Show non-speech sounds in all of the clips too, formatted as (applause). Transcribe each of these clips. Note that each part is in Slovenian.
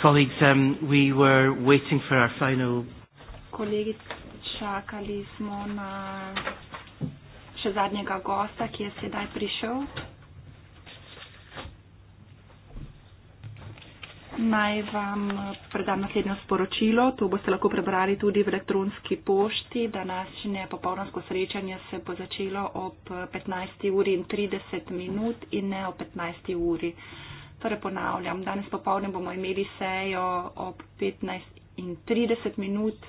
Colleagues, um, we were waiting for our final. Kolegi, čakali smo na še zadnjega gosta, ki je sedaj prišel. Naj vam predam naslednjo sporočilo, to boste lahko prebrali tudi v elektronski pošti. Današnje popolnonsko srečanje se bo začelo ob 15.30 in ne ob 15.00. Torej ponavljam, danes popovdne bomo imeli sejo ob 15 in 30 minut,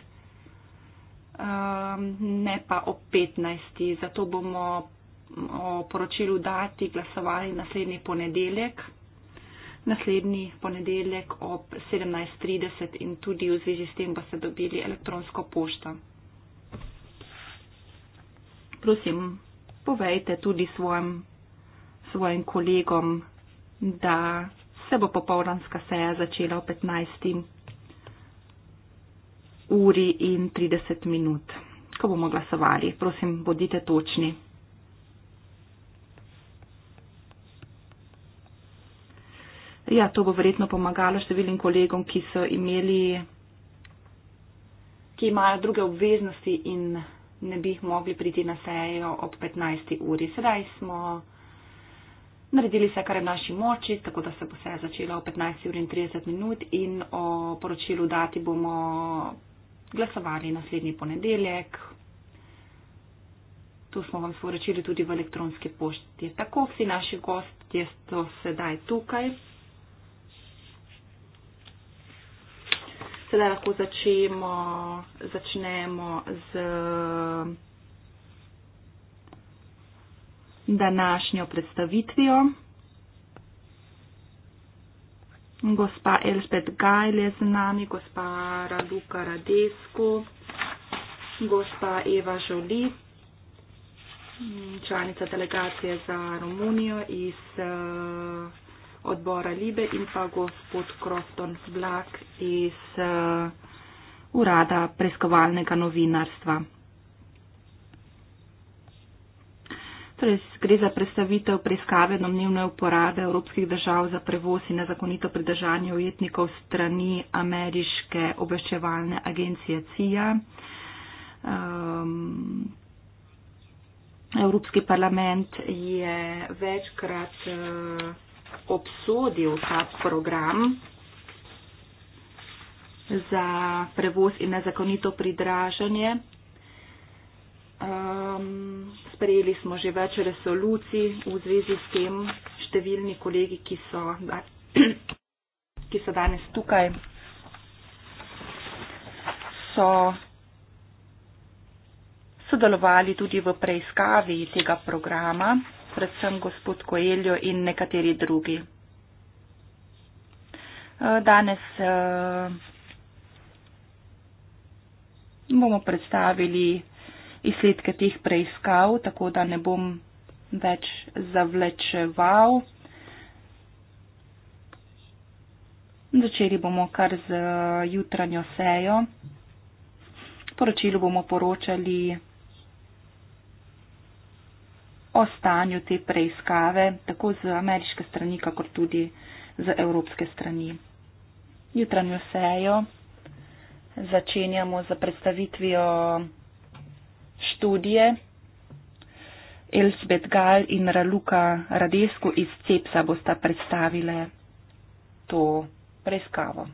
um, ne pa ob 15. Zato bomo o poročilu dati glasovali naslednji ponedeljek, naslednji ponedeljek ob 17.30 in tudi v zvezi s tem boste dobili elektronsko pošto. Prosim, povejte tudi svojim, svojim kolegom, da se bo popovdanska seja začela v 15. uri in 30 minut, ko bomo glasovali. Prosim, bodite točni. Ja, to bo verjetno pomagalo številnim kolegom, ki so imeli, ki imajo druge obveznosti in ne bi mogli priti na sejo ob 15. uri. Sedaj smo naredili vse, kar je v naši moči, tako da se bo vse začelo ob 15 uri in 30 minut in o poročilu dati bomo glasovali naslednji ponedeljek. To smo vam sporočili tudi v elektronski pošti. Tako vsi naši gostje so sedaj tukaj. Sedaj lahko začemo, začnemo z današnjo predstavitvijo. Gospa Elspet Gajl je z nami, gospa Raduka Radesko, gospa Eva Žoli, članica delegacije za Romunijo iz eh, odbora Libe in pa gospod Krofton Vlak iz eh, Urada preiskovalnega novinarstva. Pres, torej, gre za predstavitev preiskave domnevne uporabe evropskih držav za prevoz in nezakonito pridržanje ujetnikov strani ameriške obveščevalne agencije CIA. Um, Evropski parlament je večkrat uh, obsodil ta program za prevoz in nezakonito pridražanje Um, sprejeli smo že več resolucij v zvezi s tem. Številni kolegi, ki so, da, ki so danes tukaj, so sodelovali tudi v preiskavi tega programa, predvsem gospod Koeljo in nekateri drugi. Eh, danes eh, bomo predstavili izsledke teh preiskav, tako da ne bom več zavlečeval. Začeli bomo kar z eh, jutranjo sejo. Poročilo bomo poročali o stanju te preiskave, tako z ameriške strani, kakor tudi z evropske strani. Jutranjo sejo začenjamo z predstavitvijo študije Elsbet Gal in Raluka Radesko iz Cepsa bosta predstavile to preiskavo.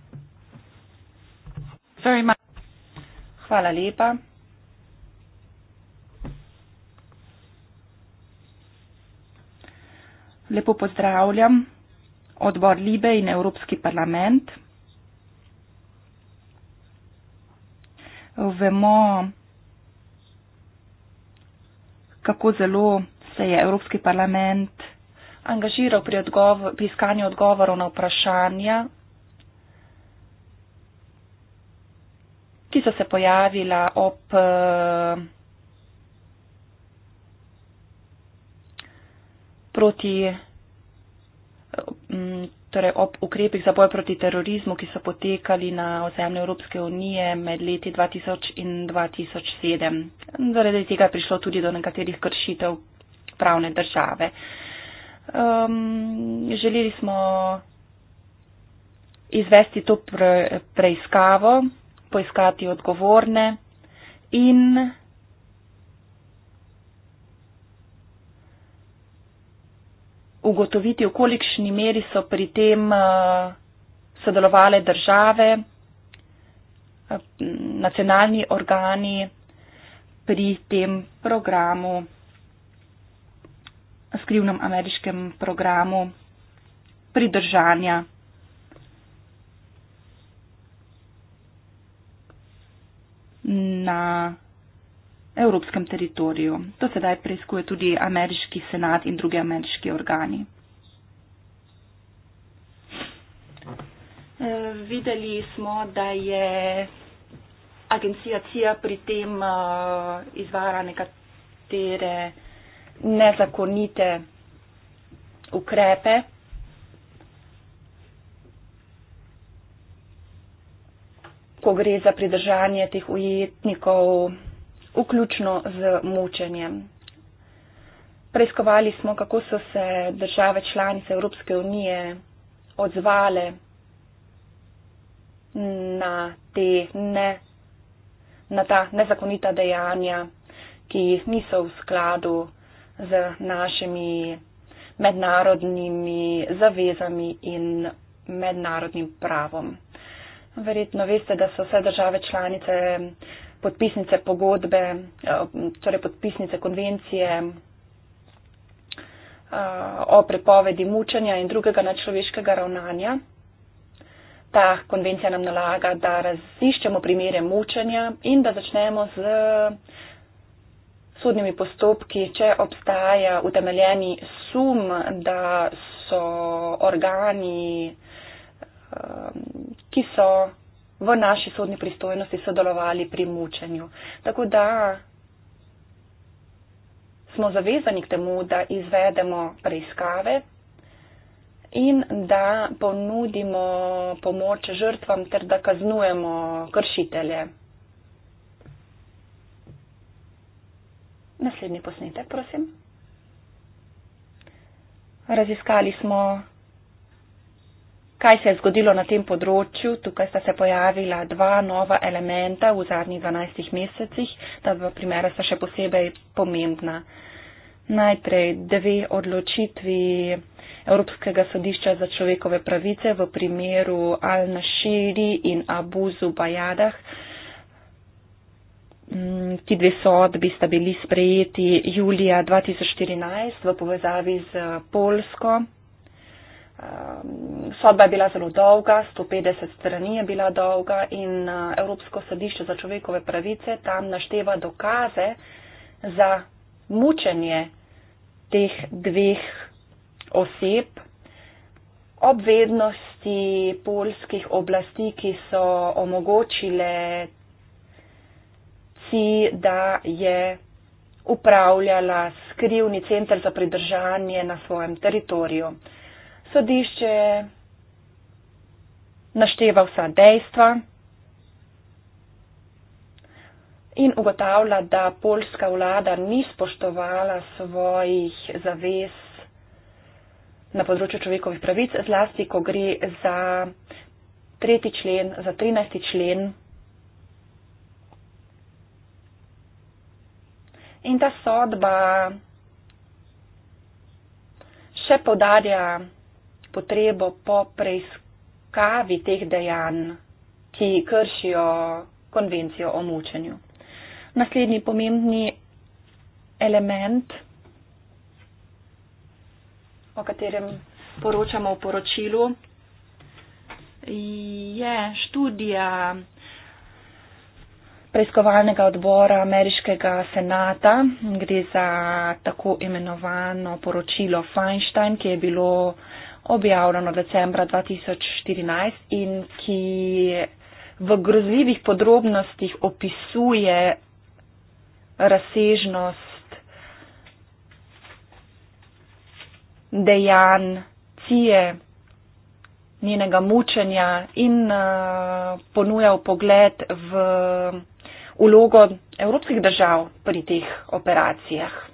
Hvala lepa. Lepo pozdravljam odbor Libe in Evropski parlament. Vemo, kako zelo se je Evropski parlament angažiral pri, odgovor, pri iskanju odgovorov na vprašanja, ki so se pojavila ob uh, proti. Uh, m, torej ob ukrepih za boj proti terorizmu, ki so potekali na ozemlju Evropske unije med leti 2000 in 2007. Zaradi tega je prišlo tudi do nekaterih kršitev pravne države. Um, želeli smo izvesti to preiskavo, poiskati odgovorne in ugotoviti, v kolikšni meri so pri tem eh, sodelovale države, eh, nacionalni organi pri tem programu, skrivnem ameriškem programu pridržanja. Na evropskem teritoriju. To sedaj preizkuje tudi ameriški senat in druge ameriški organi. Eh, videli smo, da je agencija CIA pri tem eh, izvara nekatere nezakonite ukrepe. Ko gre za pridržanje teh ujetnikov, vključno z mučenjem. Preiskovali smo, kako so se države članice Evropske unije odzvale na, te ne, na ta nezakonita dejanja, ki niso v skladu z našimi mednarodnimi zavezami in mednarodnim pravom. Verjetno veste, da so vse države članice podpisnice pogodbe, eh, torej podpisnice konvencije eh, o prepovedi mučenja in drugega nadčloveškega ravnanja. Ta konvencija nam nalaga, da raziščemo primere mučenja in da začnemo z sodnimi postopki, če obstaja utemeljeni sum, da so organi, eh, ki so v naši sodni pristojnosti sodelovali pri mučenju. Tako da smo zavezani k temu, da izvedemo preiskave in da ponudimo pomoč žrtvam ter da kaznujemo kršitelje. Naslednji posnetek, prosim. Raziskali smo kaj se je zgodilo na tem področju. Tukaj sta se pojavila dva nova elementa v zadnjih 12 mesecih, ta dva primera sta še posebej pomembna. Najprej dve odločitvi Evropskega sodišča za človekove pravice v primeru Al-Nashiri in Abuzu Bajadah. Mm, ti dve sodbi sta bili sprejeti julija 2014 v povezavi z Polsko. Ehm, sodba je bila zelo dolga, 150 strani je bila dolga in eh, Evropsko sodišče za človekove pravice tam našteva dokaze za mučenje teh dveh oseb, obvednosti polskih oblasti, ki so omogočile si, da je upravljala skrivni center za pridržanje na svojem teritoriju sodišče našteva vsa dejstva in ugotavlja, da polska vlada ni spoštovala svojih zavez na področju človekovih pravic, zlasti ko gre za tretji člen, za trinajsti člen. In ta sodba še podarja potrebo po preiskavi teh dejanj, ki kršijo konvencijo o mučenju. Naslednji pomembni element, o katerem poročamo v poročilu, je študija preiskovalnega odbora ameriškega senata. Gre za tako imenovano poročilo Feinstein, ki je bilo objavljeno decembra 2014 in ki v grozljivih podrobnostih opisuje razsežnost dejanj cije, njenega mučenja in eh, ponuja v pogled v ulogo evropskih držav pri teh operacijah.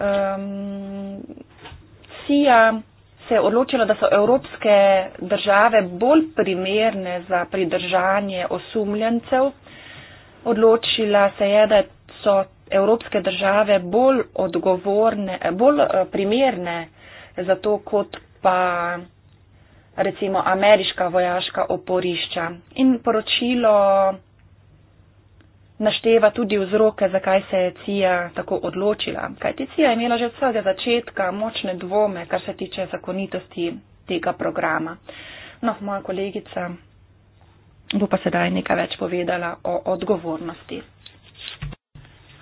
um, CIA se je odločila, da so evropske države bolj primerne za pridržanje osumljencev. Odločila se je, da so evropske države bolj odgovorne, bolj eh, primerne za to, kot pa recimo ameriška vojaška oporišča. In poročilo našteva tudi vzroke, zakaj se je Cija tako odločila. Kaj ti Cija je imela že od vsega začetka močne dvome, kar se tiče zakonitosti tega programa. No, moja kolegica bo pa sedaj nekaj več povedala o odgovornosti.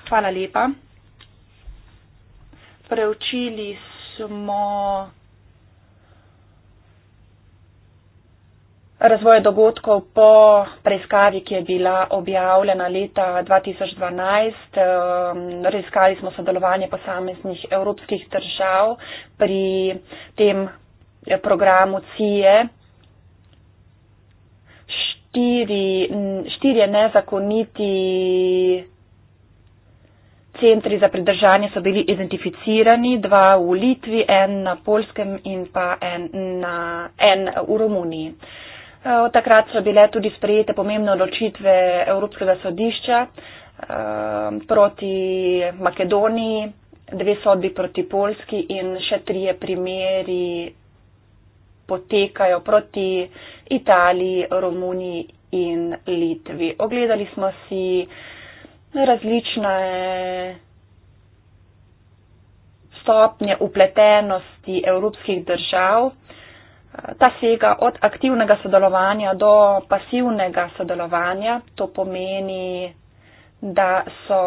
Hvala lepa. Preučili smo razvoja dogodkov po preiskavi, ki je bila objavljena leta 2012. Ehm, raziskali smo sodelovanje posameznih evropskih držav pri tem eh, programu CIE. Štiri, štirje nezakoniti centri za pridržanje so bili identificirani, dva v Litvi, en na Polskem in pa en, na, en v Romuniji. Uh, Od takrat so bile tudi sprejete pomembne odločitve Evropskega sodišča ehm, proti Makedoniji, dve sodbi proti Polski in še trije primeri potekajo proti Italiji, Romuniji in Litvi. Ogledali smo si različne stopnje upletenosti evropskih držav ta sega od aktivnega sodelovanja do pasivnega sodelovanja. To pomeni, da so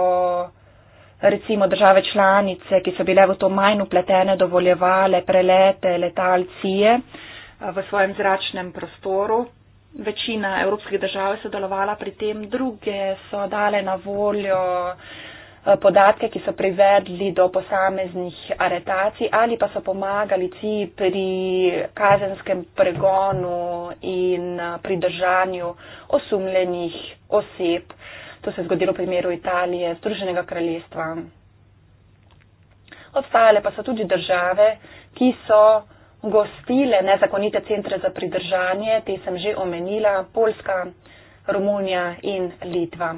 recimo države članice, ki so bile v to manj upletene, dovoljevale prelete letalcije eh, v svojem zračnem prostoru. Večina evropskih držav je sodelovala pri tem, druge so dale na voljo uh, Eh, podatke, ki so privedli do posameznih aretacij ali pa so pomagali ci pri kazenskem pregonu in eh, pridržanju osumljenih oseb. To se je zgodilo v primeru Italije, Združenega kraljestva. Obstajale pa so tudi države, ki so gostile nezakonite centre za pridržanje, te sem že omenila, Poljska, Romunija in Litva.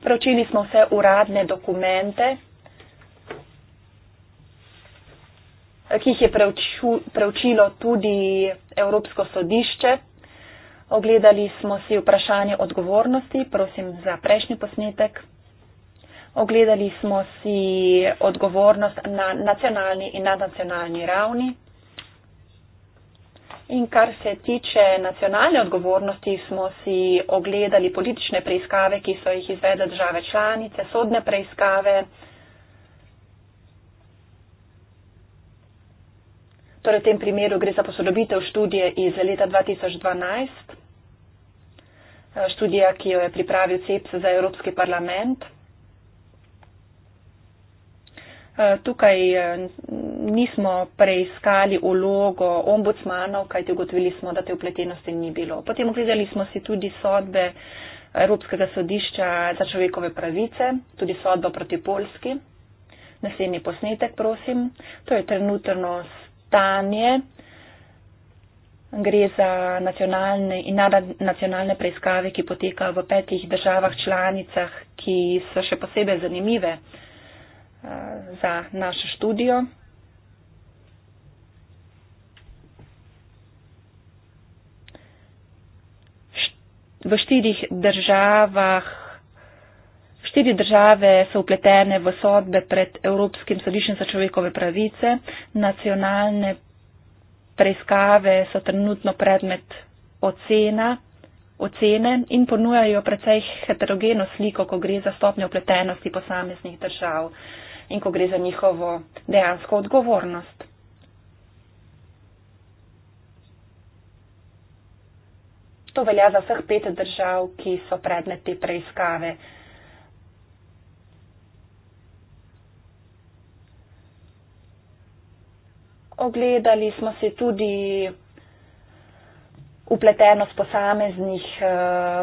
Pročili smo vse uradne dokumente, ki jih je preučilo tudi Evropsko sodišče. Ogledali smo si vprašanje odgovornosti, prosim za prejšnji posnetek. Ogledali smo si odgovornost na nacionalni in nadnacionalni ravni. In kar se tiče nacionalne odgovornosti, smo si ogledali politične preiskave, ki so jih izvedle države članice, sodne preiskave. Torej, v tem primeru gre za posodobitev študije iz leta 2012, eh, študija, ki jo je pripravil CEPS za Evropski parlament. Eh, tukaj eh, nismo preiskali ulogo ombudsmanov, kajti ugotovili smo, da te upletenosti ni bilo. Potem ogledali smo si tudi sodbe Evropskega sodišča za človekove pravice, tudi sodbo proti Polski. Naslednji posnetek, prosim. To je trenutno stanje. Gre za nacionalne in nacionalne preiskave, ki potekajo v petih državah članicah, ki so še posebej zanimive eh, za našo študijo. v štirih državah, štiri države so upletene v sodbe pred Evropskim sodiščem za človekove pravice, nacionalne preiskave so trenutno predmet ocena, ocene in ponujajo precej heterogeno sliko, ko gre za stopnje upletenosti posameznih držav in ko gre za njihovo dejansko odgovornost. to velja za vseh pet držav, ki so predmet te preiskave. Ogledali smo se tudi upletenost posameznih uh,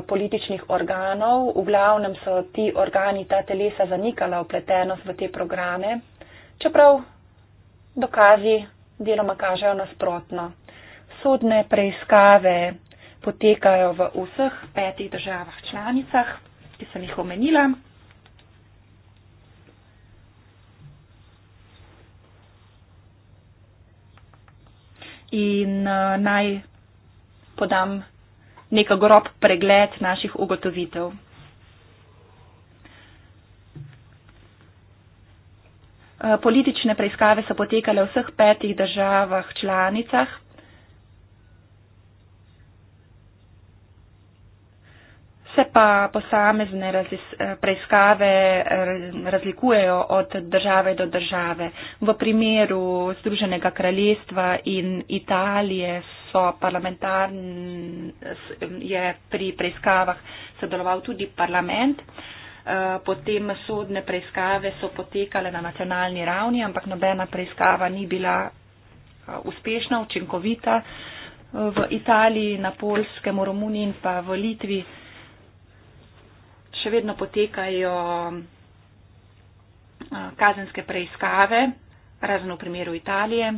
političnih organov. V glavnem so ti organi, ta telesa zanikala upletenost v te programe, čeprav dokazi deloma kažejo nasprotno. Sodne preiskave potekajo v vseh petih državah članicah, ki sem jih omenila. In uh, naj podam neka grob pregled naših ugotovitev. Eh, politične preiskave so potekale v vseh petih državah članicah, se pa posamezne razis, preiskave eh, razlikujejo od države do države. V primeru Združenega kraljestva in Italije so je pri preiskavah sodeloval tudi parlament. Eh, potem sodne preiskave so potekale na nacionalni ravni, ampak nobena preiskava ni bila eh, uspešna, učinkovita. V Italiji, na Polskem, v Romuniji in pa v Litvi še vedno potekajo eh, kazenske preiskave, razen v primeru Italije.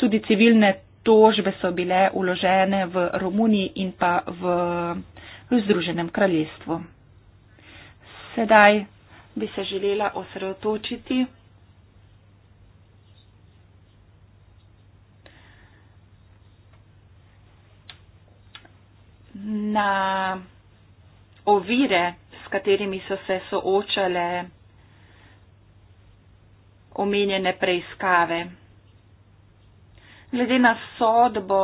Tudi civilne tožbe so bile uložene v Romuniji in pa v Združenem kraljestvu. Sedaj bi se želela osredotočiti. na ovire, s katerimi so se soočale omenjene preiskave. Glede na sodbo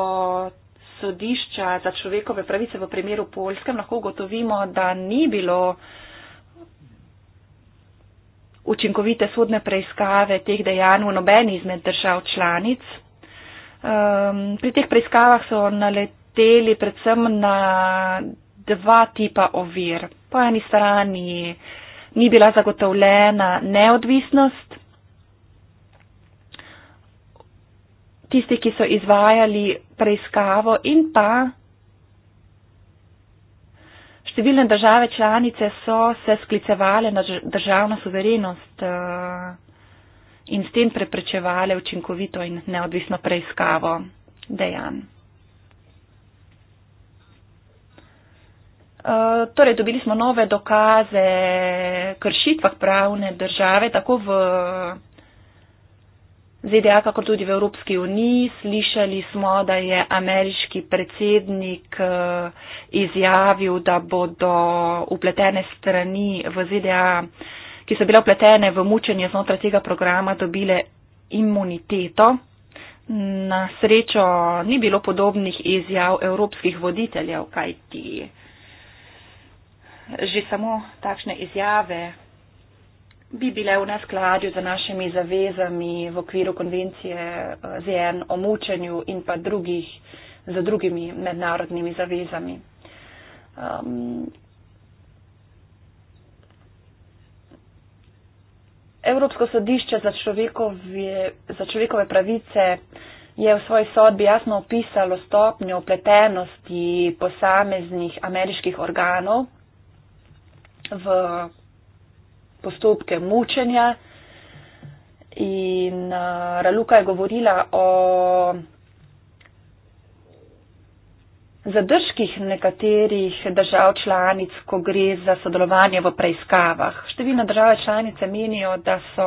sodišča za človekove pravice v primeru Polske lahko ugotovimo, da ni bilo učinkovite sodne preiskave teh dejanj v nobeni izmed držav članic. Um, pri teh preiskavah so naleteli deli predvsem na dva tipa ovir. Po eni strani ni bila zagotovljena neodvisnost. Tisti, ki so izvajali preiskavo in pa številne države članice so se sklicevali na državno suverenost eh, in s tem preprečevali učinkovito in neodvisno preiskavo dejanj. Eh, torej dobili smo nove dokaze kršitvah pravne države, tako v ZDA, kako tudi v Evropski uniji. Slišali smo, da je ameriški predsednik eh, izjavil, da bodo upletene strani v ZDA, ki so bile upletene v mučenje znotraj tega programa, dobile imuniteto. Na srečo ni bilo podobnih izjav evropskih voditeljev, kajti že samo takšne izjave bi bile v neskladju z našimi zavezami v okviru konvencije eh, ZN o mučenju in pa drugih, z drugimi mednarodnimi zavezami. Um, Evropsko sodišče za, za človekove pravice je v svoji sodbi jasno opisalo stopnjo pletenosti posameznih ameriških organov v postopke mučenja. In uh, Raluka je govorila o zadržkih nekaterih držav članic, ko gre za sodelovanje v preiskavah. Številne države članice menijo, da so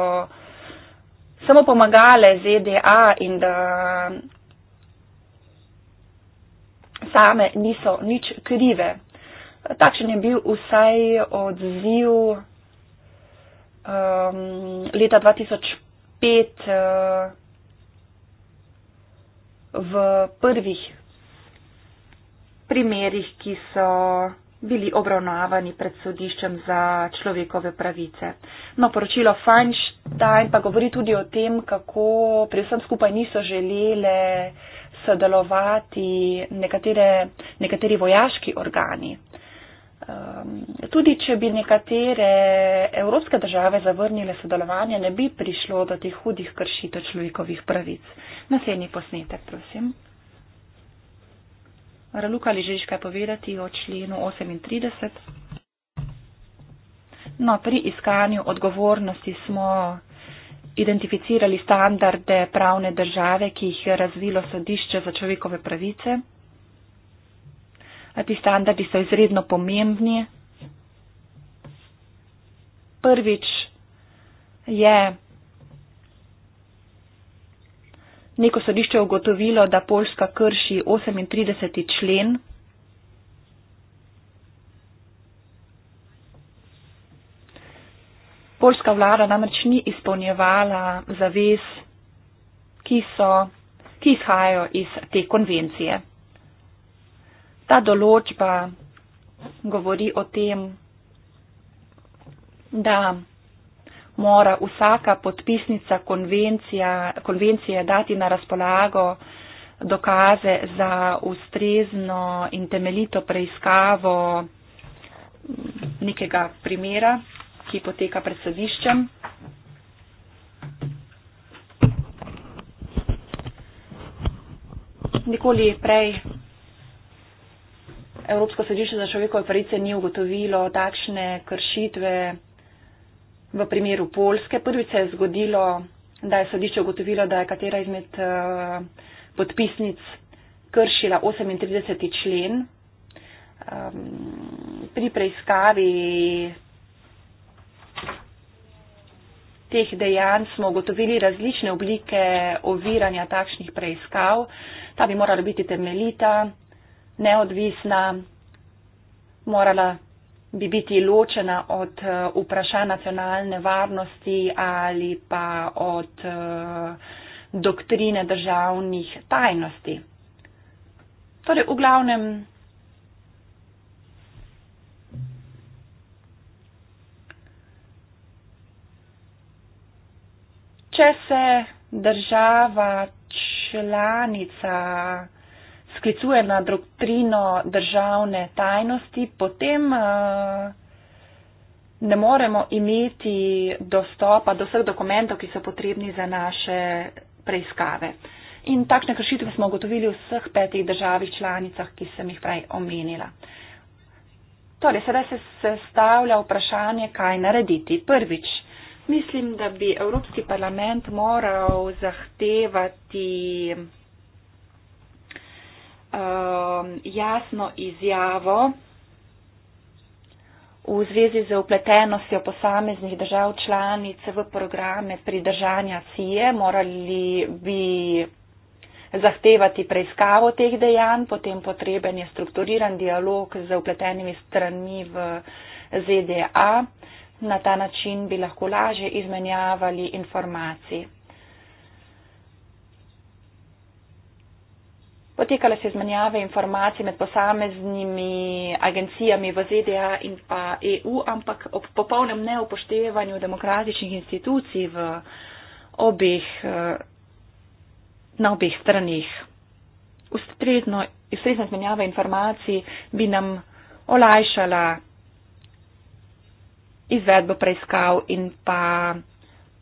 samo pomagale ZDA in da same niso nič krive Takšen je bil vsaj odziv um, leta 2005 uh, v prvih primerih, ki so bili obravnavani pred sodiščem za človekove pravice. No, poročilo Feinstein pa govori tudi o tem, kako pri vsem skupaj niso želele sodelovati nekatere, nekateri vojaški organi. Ehm, tudi, če bi nekatere evropske države zavrnile sodelovanje, ne bi prišlo do teh hudih kršitev človekovih pravic. Naslednji posnetek, prosim. Raluka, ali želiš kaj povedati o členu 38? No, pri iskanju odgovornosti smo identificirali standarde pravne države, ki jih je razvilo sodišče za človekove pravice. Ti standardi so izredno pomembni. Prvič je neko sodišče ugotovilo, da Poljska krši 38. člen. Poljska vlada namreč ni izpolnjevala zavez, ki, so, ki izhajajo iz te konvencije ta določba govori o tem, da mora vsaka podpisnica konvencije dati na razpolago dokaze za ustrezno in temeljito preiskavo nekega primera, ki poteka pred sodiščem. Nikoli prej Evropsko sodišče za človekove pravice ni ugotovilo takšne kršitve v primeru Polske. Prvič se je zgodilo, da je sodišče ugotovilo, da je katera izmed eh, podpisnic kršila 38. člen. Ehm, pri preiskavi teh dejanj smo ugotovili različne oblike oviranja takšnih preiskav. Ta bi morala biti temeljita, neodvisna, morala bi biti ločena od eh, vprašanj nacionalne varnosti ali pa od eh, doktrine državnih tajnosti. Torej, v glavnem, če se država članica sklicuje na doktrino državne tajnosti, potem eh, ne moremo imeti dostopa do vseh dokumentov, ki so potrebni za naše preiskave. In takšne kršitve smo ugotovili v vseh petih državih članicah, ki sem jih prej omenila. Torej, sedaj se sestavlja vprašanje, kaj narediti. Prvič, mislim, da bi Evropski parlament moral zahtevati um, jasno izjavo v zvezi z upletenostjo posameznih držav članic v programe pridržanja CIE, morali bi zahtevati preiskavo teh dejanj, potem potreben je strukturiran dialog z upletenimi stranmi v ZDA. Na ta način bi lahko lažje izmenjavali informacije. Potekale so izmenjave informacij med posameznimi agencijami v ZDA in pa EU, ampak ob popolnem neupoštevanju demokratičnih institucij obih, eh, na obeh stranih. Ustrezna izmenjava informacij bi nam olajšala izvedbo preiskav in pa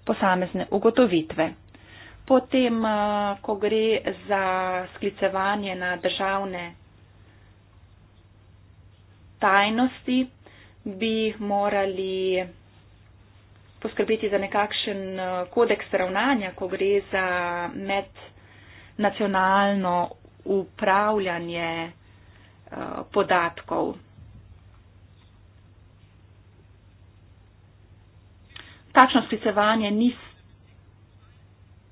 posamezne ugotovitve. Potem, eh, ko gre za sklicevanje na državne tajnosti, bi morali poskrbeti za nekakšen eh, kodeks ravnanja, ko gre za mednacionalno upravljanje eh, podatkov. Takšno sklicevanje ni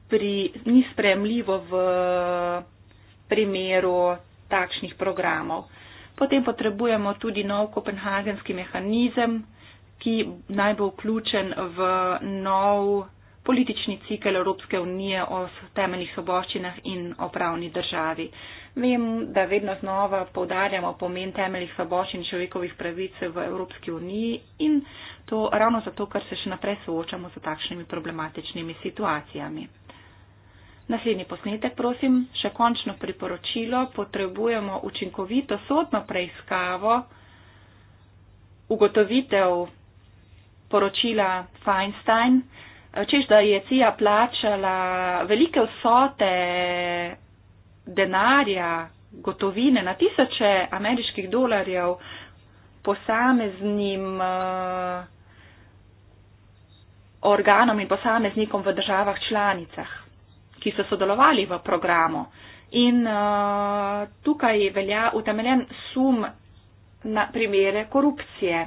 pri, ni spremljivo v primeru takšnih programov. Potem potrebujemo tudi nov kopenhagenski mehanizem, ki naj bo vključen v nov politični cikel Evropske unije o temeljnih soboščinah in o pravni državi. Vem, da vedno znova povdarjamo pomen temeljnih soboščin človekovih pravic v Evropski uniji in to ravno zato, ker se še naprej soočamo z takšnimi problematičnimi situacijami. Naslednji posnetek, prosim, še končno priporočilo. Potrebujemo učinkovito sodno preiskavo, ugotovitev poročila Feinstein, češ da je CIA plačala velike vsote denarja, gotovine na tisoče ameriških dolarjev posameznim uh, organom in posameznikom v državah članicah ki so sodelovali v programu. In uh, tukaj velja utemeljen sum na primere korupcije.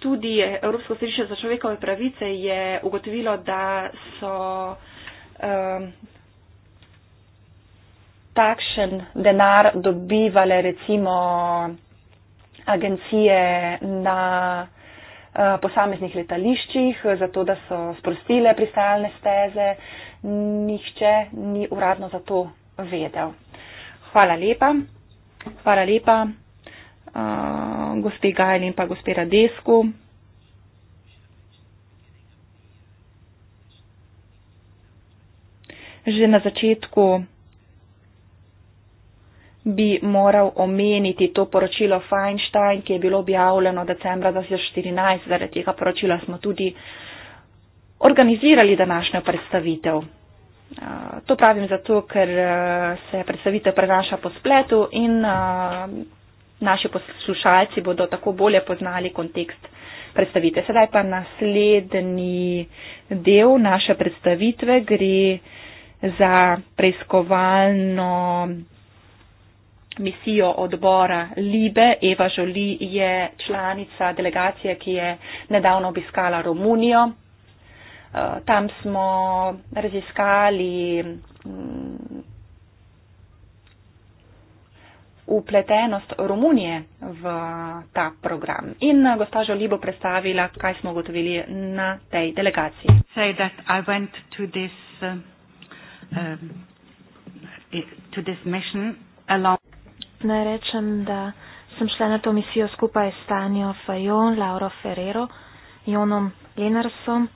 Tudi Evropsko središče za človekove pravice je ugotovilo, da so um, takšen denar dobivale recimo agencije na uh, posameznih letališčih, zato da so sprostile pristajalne steze. Uh, nihče ni uradno za to vedel. Hvala lepa. Hvala lepa uh, gospe Gajli in pa gospe Radesku. Že na začetku bi moral omeniti to poročilo Feinstein, ki je bilo objavljeno decembra 2014. Zaradi tega poročila smo tudi uh, organizirali današnjo predstavitev. Uh, to pravim zato, ker uh, se predstavitev prenaša po spletu in uh, naši poslušalci bodo tako bolje poznali kontekst predstavitve. Sedaj pa naslednji del naše predstavitve gre za preiskovalno misijo odbora Libe. Eva Žoli je članica delegacije, ki je nedavno obiskala Romunijo. Eh, tam smo raziskali mm, upletenost Romunije v ta program. In eh, gospa Žoli bo predstavila, kaj smo ugotovili na tej delegaciji. Eh, Naj rečem, da sem šla na to misijo skupaj s Tanjo Fajon, Lauro Ferrero, Jonom Lenarsom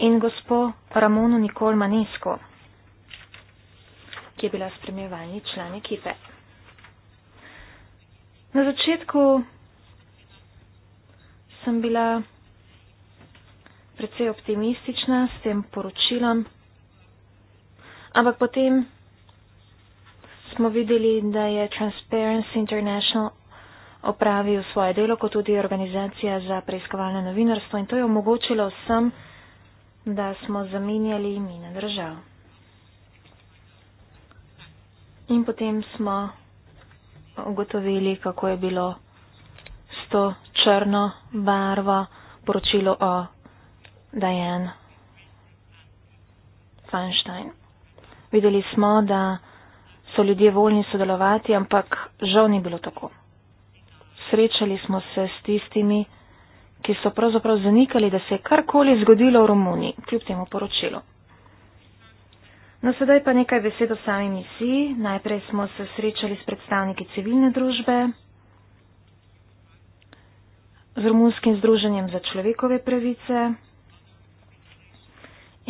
in gospo Ramono Nikol Manesko, ki je bila spremljevalni član ekipe. Na začetku sem bila precej optimistična s tem poročilom, ampak potem smo videli, da je Transparency International opravil svoje delo, kot tudi organizacija za preiskovalno novinarstvo in to je omogočilo vsem, da smo zamenjali imena držav. In potem smo ugotovili, kako je bilo s to črno barvo poročilo o Dajan Feinstein. Videli smo, da so ljudje voljni sodelovati, ampak žal ni bilo tako. Srečali smo se s tistimi, ki so pravzaprav zanikali, da se je karkoli zgodilo v Romuniji, kljub temu poročilu. No, sedaj pa nekaj besed o sami misiji. Najprej smo se srečali s predstavniki civilne družbe, z Romunskim združenjem za človekove pravice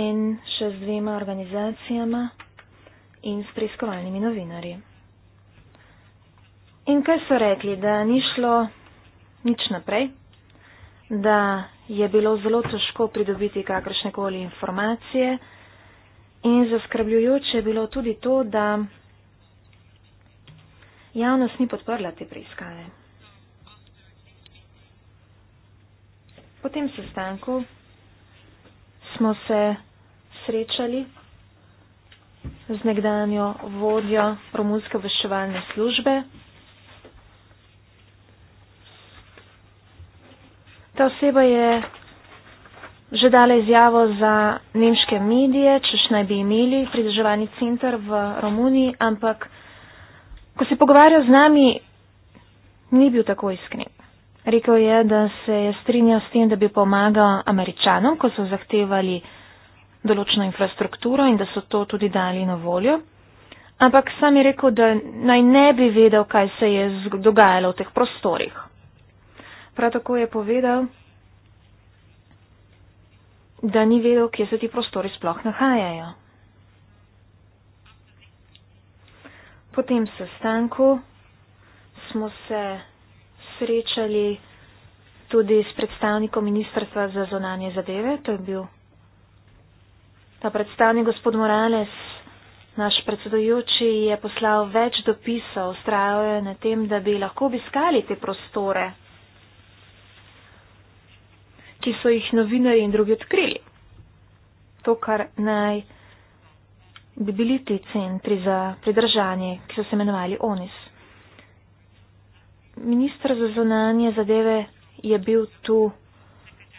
in še z dvema organizacijama in s preiskovalnimi novinarji. In kaj so rekli, da ni šlo nič naprej, da je bilo zelo težko pridobiti kakršnekoli informacije in zaskrbljujoče je bilo tudi to, da javnost ni podprla te preiskave. Po tem sestanku smo se srečali z nekdanjo vodjo Romunske obveščevalne službe. ta oseba je že dala izjavo za nemške medije, češ naj bi imeli pridrževalni centr v Romuniji, ampak ko se je pogovarjal z nami, ni bil tako iskren. Rekl je, da se je strinjal s tem, da bi pomagal američanom, ko so zahtevali določeno infrastrukturo in da so to tudi dali na voljo. Ampak sam je rekel, da naj ne bi vedel, kaj se je dogajalo v teh prostorih. Prav tako je povedal, da ni vedel, kje se ti prostori sploh nahajajo. Po tem sestanku smo se srečali tudi s predstavnikom Ministrstva za zonanje zadeve. To je bil ta predstavnik gospod Morales. Naš predsedujoči je poslal več dopisov, ustrajal je na tem, da bi lahko obiskali te prostore ki so jih novinari in drugi odkrili. To, kar naj bi bili ti centri za pridržanje, ki so se imenovali ONIS. Ministr za zunanje zadeve je bil tu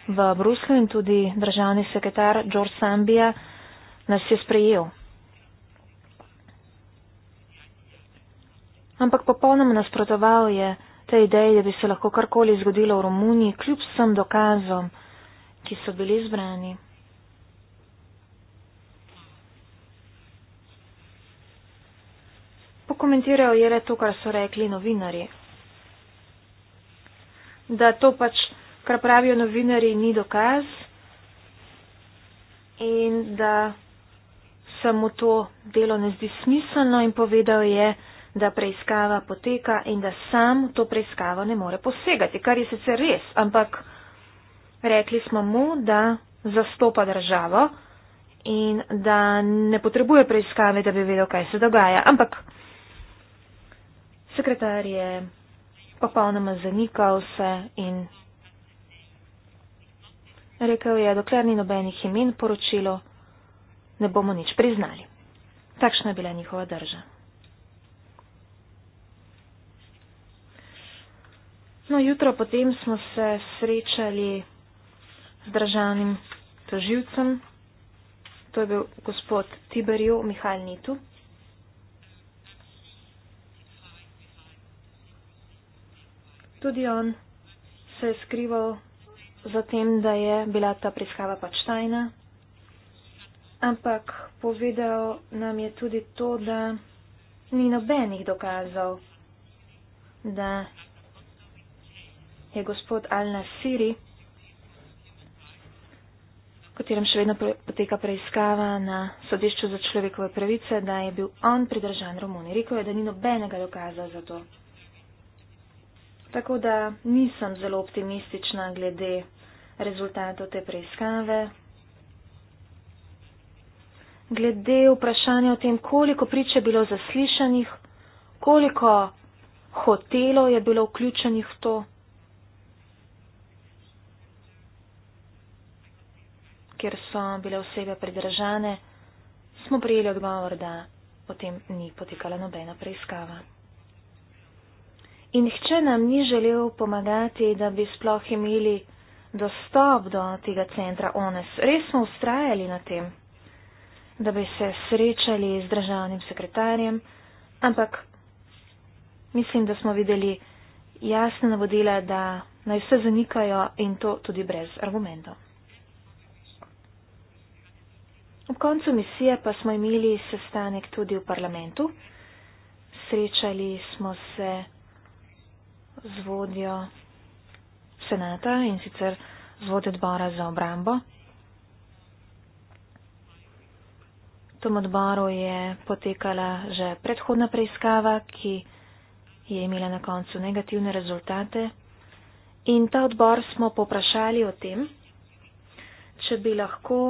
v Bruslju in tudi državni sekretar George Sambija nas je sprejel. Ampak popolnoma nasprotoval je te ideje, da bi se lahko karkoli zgodilo v Romuniji, kljub vsem dokazom, ki so bili zbrani. Pokomentirajo je le to, kar so rekli novinari. Da to pač, kar pravijo novinari, ni dokaz in da samo to delo ne zdi smiselno in povedal je, da preiskava poteka in da sam to preiskavo ne more posegati, kar je sicer res, ampak rekli smo mu, da zastopa državo in da ne potrebuje preiskave, da bi vedel, kaj se dogaja. Ampak sekretar je popolnoma zanikal vse in rekel je, dokler ni nobenih imen poročilo, ne bomo nič priznali. Takšna je bila njihova država. naslednjo jutro potem smo se srečali z državnim toživcem. To je bil gospod Tiberjo Mihajl Nitu. Tudi on se je skrival za tem, da je bila ta preiskava pač tajna. Ampak povedal nam je tudi to, da ni nobenih dokazov, da je gospod Al-Nasiri, v katerem še vedno poteka preiskava na sodišču za človekove pravice, da je bil on pridržan Romuni. Rekel je, da ni nobenega dokaza za to. Tako da nisem zelo optimistična glede rezultatov te preiskave. Glede vprašanja o tem, koliko priče je bilo zaslišanih, koliko hotelov je bilo vključenih v to. kjer so bile osebe pridržane, smo prijeli odgovor, da potem ni potekala nobena preiskava. In nihče nam ni želel pomagati, da bi sploh imeli dostop do tega centra ONES. Res smo ustrajali na tem, da bi se srečali z državnim sekretarjem, ampak mislim, da smo videli jasne navodila, da naj vse zanikajo in to tudi brez argumentov. Ob koncu misije pa smo imeli sestanek tudi v parlamentu. Srečali smo se z vodjo senata in sicer z vodjo odbora za obrambo. V tom odboru je potekala že predhodna preiskava, ki je imela na koncu negativne rezultate. In ta odbor smo poprašali o tem, če bi lahko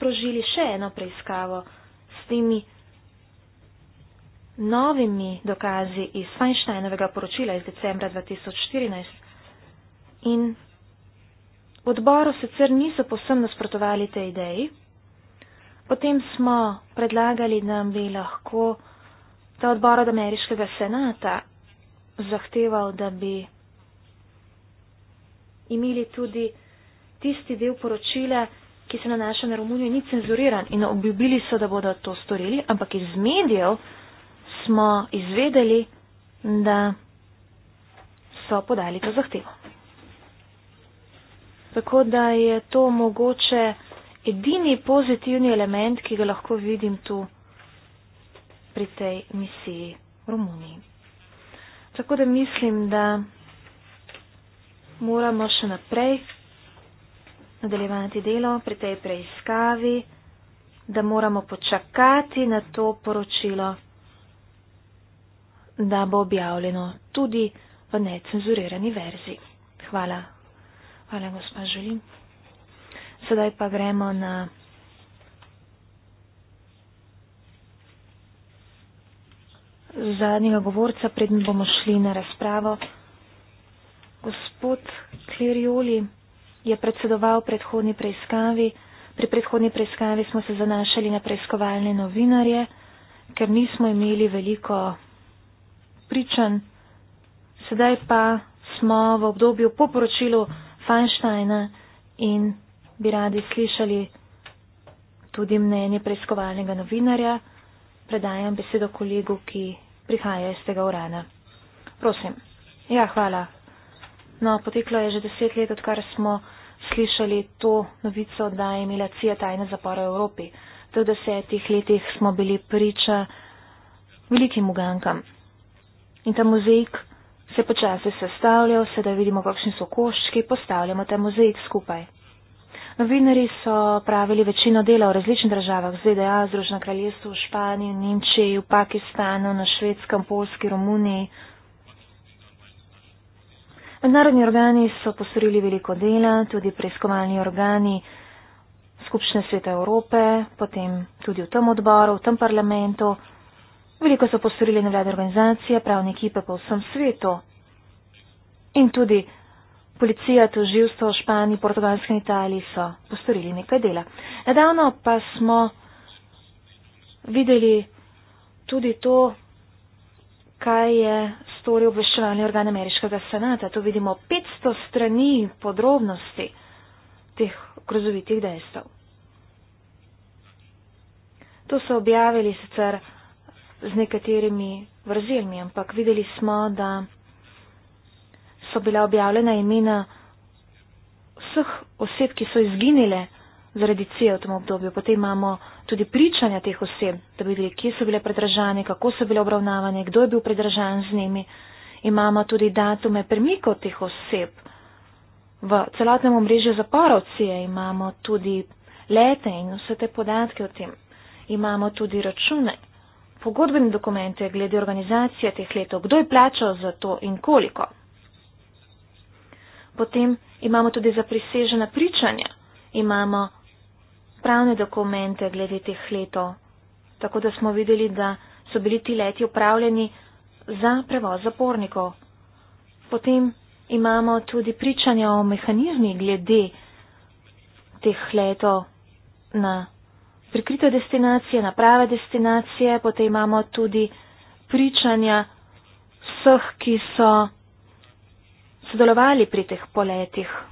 sprožili še eno preiskavo s temi novimi dokazi iz Feinsteinovega poročila iz decembra 2014. In v odboru sicer niso posem nasprotovali tej ideji, potem smo predlagali, da nam bi lahko ta odbor od ameriškega senata zahteval, da bi imeli tudi tisti del poročila, ki se nanaša na Romunijo, ni cenzuriran in obljubili so, da bodo to storili, ampak iz medijev smo izvedeli, da so podali to zahtevo. Tako da je to mogoče edini pozitivni element, ki ga lahko vidim tu pri tej misiji v Romuniji. Tako da mislim, da moramo še naprej nadaljevati delo pri tej preiskavi, da moramo počakati na to poročilo, da bo objavljeno tudi v necenzurirani verziji. Hvala. Hvala, gospa Želim. Sedaj pa gremo na. Zadnjega govorca, predn bomo šli na razpravo. Gospod Klerioli je predsedoval predhodni preiskavi. Pri predhodni preiskavi smo se zanašali na preiskovalne novinarje, ker nismo imeli veliko pričan. Sedaj pa smo v obdobju po poročilu Feinsteina in bi radi slišali tudi mnenje preiskovalnega novinarja. Predajam besedo kolegu, ki prihaja iz tega urana. Prosim. Ja, hvala. No, poteklo je že deset let, odkar smo slišali to novico, da je imela CIA tajne zapore v Evropi. V desetih letih smo bili priča velikim ugankam. In ta mozaik se počasi sestavlja, sedaj vidimo, kakšni so koščki, postavljamo ta mozaik skupaj. Novinari so pravili večino dela v različnih državah, ZDA, Združeno kraljestvo, v Španiji, v Nemčiji, v Pakistanu, na švedskem, polski, Romuniji. Mednarodni organi so postorili veliko dela, tudi preiskovalni organi Skupšne sveta Evrope, potem tudi v tem odboru, v tem parlamentu. Veliko so postorili nevladne organizacije, pravne ekipe po vsem svetu. In tudi policija, toživstvo v Španiji, Portugalski in Italiji so postorili nekaj dela. Nedavno pa smo videli tudi to, kaj je storil obveščevalni organ ameriškega senata. Tu vidimo 500 strani podrobnosti teh grozovitih dejstev. To so objavili sicer z nekaterimi vrzelmi, ampak videli smo, da so bila objavljena imena vseh oseb, ki so izginile zaradi C v tem obdobju. Potem imamo tudi pričanja teh oseb, da bi videli, kje so bile predražane, kako so bile obravnavane, kdo je bil predražan z njimi. Imamo tudi datume premikov teh oseb. V celotnem omrežju zaporov C e imamo tudi lete in vse te podatke o tem. Imamo tudi račune, pogodbene dokumente glede organizacije teh letov, kdo je plačal za to in koliko. Potem imamo tudi zapriseženo pričanje. Imamo pravne dokumente glede teh letov. Tako da smo videli, da so bili ti leti upravljeni za prevoz zapornikov. Potem imamo tudi pričanja o mehanizmi glede teh letov na prikrite destinacije, na prave destinacije, potem imamo tudi pričanja vseh, ki so sodelovali pri teh poletih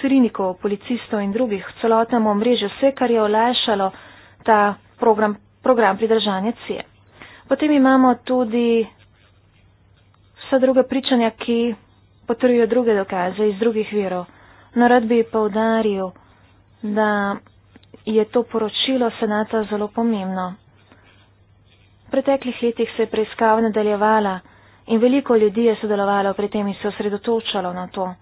carinikov, policistov in drugih v celotnem omrežju, vse, kar je olajšalo ta program, program pridržanja CIE. Potem imamo tudi vsa druga pričanja, ki potrjujo druge dokaze iz drugih virov. Narod bi povdaril, da je to poročilo senata zelo pomembno. V preteklih letih se je preiskava nadaljevala in veliko ljudi je sodelovalo pri tem in se osredotočalo na to.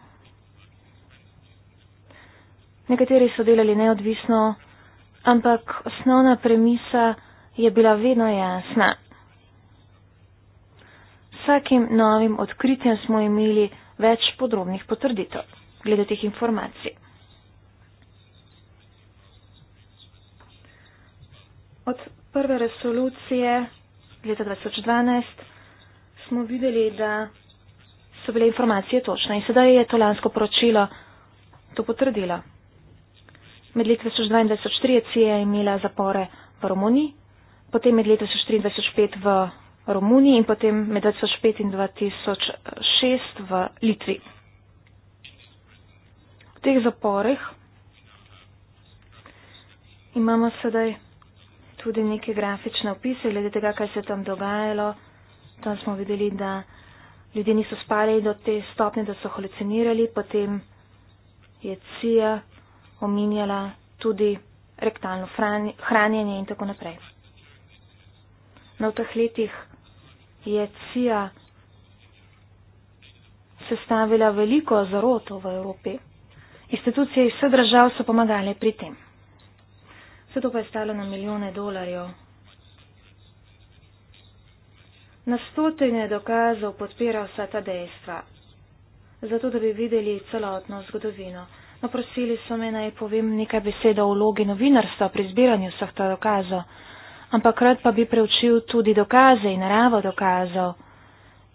Nekateri so delali neodvisno, ampak osnovna premisa je bila vedno jasna. Vsakim novim odkritjem smo imeli več podrobnih potrditev glede teh informacij. Od prve resolucije leta 2012 smo videli, da so bile informacije točne in sedaj je to lansko poročilo to potrdilo med letom 2022-2023 je imela zapore v Romuniji, potem med letom 2023-2025 v Romuniji in potem med 2005 in 2006 v Litvi. V teh zaporih imamo sedaj tudi neke grafične opise glede tega, kaj se je tam dogajalo. Tam smo videli, da ljudje niso spali do te stopnje, da so halucinirali, potem je CIA omenjala tudi rektalno hranjenje in tako naprej. Na teh letih je CIA sestavila veliko zaroto v Evropi. Institucije iz vseh držav so pomagale pri tem. Vse to pa je stalo na milijone dolarjev. Na stotine dokazov podpira vsa ta dejstva, zato da bi videli celotno zgodovino. Naprosili so me naj povem nekaj besed o vlogi novinarstva pri zbiranju vseh ta dokazov, ampak rad pa bi preučil tudi dokaze in naravo dokazov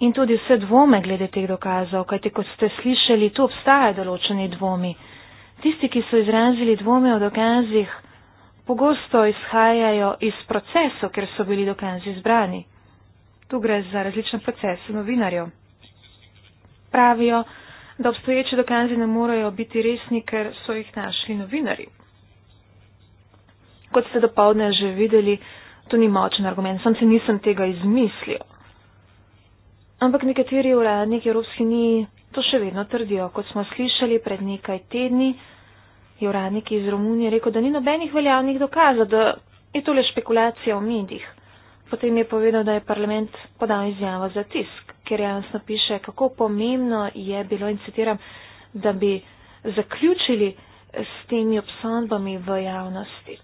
in tudi vse dvome glede teh dokazov, kajti kot ste slišali, tu obstajajo določeni dvomi. Tisti, ki so izrazili dvome o dokazih, pogosto izhajajo iz procesov, ker so bili dokazi zbrani. Tu gre za različne procese novinarjev. Pravijo, da obstoječe dokaze ne morejo biti resni, ker so jih našli novinari. Kot ste dopoldne že videli, to ni močen argument, sam se nisem tega izmislil. Ampak nekateri uradniki Evropski uniji to še vedno trdijo. Kot smo slišali pred nekaj tedni, je uradnik iz Romunije rekel, da ni nobenih veljavnih dokazov, da je to le špekulacija v medijih. Potem je povedal, da je parlament podal izjavo za tisk kjer jasno piše, kako pomembno je bilo in citiram, da bi zaključili s temi obsodbami v javnosti.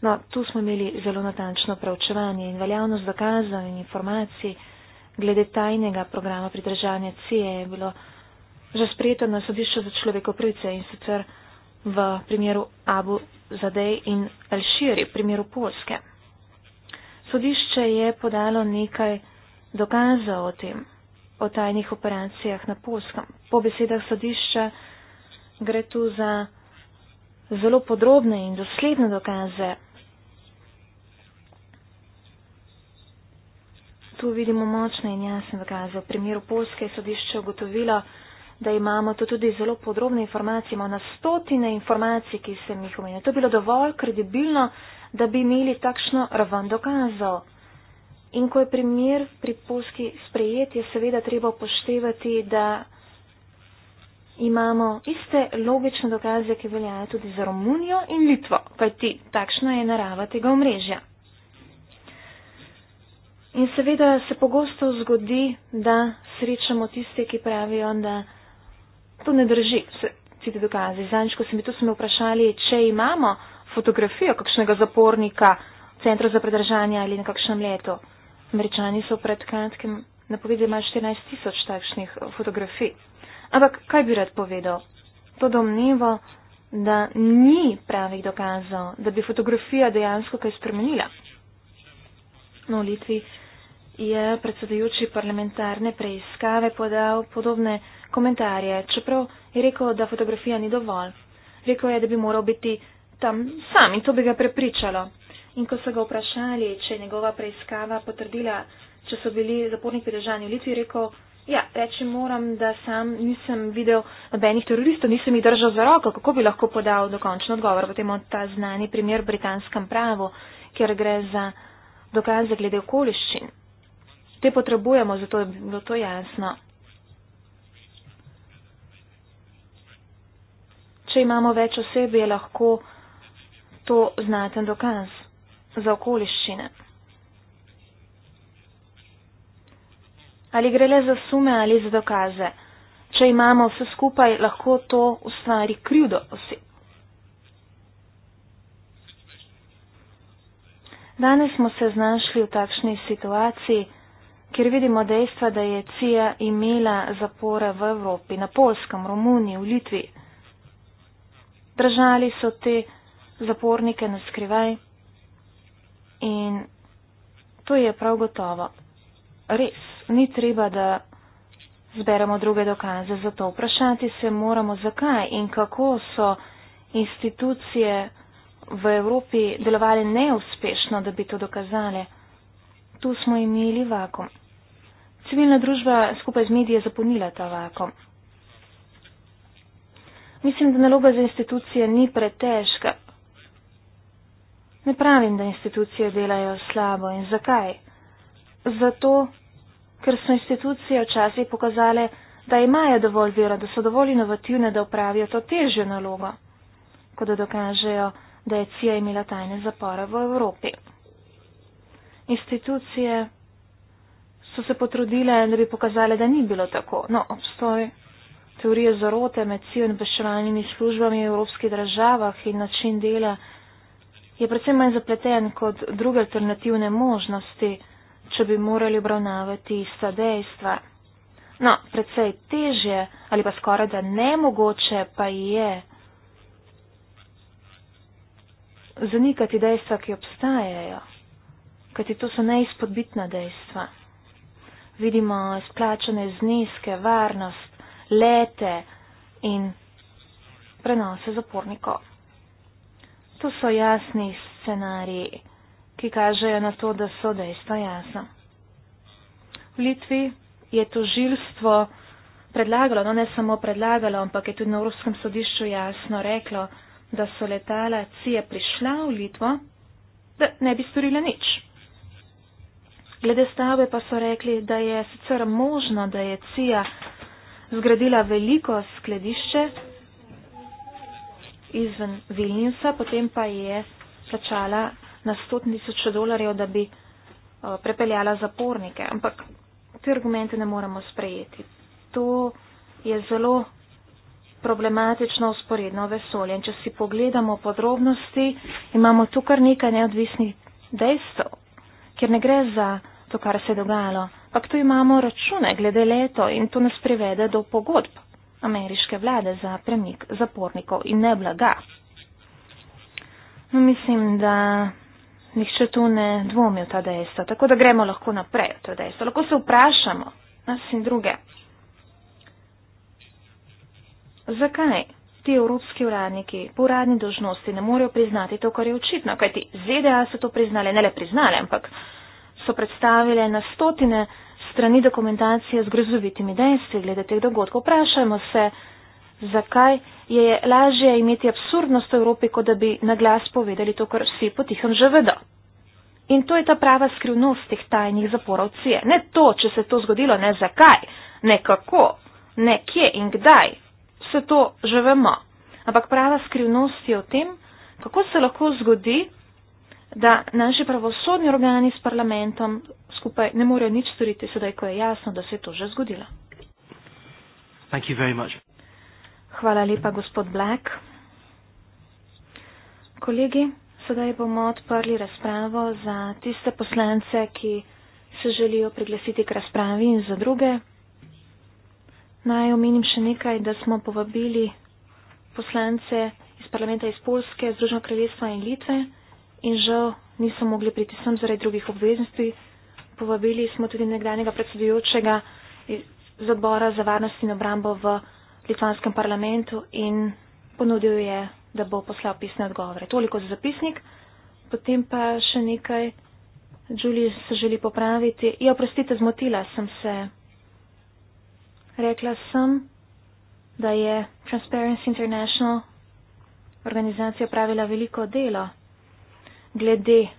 No, tu smo imeli zelo natančno preučevanje in veljavnost dokazov in informacij glede tajnega programa pridržanja CIA e je bilo že sprejeto na sodišču za človekov pravice in sicer v primeru Abu Zadej in Alširi, primeru Polske. Sodišče je podalo nekaj dokaza o tem, o tajnih operacijah na Polskem. Po besedah sodišča gre tu za zelo podrobne in dosledne dokaze. Tu vidimo močne in jasne dokaze. V primeru Polske je sodišče ugotovilo, da imamo tu tudi zelo podrobne informacije, imamo na stotine informacij, ki sem jih omenila. To je bilo dovolj kredibilno, da bi imeli takšno raven dokazov. In ko je primer pri poski sprejet, je seveda treba upoštevati, da imamo iste logične dokaze, ki veljajo tudi za Romunijo in Litvo, kajti takšna je narava tega omrežja. In seveda se pogosto zgodi, da srečamo tiste, ki pravijo, da to ne drži, ti dokazi. Zanič, ko se mi tu smo vprašali, če imamo fotografijo kakšnega zapornika, centra za predržanje ali na kakšnem letu američani so pred kratkim napovedali imajo 14 tisoč takšnih fotografij. Ampak kaj bi rad povedal? To domnevo, da ni pravih dokazov, da bi fotografija dejansko kaj spremenila. No, v Litvi je predsedujoči parlamentarne preiskave podal podobne komentarje, čeprav je rekel, da fotografija ni dovolj. Rekel je, da bi moral biti tam sam in to bi ga prepričalo. In ko so ga vprašali, če je njegova preiskava potrdila, če so bili zaporniki pridržani v Litvi, rekel, ja, reči moram, da sam nisem videl nobenih teroristov, nisem jih držal za roko, kako bi lahko podal dokončen odgovor. Potem od ta znani primer v britanskem pravu, kjer gre za dokaze glede okoliščin. Te potrebujemo, zato je bilo to jasno. Če imamo več osebi, je lahko to znaten dokaz za okoliščine. Ali gre le za sume ali za dokaze? Če imamo vse skupaj, lahko to ustvari krivdo oseb. Danes smo se znašli v takšni situaciji, kjer vidimo dejstva, da je CIA imela zapore v Evropi, na Polskem, Romuniji, v Litvi. Držali so te zapornike na skrivaj. In to je prav gotovo. Res, ni treba, da zberemo druge dokaze. Zato vprašati se moramo, zakaj in kako so institucije v Evropi delovali neuspešno, da bi to dokazali. Tu smo imeli vakum. Civilna družba skupaj z mediji je zapolnila ta vakum. Mislim, da naloga za institucije ni pretežka. Ne pravim, da institucije delajo slabo in zakaj. Zato, ker so institucije včasih pokazale, da imajo dovolj vera, da so dovolj inovativne, da upravijo to težjo nalogo, kot da dokažejo, da je CIA imela tajne zapore v Evropi. Institucije so se potrudile, da bi pokazale, da ni bilo tako. No, obstoj teorije zarote med CIA in obveščevalnimi službami v evropskih državah in način dela je predvsem manj zapleten kot druge alternativne možnosti, če bi morali obravnavati ista dejstva. No, predvsej težje ali pa skoraj da nemogoče pa je zanikati dejstva, ki obstajajo, kajti to so neizpodbitna dejstva. Vidimo splačane zneske, varnost, lete in prenose zapornikov. To so jasni scenariji, ki kažejo na to, da so dejstva jasna. V Litvi je tožilstvo predlagalo, no ne samo predlagalo, ampak je tudi na Evropskem sodišču jasno reklo, da so letala CIA prišla v Litvo, da ne bi storila nič. Glede stave pa so rekli, da je sicer možno, da je CIA zgradila veliko skladišče, izven Vilnjusa, potem pa je plačala na 100 tisoč dolarjev, da bi eh, prepeljala zapornike. Ampak te argumente ne moremo sprejeti. To je zelo problematično usporedno vesolje. In če si pogledamo podrobnosti, imamo tu kar nekaj neodvisnih dejstev, ker ne gre za to, kar se je dogajalo. Pak tu imamo račune glede leto in to nas privede do pogodb ameriške vlade za premik zapornikov in ne blaga. No, mislim, da nihče tu ne dvomi v ta dejstva, tako da gremo lahko naprej v ta dejstva. Lahko se vprašamo nas in druge. Zakaj ti evropski uradniki po uradni dožnosti ne morejo priznati to, kar je očitno? Kajti ZDA so to priznale, ne le priznale, ampak so predstavile na stotine strani dokumentacije z grozovitimi dejstvi glede teh dogodkov. Vprašajmo se, zakaj je lažje imeti absurdnost v Evropi, kot da bi na glas povedali to, kar vsi potihem že vedo. In to je ta prava skrivnost teh tajnih zaporov CIA. Ne to, če se je to zgodilo, ne zakaj, ne kako, ne kje in kdaj. Vse to že vemo. Ampak prava skrivnost je v tem, kako se lahko zgodi, da naši pravosodni organi s parlamentom skupaj ne morejo nič storiti, sedaj ko je jasno, da se je to že zgodilo. Hvala lepa, gospod Black. Kolegi, sedaj bomo odprli razpravo za tiste poslance, ki se želijo priglasiti k razpravi in za druge. Naj omenim še nekaj, da smo povabili poslance iz parlamenta iz Polske, Združeno kraljestvo in Litve in žal niso mogli priti sem zaradi drugih obveznosti. Povabili smo tudi nekdanjega predsedujočega z odbora za varnost in obrambo v litvanskem parlamentu in ponudil je, da bo poslal pisne odgovore. Toliko za zapisnik. Potem pa še nekaj. Julij se želi popraviti. Ja, oprostite, zmotila sem se. Rekla sem, da je Transparency International organizacija pravila veliko delo glede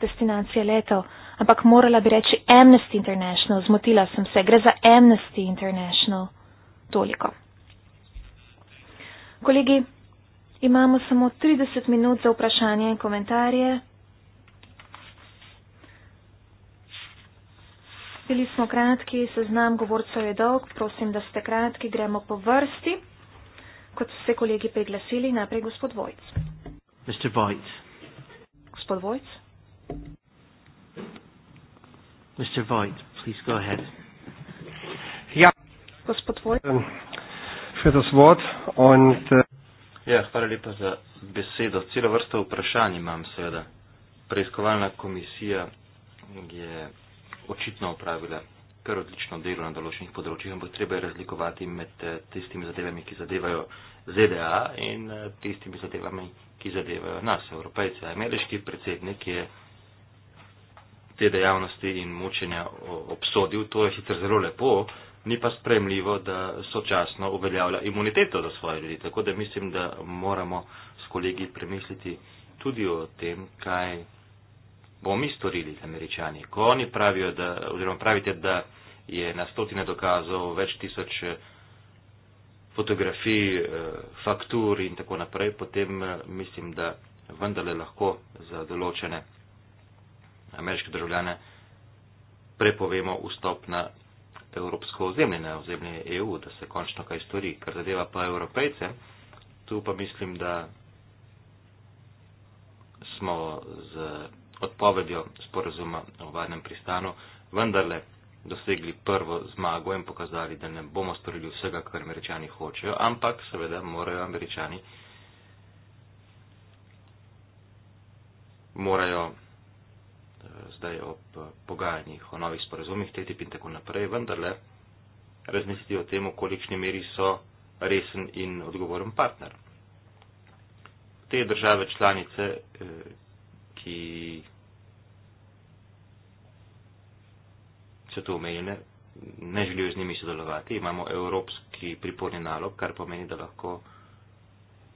destinacije letov, ampak morala bi reči Amnesty International, zmotila sem se, gre za Amnesty International. Toliko. Kolegi, imamo samo 30 minut za vprašanje in komentarje. Bili smo kratki, seznam govorcev je dolg, prosim, da ste kratki, gremo po vrsti. Kot so se kolegi priglasili, najprej gospod Vojc. Mr. Vojc. Gospod Vojc. Mr. Vojc, please go ahead. Ja. Gospod Vojc. Für das Wort und Ja, hvala lepa za besedo. Celo vrsto vprašanj imam seveda. Preiskovalna komisija je očitno opravila kar odlično delo na določenih področjih, ampak treba je razlikovati med eh, tistimi zadevami, ki zadevajo ZDA in eh, tistimi zadevami, ki zadevajo nas, evropejce. Ameriški predsednik je te dejavnosti in mučenja obsodil, to je sicer zelo lepo, ni pa spremljivo, da sočasno uveljavlja imuniteto do svoje ljudi. Tako da mislim, da moramo s kolegi premisliti tudi o tem, kaj bomo mi storili, američani. Ko oni pravijo, da, oziroma pravite, da je na stotine dokazov več tisoč eh, fotografij, eh, faktur in tako naprej, potem eh, mislim, da vendarle lahko za določene ameriške državljane prepovemo vstop na evropsko ozemlje, na ozemlje EU, da se končno kaj stori. Kar zadeva pa evropejce, tu pa mislim, da smo z odpovedjo sporazuma o varnem pristanu vendarle dosegli prvo zmago in pokazali, da ne bomo storili vsega, kar američani hočejo, ampak seveda morajo američani morajo eh, zdaj ob eh, pogajanjih o novih sporazumih, TTIP in tako naprej, vendarle razmisliti o tem, v kolikšni meri so resen in odgovoren partner. Te države članice, eh, ki so tu omenjene, ne želijo z njimi sodelovati. Imamo evropski priporni nalog, kar pomeni, da lahko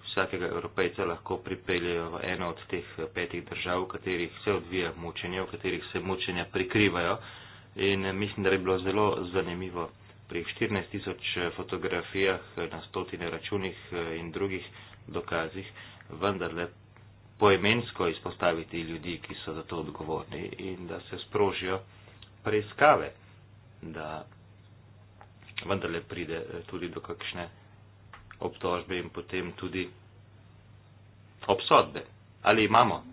vsakega evropejca lahko pripeljejo v eno od teh petih držav, v katerih se odvija mučenje, v katerih se mučenja prikrivajo. In eh, mislim, da je bilo zelo zanimivo pri 14 tisoč eh, fotografijah eh, na stotine računih in drugih dokazih, vendarle poemensko izpostaviti ljudi, ki so za to odgovorni in da se sprožijo preiskave, da vendarle pride eh, tudi do kakšne obtožbe in potem tudi obsodbe. Ali imamo eh,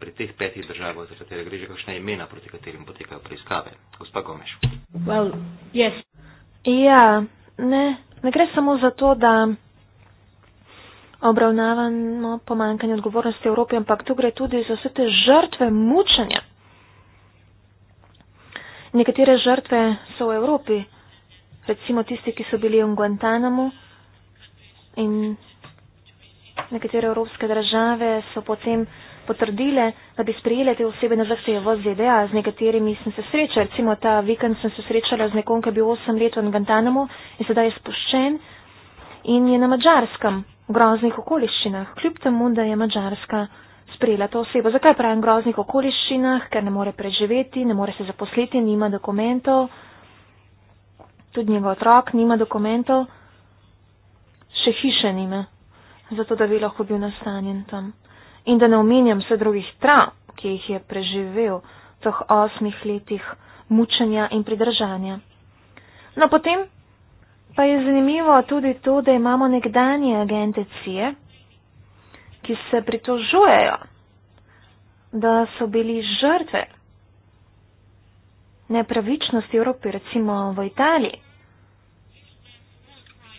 pri teh petih državah, za katere gre, že kakšne imena, proti katerim potekajo preiskave? Gospa Gomeš. Well, yes. Ja, ne, ne gre samo za to, da obravnavamo pomankanje odgovornosti Evropi, ampak tu gre tudi za vse te žrtve mučenja, Nekatere žrtve so v Evropi, recimo tisti, ki so bili v Guantanamu in nekatere evropske države so potem potrdile, da bi sprijele te osebe na zahtevo ZDA. Z nekaterimi sem se srečala, recimo ta vikend sem se srečala z nekom, ki je bil 8 let v Guantanamu in sedaj je spuščen in je na mačarskem v groznih okoliščinah, kljub temu, da je mačarska sprejela to osebo. Zakaj pravim v groznih okoliščinah, ker ne more preživeti, ne more se zaposliti, nima dokumentov, tudi njegov otrok nima dokumentov, še hiše nime, zato da bi lahko bil nastanjen tam. In da ne omenjam vse drugih trav, ki jih je preživel v teh osmih letih mučenja in pridržanja. No potem pa je zanimivo tudi to, da imamo nekdanje agente CIE, ki se pritožujejo da so bili žrtve nepravičnosti Evropi, recimo v Italiji,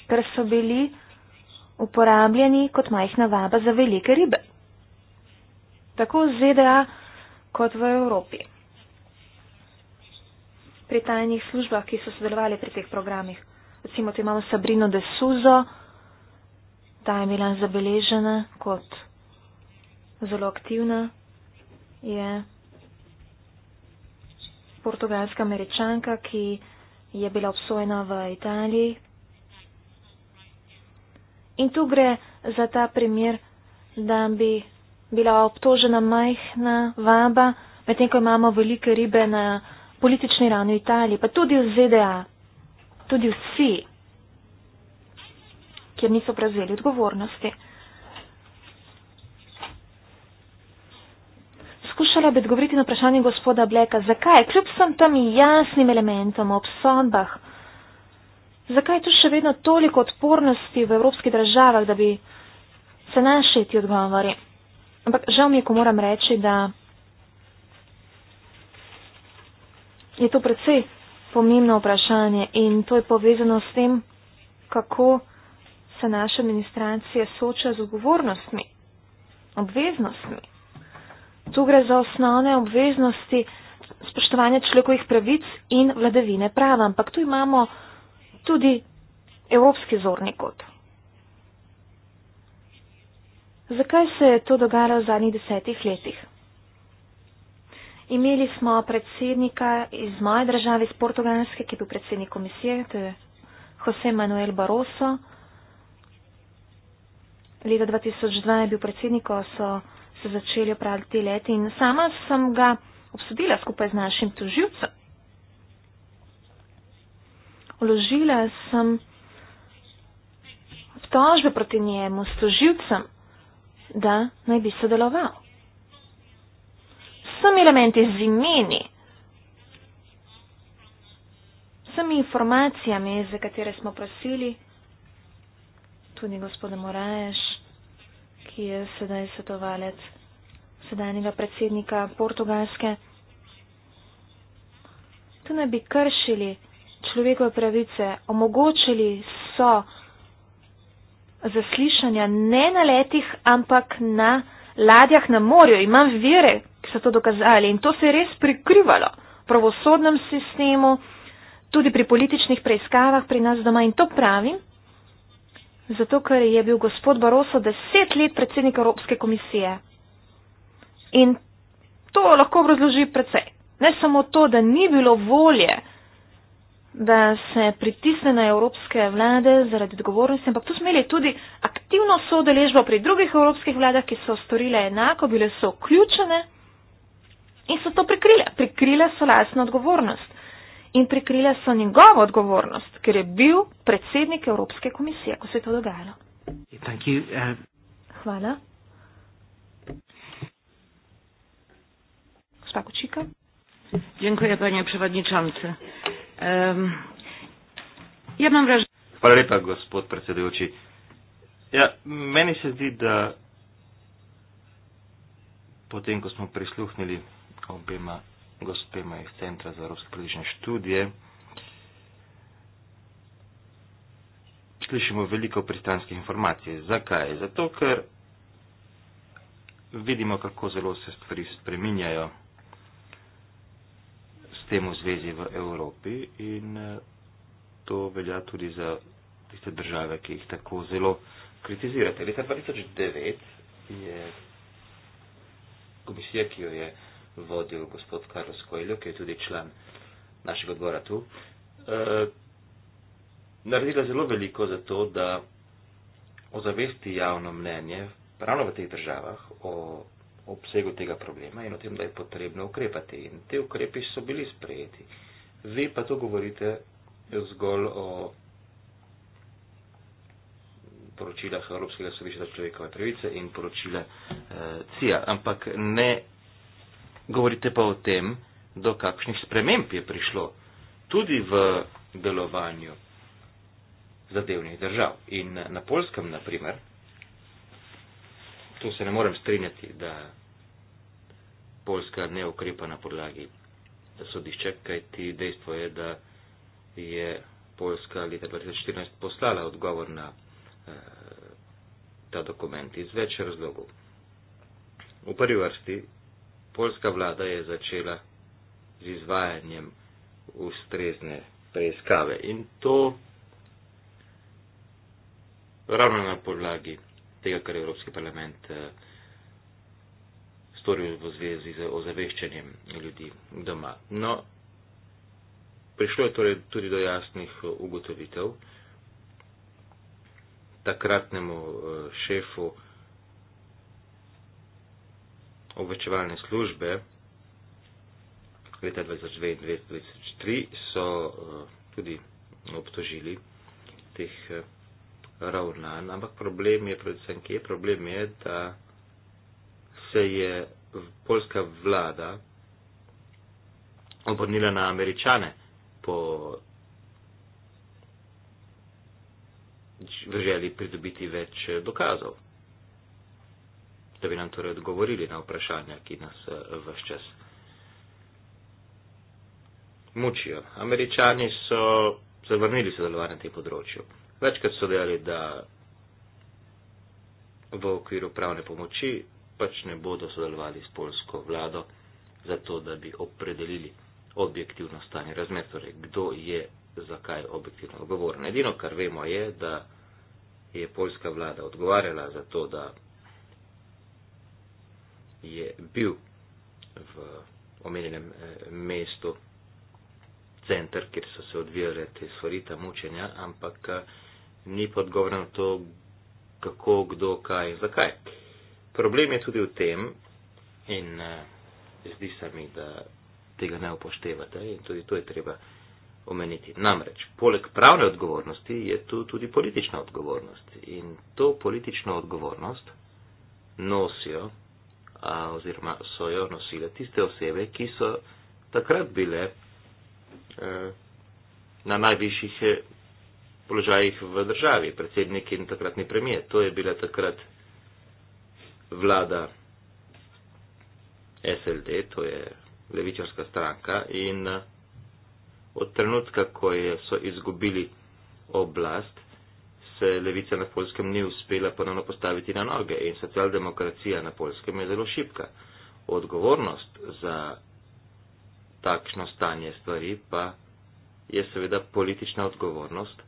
ker so bili uporabljeni kot majhna vaba za velike ribe. Tako v ZDA kot v Evropi. Pri tajnih službah, ki so sodelovali pri teh programih. Recimo, tu imamo Sabrino de Suzo, ta je bila zabeležena kot zelo aktivna je portugalska američanka, ki je bila obsojena v Italiji. In tu gre za ta primer, da bi bila obtožena majhna vaba, medtem ko imamo velike ribe na politični ravni v Italiji, pa tudi v ZDA, tudi vsi, kjer niso prevzeli odgovornosti. poskušala bi odgovoriti na vprašanje gospoda Bleka, zakaj, kljub vsem tam jasnim elementom ob sodbah, zakaj je tu še vedno toliko odpornosti v evropskih državah, da bi se našli ti odgovori. Ampak žal mi je, ko moram reči, da je to predvsej pomembno vprašanje in to je povezano s tem, kako se naše administracije soča z odgovornostmi, obveznostmi. Tu gre za osnovne obveznosti spoštovanja človekovih pravic in vladavine prava, ampak tu imamo tudi evropski zorni kot. Zakaj se je to dogajalo v zadnjih desetih letih? Imeli smo predsednika iz moje države, iz Portugalske, ki je bil predsednik komisije, to je Jose Manuel Barroso. Leta 2002 je bil predsednik, ko so se začeli opravljati te leti in sama sem ga obsodila skupaj z našim toživcem. Uložila sem obtožbe proti njemu s toživcem, da naj bi sodeloval. Vsemi elementi z imeni, vsemi informacijami, za katere smo prosili, tudi gospoda Moraješ, ki je sedaj svetovalec sedajnega predsednika Portugalske. Tu naj bi kršili človekove pravice, omogočili so zaslišanja ne na letih, ampak na ladjah na morju. Imam vire, ki so to dokazali in to se je res prikrivalo v pravosodnem sistemu, tudi pri političnih preiskavah pri nas doma in to pravim zato ker je bil gospod Baroso deset let predsednik Evropske komisije. In to lahko razloži precej. Ne samo to, da ni bilo volje, da se pritisne na evropske vlade zaradi odgovornosti, ampak tu smo imeli tudi aktivno sodeležbo pri drugih evropskih vladah, ki so storile enako, bile so vključene in so to prikrile. Prikrile so lasno odgovornost in prikrile so njegovo odgovornost, ker je bil predsednik Evropske komisije, ko se je to dogajalo. You, uh... Hvala. Gospa Kočika. Dziękuję panie przewodniczący. Um, ja mam wrażenie. Hvala lepa, gospod predsedujoči. Ja, meni se zdi, da potem, ko smo prisluhnili obema gospema iz Centra za evropske politične študije. Slišimo veliko pristanskih informacij. Zakaj? Zato, ker vidimo, kako zelo se stvari spreminjajo s tem v zvezi v Evropi in eh, to velja tudi za tiste države, ki jih tako zelo kritizirate. Leta 2009 je komisija, ki jo je vodil gospod Karlos Kojljo, ki je tudi član našega odbora tu, e, naredila zelo veliko za to, da ozavesti javno mnenje ravno v teh državah o obsegu tega problema in o tem, da je potrebno ukrepati. In te ukrepi so bili sprejeti. Vi pa to govorite zgolj o poročilah Evropskega sovišča za človekove pravice in poročila eh, CIA, ampak ne govorite pa o tem, do kakšnih sprememb je prišlo tudi v delovanju zadevnih držav. In na polskem, na primer, tu se ne morem strinjati, da Poljska ne ukrepa na podlagi sodišča, kajti dejstvo je, da je Poljska leta 2014 poslala odgovor na eh, ta dokument iz več razlogov. V prvi vrsti Poljska vlada je začela z izvajanjem ustrezne preiskave in to ravno na podlagi tega, kar je Evropski parlament eh, storil v zvezi z ozaveščanjem ljudi doma. No, prišlo je torej tudi do jasnih eh, ugotovitev takratnemu eh, šefu obveščevalne službe leta 2002-2003 so eh, tudi obtožili teh eh, ravnanj, ampak problem je predvsem kje, problem je, da se je polska vlada obrnila na američane po želji pridobiti več eh, dokazov da bi nam torej odgovorili na vprašanja, ki nas eh, vse čas mučijo. Američani so zavrnili sodelovanje na tem področju. Večkrat so dejali, da v okviru pravne pomoči pač ne bodo sodelovali s polsko vlado, zato da bi opredelili objektivno stanje razmer, torej kdo je zakaj objektivno odgovoren. Edino, kar vemo, je, da je polska vlada odgovarjala za to, da je bil v omenjenem eh, mestu center, kjer so se odvijale te svarita mučenja, ampak eh, ni podgovorno to, kako, kdo, kaj in zakaj. Problem je tudi v tem in eh, zdi se mi, da tega ne upoštevate in tudi to je treba omeniti. Namreč, poleg pravne odgovornosti je tu tudi politična odgovornost in to politično odgovornost nosijo oziroma so jo nosile tiste osebe, ki so takrat bile e, na najvišjih e, položajih v državi, predsednik in takratni premije. To je bila takrat vlada SLD, to je levičarska stranka in e, od trenutka, ko je, so izgubili oblast, se je levica na polskem ni uspela ponovno postaviti na noge in socialdemokracija na polskem je zelo šipka. Odgovornost za takšno stanje stvari pa je seveda politična odgovornost.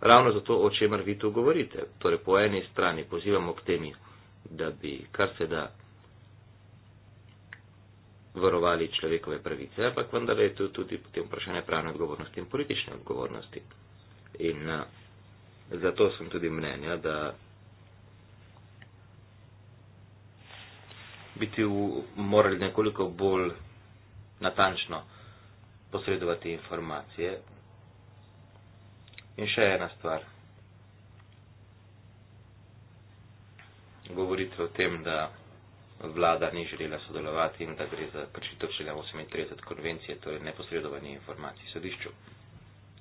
Ravno zato, o čemer vi tu govorite. Torej, po eni strani pozivamo k temi, da bi kar se da varovali človekove pravice, ampak vendar je tu tudi potem vprašanje pravne odgovornosti in politične odgovornosti. In eh, Zato sem tudi mnenja, da biti v, morali nekoliko bolj natančno posredovati informacije. In še ena stvar. Govorite o tem, da vlada ni želela sodelovati in da gre za kršitev 38 konvencije, torej neposredovanje informacij sodišču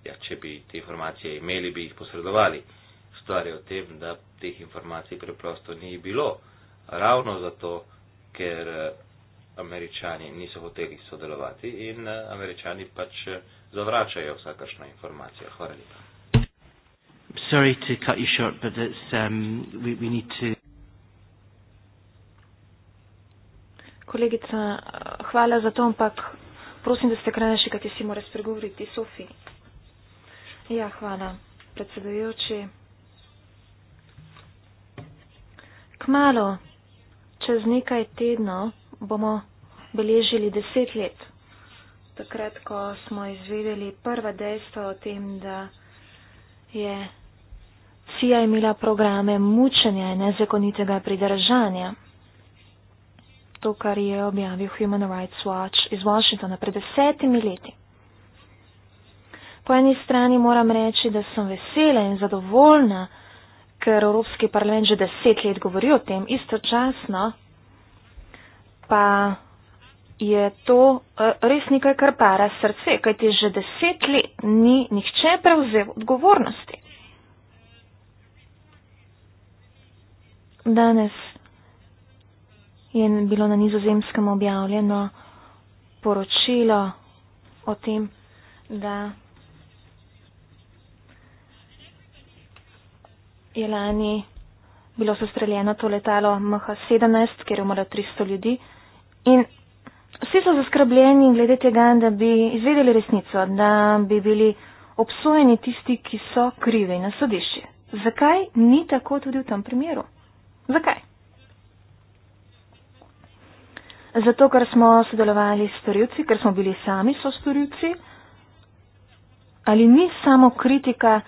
ja, če bi te informacije imeli, bi jih posredovali. Stvar je v tem, da teh informacij preprosto ni bilo. Ravno zato, ker eh, američani niso hoteli sodelovati in eh, američani pač eh, zavračajo vsakršno informacijo. Hvala lepa. Sorry to cut you short, but it's, um, we, we need to. Kolegica, hvala za to, ampak prosim, da ste krajši, kaj ti si moraš spregovoriti, Sofi. Ja, hvala, predsedujoči. Kmalo, čez nekaj tednov, bomo beležili deset let. Takrat, ko smo izvedeli prva dejstva o tem, da je CIA imela programe mučenja in nezakonitega pridržanja. To, kar je objavil Human Rights Watch iz Washingtona pred desetimi leti. Po eni strani moram reči, da sem vesela in zadovoljna, ker Evropski parlament že deset let govori o tem, istočasno pa je to eh, res nekaj, kar para srce, kajti že deset let ni nihče prevzel odgovornosti. Danes je bilo na nizozemskem objavljeno poročilo o tem, da je lani bilo sestreljeno to letalo MH17, kjer je umrlo 300 ljudi. In vsi so zaskrbljeni glede tega, da bi izvedeli resnico, da bi bili obsojeni tisti, ki so krivi na sodišče. Zakaj ni tako tudi v tem primeru? Zakaj? Zato, ker smo sodelovali s storilci, ker smo bili sami so storilci. Ali ni samo kritika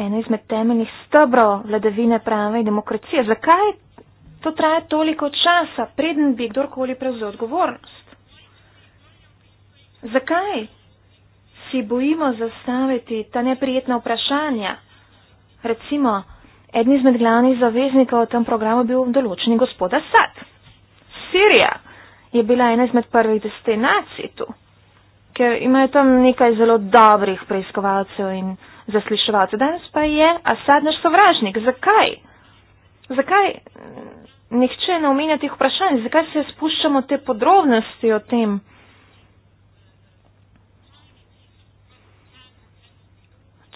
eno izmed temeljnih stebrov vladavine prava in demokracije. Zakaj to traja toliko časa, preden bi kdorkoli prevzel odgovornost? Zakaj si bojimo zastaviti ta neprijetna vprašanja? Recimo, eden izmed glavnih zaveznikov v tem programu bil določeni gospod Assad. Sirija je bila ena izmed prvih destinacij tu, ker imajo tam nekaj zelo dobrih preiskovalcev in zasliševalce. Danes pa je Asad naš sovražnik. Zakaj? Zakaj mm, nihče ne omenja teh vprašanj? Zakaj se spuščamo te podrobnosti o tem?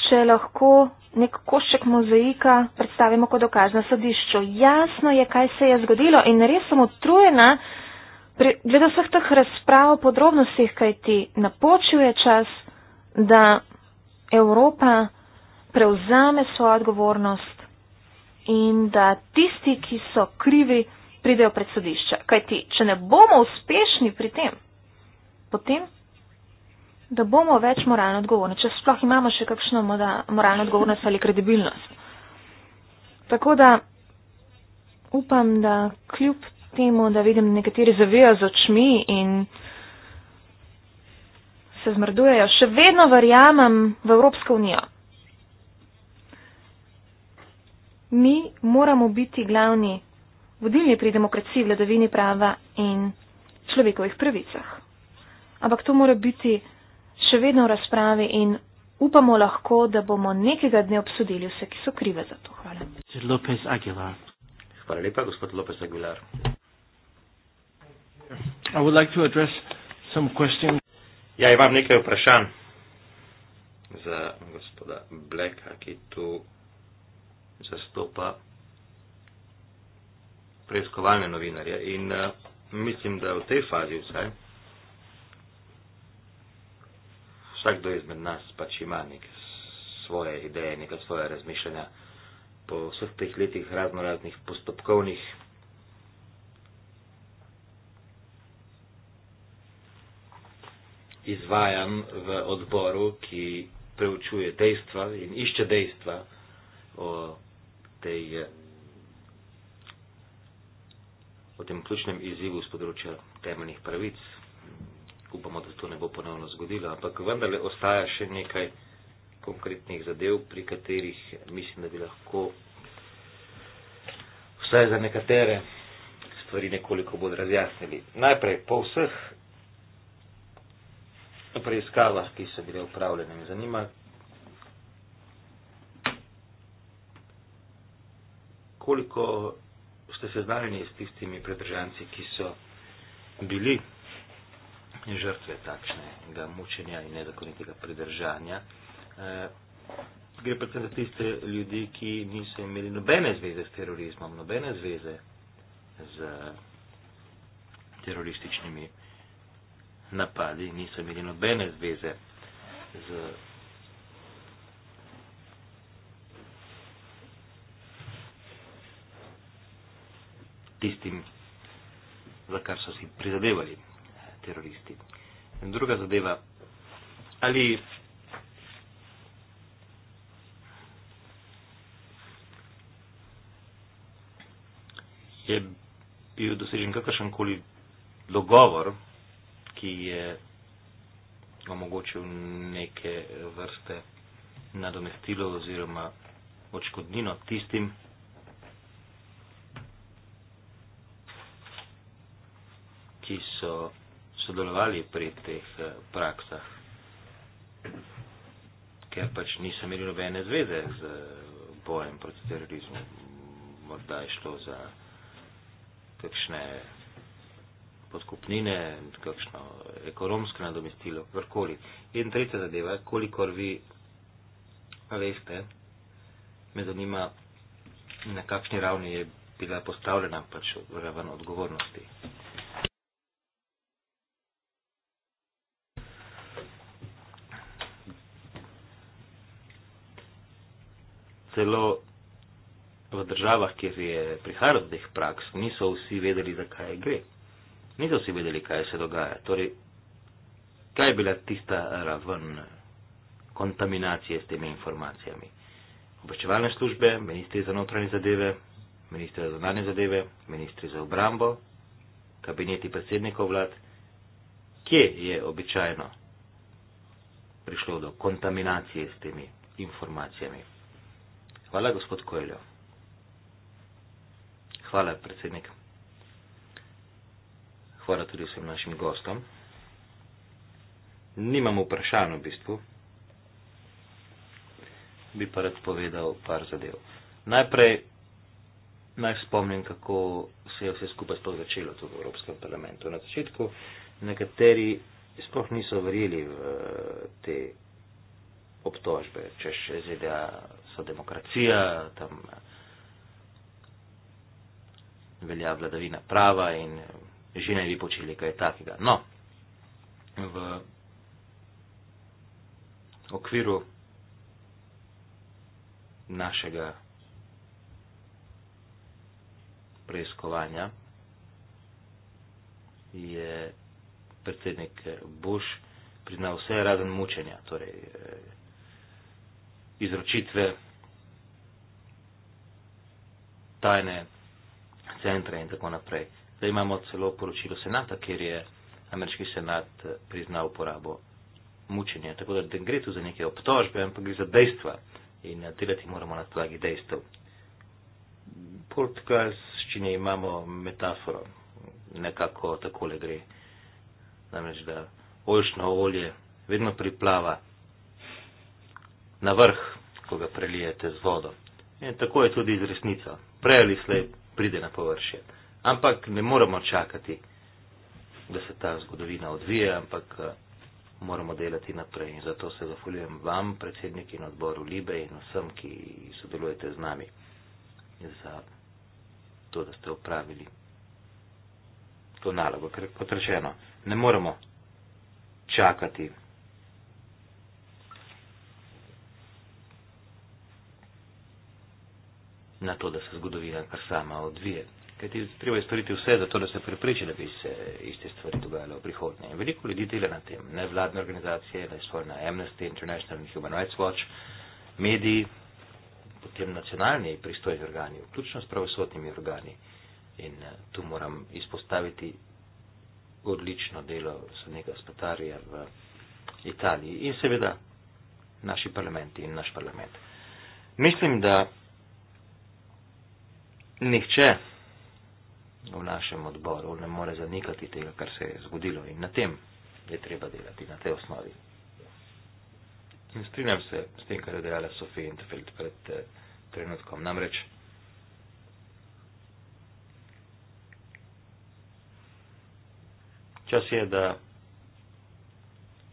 Če lahko nek košček mozaika predstavimo kot dokaz na sodišču. Jasno je, kaj se je zgodilo in res sem utrujena glede vseh teh razprav o podrobnostih, kaj ti napočil je čas, da Evropa prevzame svojo odgovornost in da tisti, ki so krivi, pridejo pred sodišča. Kajti, če ne bomo uspešni pri tem, potem, da bomo več moralno odgovorni, če sploh imamo še kakšno moralno odgovornost ali kredibilnost. Tako da upam, da kljub temu, da vidim nekateri zavijo z očmi in se zmrdujejo, še vedno verjamem v Evropsko unijo. Mi moramo biti glavni vodilni pri demokraciji, vladavini prava in človekovih pravicah. Ampak to mora biti še vedno v razpravi in upamo lahko, da bomo nekega dne obsodili vse, ki so krive za to. Hvala. Hvala lepa, gospod Lopez Aguilar. I would like to address some questions. Ja, imam nekaj vprašanj za gospoda Bleka, ki tu zastopa preiskovalne novinarje. In uh, mislim, da v tej fazi vsaj vsakdo izmed nas pač ima neke svoje ideje, neke svoje razmišljanja po vseh teh letih raznoraznih postopkovnih izvajam v odboru, ki preučuje dejstva in išče dejstva o, tej, o tem ključnem izzivu z področja temeljnih pravic. Upamo, da to ne bo ponovno zgodilo, ampak vendarle ostaja še nekaj konkretnih zadev, pri katerih mislim, da bi lahko vsaj za nekatere stvari nekoliko bolj razjasnili. Najprej, po vseh preiskavah, ki so bile upravljene. Me zanima, koliko ste seznanjeni s tistimi predržanci, ki so bili žrtve takšnega mučenja in nezakonitega pridržanja. Eh, gre predvsem za tiste ljudi, ki niso imeli nobene zveze s terorizmom, nobene zveze z terorističnimi napadi, niso imeli nobene zveze z tistim, za kar so si prizadevali teroristi. In druga zadeva, ali je bil dosežen kakršenkoli dogovor, ki je omogočil neke vrste nadomestilo oziroma očkodnino tistim, ki so sodelovali pri teh eh, praksah, ker pač niso imeli nobene zveze z eh, bojem proti terorizmu. Morda je šlo za kakšne podkupnine, kakšno ekonomsko nadomestilo, vrkoli. In tretja zadeva, kolikor vi veste, me zanima, na kakšni ravni je bila postavljena pač raven odgovornosti. Celo v državah, kjer je prihajalo do teh praks, niso vsi vedeli, zakaj gre niso si vedeli, kaj se dogaja. Torej, kaj je bila tista raven kontaminacije s temi informacijami? Obveščevalne službe, ministri za notranje zadeve, ministri za zunanje zadeve, ministri za obrambo, kabineti predsednikov vlad, kje je običajno prišlo do kontaminacije s temi informacijami? Hvala, gospod Koeljo. Hvala, predsednik hvala tudi vsem našim gostom. Nimam vprašanj v bistvu, bi pa rad povedal par zadev. Najprej naj spomnim, kako se je vse skupaj sploh začelo tu v Evropskem parlamentu. Na začetku nekateri sploh niso verjeli v te obtožbe, če še ZDA so demokracija, tam eh, velja vladavina prava in že ne bi počeli kaj takega. No, v okviru našega preiskovanja je predsednik Bush priznal vse razen mučenja, torej eh, izročitve tajne centre in tako naprej da imamo celo poročilo senata, kjer je ameriški senat eh, priznal uporabo mučenja. Tako da ne gre tu za neke obtožbe, ampak gre za dejstva in eh, delati moramo na podlagi dejstev. Portugalsčine imamo metaforo, nekako takole gre. Namreč, da oljčno olje vedno priplava na vrh, ko ga prelijete z vodo. In tako je tudi z resnico. Prej ali slej pride na površje. Ampak ne moramo čakati, da se ta zgodovina odvije, ampak eh, moramo delati naprej. In zato se zahvaljujem vam, predsedniki in odboru Libe in vsem, ki sodelujete z nami, za to, da ste opravili to nalogo. Ker, kot rečeno, ne moramo čakati. na to, da se zgodovina kar sama odvije kajti treba je storiti vse, zato da se pripriči, da bi se iste stvari dogajale v prihodnje. In veliko ljudi dela na tem, ne vladne organizacije, ne svoje na Amnesty International in Human Rights Watch, mediji, potem nacionalni pristojni organi, vključno s pravosodnimi organi. In eh, tu moram izpostaviti odlično delo sodnega spetarja v Italiji in seveda naši parlamenti in naš parlament. Mislim, da nihče v našem odboru ne more zanikati tega, kar se je zgodilo in na tem je treba delati, na tej osnovi. In strinjam se s tem, kar je dejala Sofija Interfeld pred eh, trenutkom. Namreč čas je, da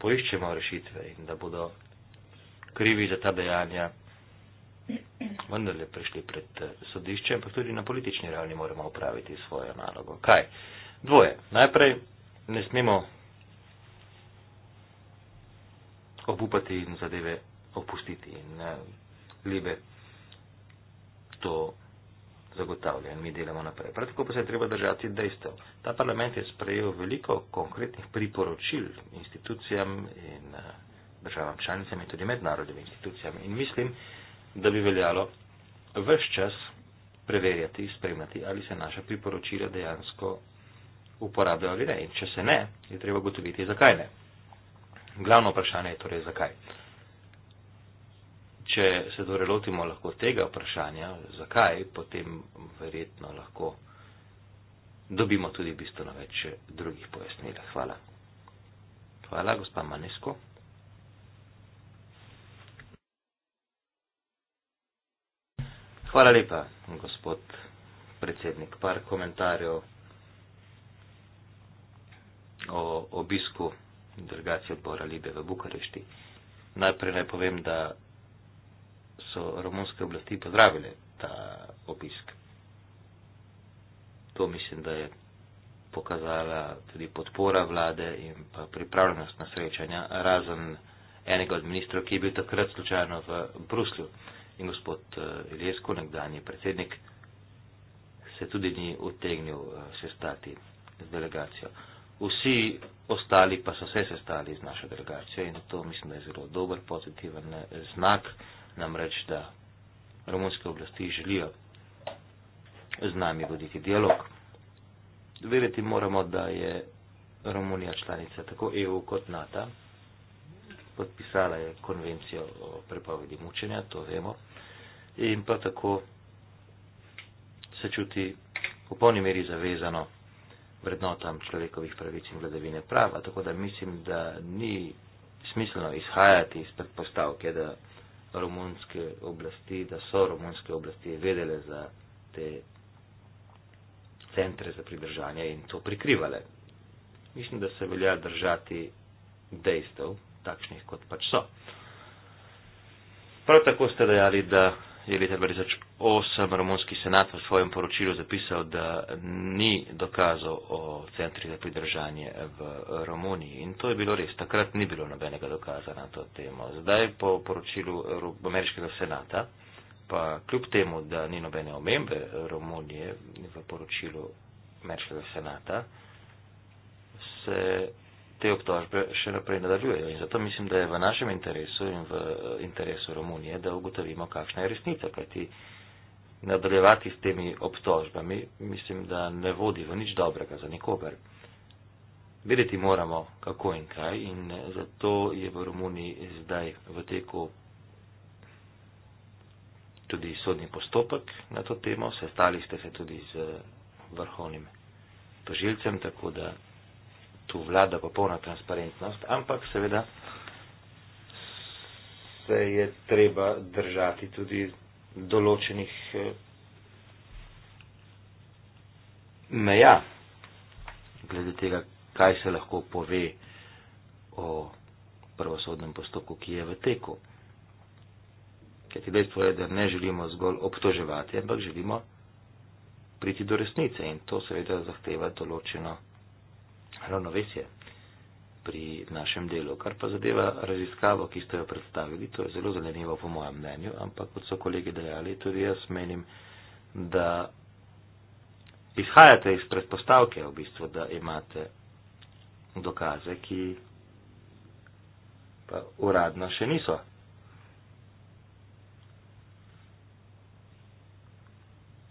poiščemo rešitve in da bodo krivi za ta dejanja vendarle prišli pred eh, sodišče, ampak tudi na politični ravni moramo upraviti svojo nalogo. Kaj? Dvoje. Najprej ne smemo obupati in zadeve opustiti. In eh, Libe to zagotavlja in mi delamo naprej. Prav tako pa se je treba držati dejstev. Ta parlament je sprejel veliko konkretnih priporočil institucijam in eh, državam članicam in tudi mednarodnim institucijam. In mislim, da bi veljalo vse čas preverjati, spremljati, ali se naše priporočila dejansko uporabljajo ali ne. In če se ne, je treba gotoviti, zakaj ne. Glavno vprašanje je torej, zakaj. Če se torej lotimo lahko tega vprašanja, zakaj, potem verjetno lahko dobimo tudi bistveno več drugih pojasnil. Hvala. Hvala, gospa Manesko. Hvala lepa, gospod predsednik. Par komentarjev o obisku delegacije odbora Libe v Bukarešti. Najprej naj povem, da so romunske oblasti pozdravile ta obisk. To mislim, da je pokazala tudi podpora vlade in pa pripravljenost na srečanja, razen enega od ministrov, ki je bil takrat slučajno v Bruslju in gospod eh, Ilesko, nekdani predsednik, se tudi ni utegnil eh, sestati z delegacijo. Vsi ostali pa so se sestali z našo delegacijo in to mislim, da je zelo dober, pozitiven eh, znak, namreč, da romunske oblasti želijo z nami voditi dialog. Vedeti moramo, da je Romunija članica tako EU kot NATO podpisala je konvencijo o prepovedi mučenja, to vemo, in pa tako se čuti v polni meri zavezano vrednotam človekovih pravic in vladavine prava. Tako da mislim, da ni smiselno izhajati iz predpostavke, da romunske oblasti, da so romunske oblasti vedele za te centre za pridržanje in to prikrivale. Mislim, da se velja držati dejstev, takšnih, kot pač so. Prav tako ste dejali, da je leta 2008 romunski senat v svojem poročilu zapisal, da ni dokazov o centri za pridržanje v Romuniji. In to je bilo res. Takrat ni bilo nobenega dokaza na to temo. Zdaj po poročilu ameriškega senata, pa kljub temu, da ni nobene omembe Romunije v poročilu ameriškega senata, se te obtožbe še naprej nadaljujejo. In zato mislim, da je v našem interesu in v eh, interesu Romunije, da ugotovimo, kakšna je resnica, kajti nadaljevati s temi obtožbami mislim, da ne vodi v nič dobrega za nikogar. Vedeti moramo, kako in kaj in zato je v Romuniji zdaj v teku tudi sodni postopek na to temo. Sestali ste se tudi z eh, vrhovnim tožilcem, tako da tu vlada popolna transparentnost, ampak seveda se je treba držati tudi določenih eh, meja glede tega, kaj se lahko pove o pravosodnem postopku, ki je v teku. Ker ti dejstvo je, da ne želimo zgolj obtoževati, ampak želimo priti do resnice in to seveda zahteva določeno ravnovesje pri našem delu. Kar pa zadeva raziskavo, ki ste jo predstavili, to je zelo zanimivo po mojem mnenju, ampak kot so kolegi dejali, tudi jaz menim, da izhajate iz predpostavke, v bistvu, da imate dokaze, ki pa uradno še niso.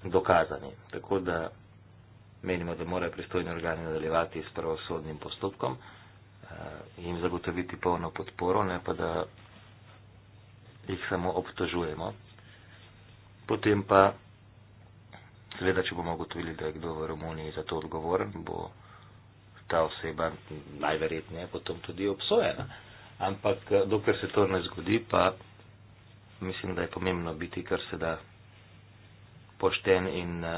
Dokazani. Tako da menimo, da morajo pristojni organi nadaljevati s pravosodnim postopkom, uh, eh, jim zagotoviti polno podporo, ne pa da jih samo obtožujemo. Potem pa, seveda, če bomo ugotovili, da je kdo v Romuniji za to odgovoren, bo ta oseba najverjetneje potem tudi obsojena. Ampak eh, dokler se to ne zgodi, pa mislim, da je pomembno biti kar se da pošten in uh,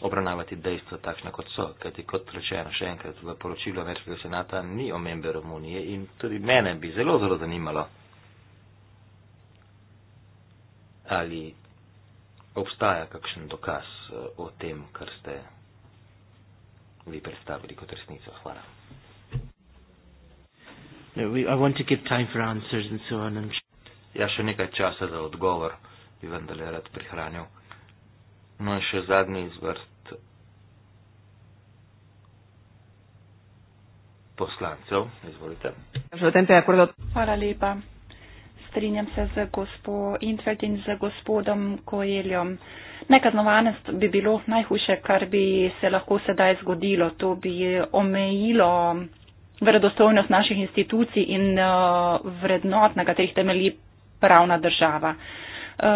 obravnavati dejstva takšne, kot so. Kajti, kot rečeno, še enkrat v poročilu Ameriškega senata ni omembe Romunije in tudi mene bi zelo, zelo zanimalo, ali obstaja kakšen dokaz eh, o tem, kar ste vi predstavili kot resnico. Hvala. Ja, še nekaj časa za odgovor bi vendarle rad prihranil. No in še zadnji izvrst poslancev. Izvolite. Hvala lepa. Strinjam se z gospo Intfeld in z gospodom Koeljom. Nekaznovanost bi bilo najhujše, kar bi se lahko sedaj zgodilo. To bi omejilo verodostojnost naših institucij in eh, vrednot, na katerih temelji pravna država. Uh, Eh,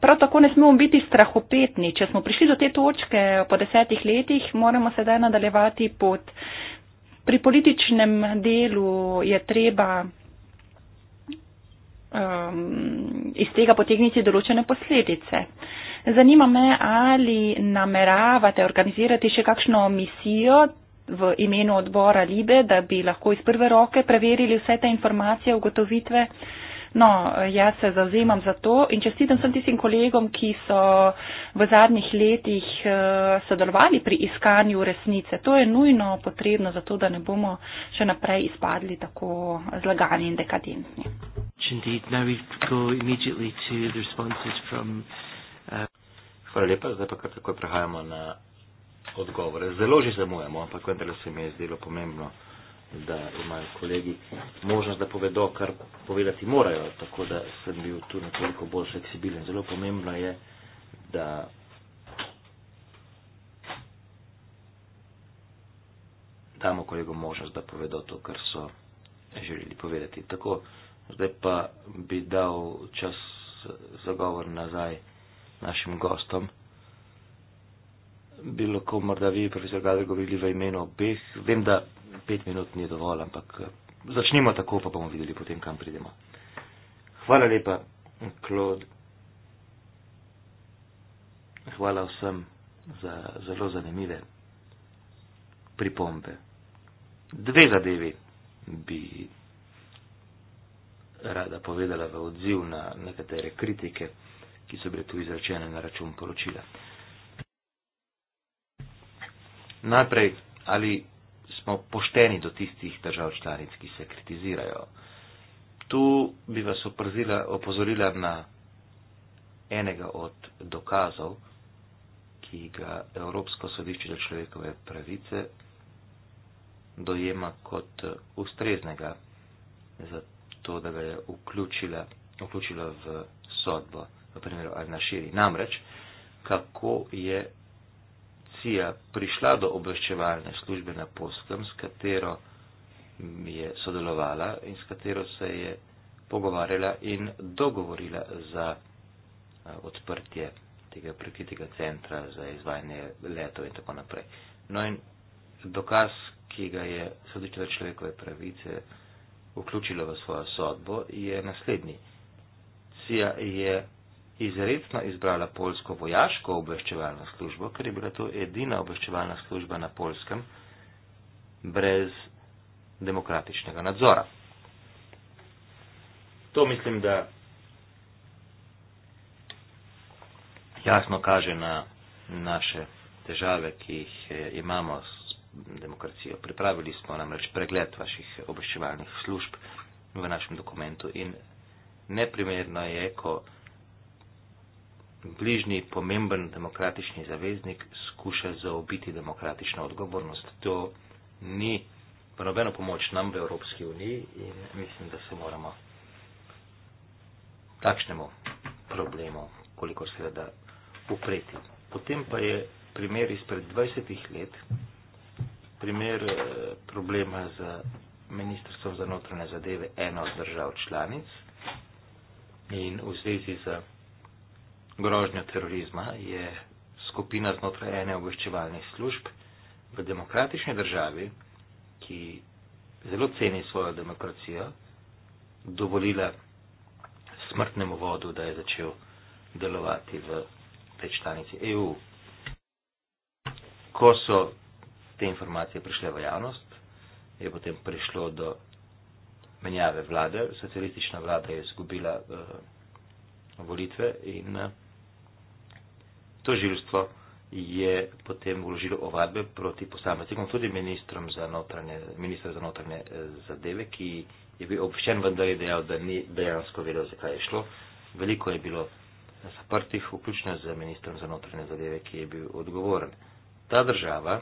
prav tako ne smemo biti strahopetni. Če smo prišli do te točke po desetih letih, moramo sedaj nadaljevati pot. Pri političnem delu je treba um, iz tega potegniti določene posledice. Zanima me, ali nameravate organizirati še kakšno misijo v imenu odbora Libe, da bi lahko iz prve roke preverili vse te informacije, ugotovitve. Uh, No, jaz se zauzemam za to in čestitam vsem tistim kolegom, ki so v zadnjih letih eh, sodelovali pri iskanju resnice. To je nujno potrebno zato, da ne bomo še naprej izpadli tako zlagani in dekadentni. Uh, Hvala lepa, zdaj pa kar takoj prehajamo na odgovore. Zelo že zamujamo, ampak vendarle se mi je zdelo pomembno da imajo kolegi možnost, da povedo, kar povedati morajo, tako da sem bil tu nekoliko bolj fleksibilen. Zelo pomembno je, da damo kolegom možnost, da povedo to, kar so želeli povedati. Tako, zdaj pa bi dal čas za govor nazaj našim gostom bi lahko morda vi, profesor Gade, govorili v imenu obeh. Vem, da pet minut ni dovolj, ampak eh, začnimo tako, pa bomo videli potem, kam pridemo. Hvala lepa, Klod. Hvala vsem za zelo zanimive pripombe. Dve zadevi bi rada povedala v odziv na nekatere kritike, ki so bile tu izrečene na račun poročila. Najprej, ali smo pošteni do tistih držav članic, ki se kritizirajo. Tu bi vas oprzila, opozorila na enega od dokazov, ki ga Evropsko sodišče za človekove pravice dojema kot eh, ustreznega, zato da ga je vključila, vključila v sodbo, v primeru Alnaširi. Namreč, kako je policija prišla do obveščevalne službe na Polskem, s katero je sodelovala in s katero se je pogovarjala in dogovorila za eh, odprtje tega prekritega centra za izvajanje letov in tako naprej. No in dokaz, ki ga je sodišče za človekove pravice vključilo v svojo sodbo, je naslednji. Cija je izredno izbrala polsko vojaško obveščevalno službo, ker je bila to edina obveščevalna služba na polskem brez demokratičnega nadzora. To mislim, da jasno kaže na naše težave, ki jih eh, imamo s demokracijo. Pripravili smo namreč pregled vaših obveščevalnih služb v našem dokumentu in neprimerno je, ko bližnji pomemben demokratični zaveznik skuša zaobiti demokratično odgovornost. To ni v nobeno pomoč nam v Evropski uniji in mislim, da se moramo takšnemu problemu, koliko se da, upreti. Potem pa je primer izpred 20 let, primer eh, problema z Ministrstvom za notranje zadeve eno od držav članic in v zvezi z grožnjo terorizma je skupina znotraj ene obveščevalnih služb v demokratični državi, ki zelo ceni svojo demokracijo, dovolila smrtnemu vodu, da je začel delovati v tej članici EU. Ko so te informacije prišle v javnost, je potem prišlo do menjave vlade. Socialistična vlada je izgubila uh, volitve in uh, toživstvo je potem uložilo ovadbe proti posameznikom, tudi ministrom za notranje, ministr za notranje eh, zadeve, ki je bil obveščen, vendar je dejal, da ni dejansko vedel, zakaj je šlo. Veliko je bilo zaprtih, vključno z ministrom za notranje zadeve, ki je bil odgovoren. Ta država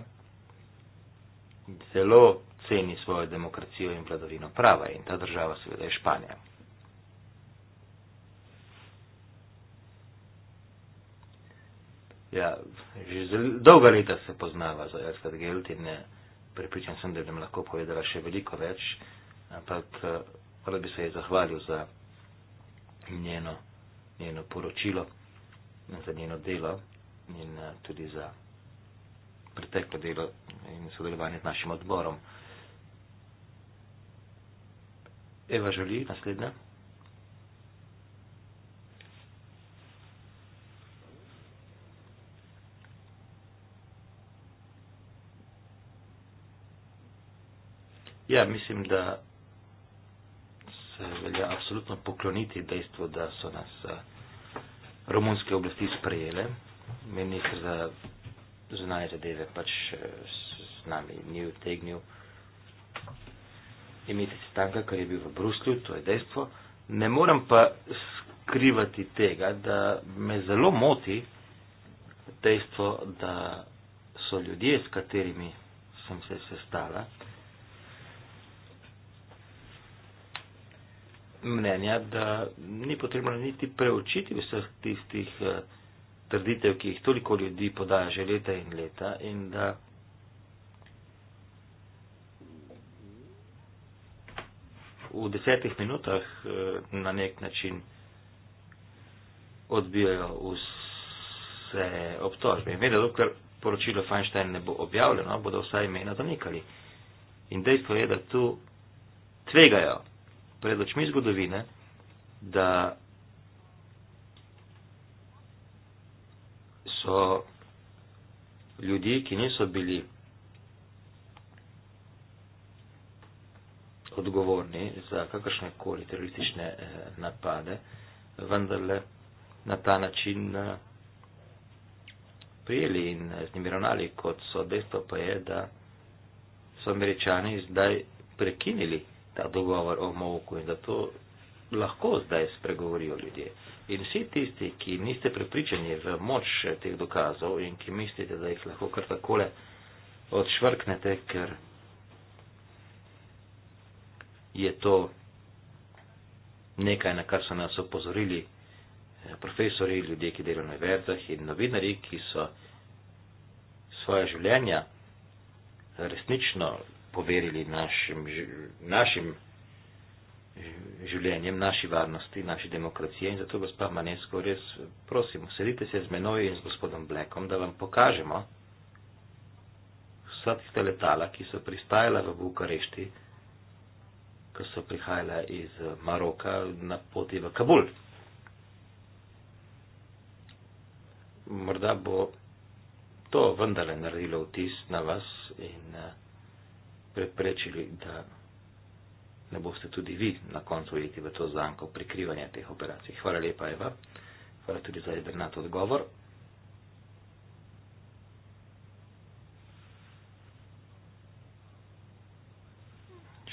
zelo ceni svojo demokracijo in vladavino prava in ta država seveda je Španija. Ja, že dolgo leta se poznava za Elfred Gelt in eh, pripričan sem, da bi vam lahko povedala še veliko več, ampak hvala eh, bi se ji zahvalil za njeno, njeno poročilo, za njeno delo in eh, tudi za preteklo delo in sodelovanje z našim odborom. Eva želi naslednja. Ja, mislim, da se velja apsolutno pokloniti dejstvu, da so nas eh, romunske oblasti sprejele. Ministr za zunanje zadeve pač eh, z nami ni utegnil imeti stanka, kar je bil v Bruslju, to je dejstvo. Ne moram pa skrivati tega, da me zelo moti dejstvo, da so ljudje, s katerimi sem se sestala, mnenja, da ni potrebno niti preučiti vseh tistih eh, trditev, ki jih toliko ljudi podaja že leta in leta in da v desetih minutah eh, na nek način odbijajo vse obtožbe. In vedno, dokler poročilo Feinstein ne bo objavljeno, bodo vsa imena zanikali. In dejstvo je, da tu tvegajo pred očmi zgodovine, da so ljudje, ki niso bili odgovorni za kakršne koli teroristične eh, napade, vendarle na ta način eh, prijeli in eh, z njimi ravnali, kot so dejstvo pa je, da so američani zdaj prekinili ta dogovor o molku in da to lahko zdaj spregovorijo ljudje. In vsi tisti, ki niste prepričani v moč teh dokazov in ki mislite, da jih lahko kar takole odšvrknete, ker je to nekaj, na kar so nas opozorili eh, profesori, ljudje, ki delajo na verzah in novinari, ki so svoje življenja resnično poverili našim, našim življenjem, naši varnosti, naši demokracije in zato gospa Manesko res prosim, sedite se z menoj in z gospodom Blekom, da vam pokažemo vsa tiste letala, ki so pristajala v Bukarešti, ko so prihajala iz Maroka na poti v Kabul. Morda bo to vendarle naredilo vtis na vas in uh, preprečili, da ne boste tudi vi na koncu ujeti v to zanko prikrivanja teh operacij. Hvala lepa, Eva. Hvala tudi za jedrnat odgovor.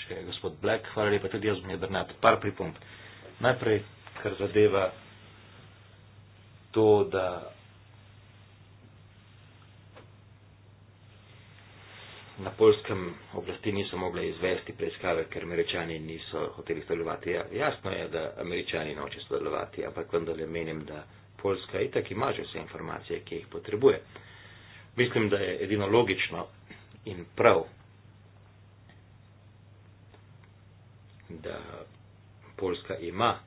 Še je gospod Black. Hvala lepa tudi jaz, mi je drnat. Par pripomp. Najprej, kar zadeva to, da na polskem oblasti niso mogli izvesti preiskave, ker američani niso hoteli sodelovati. Ja, jasno je, da američani noče sodelovati, ampak vendar le menim, da Polska itak ima že vse informacije, ki jih potrebuje. Mislim, da je edino logično in prav, da Polska ima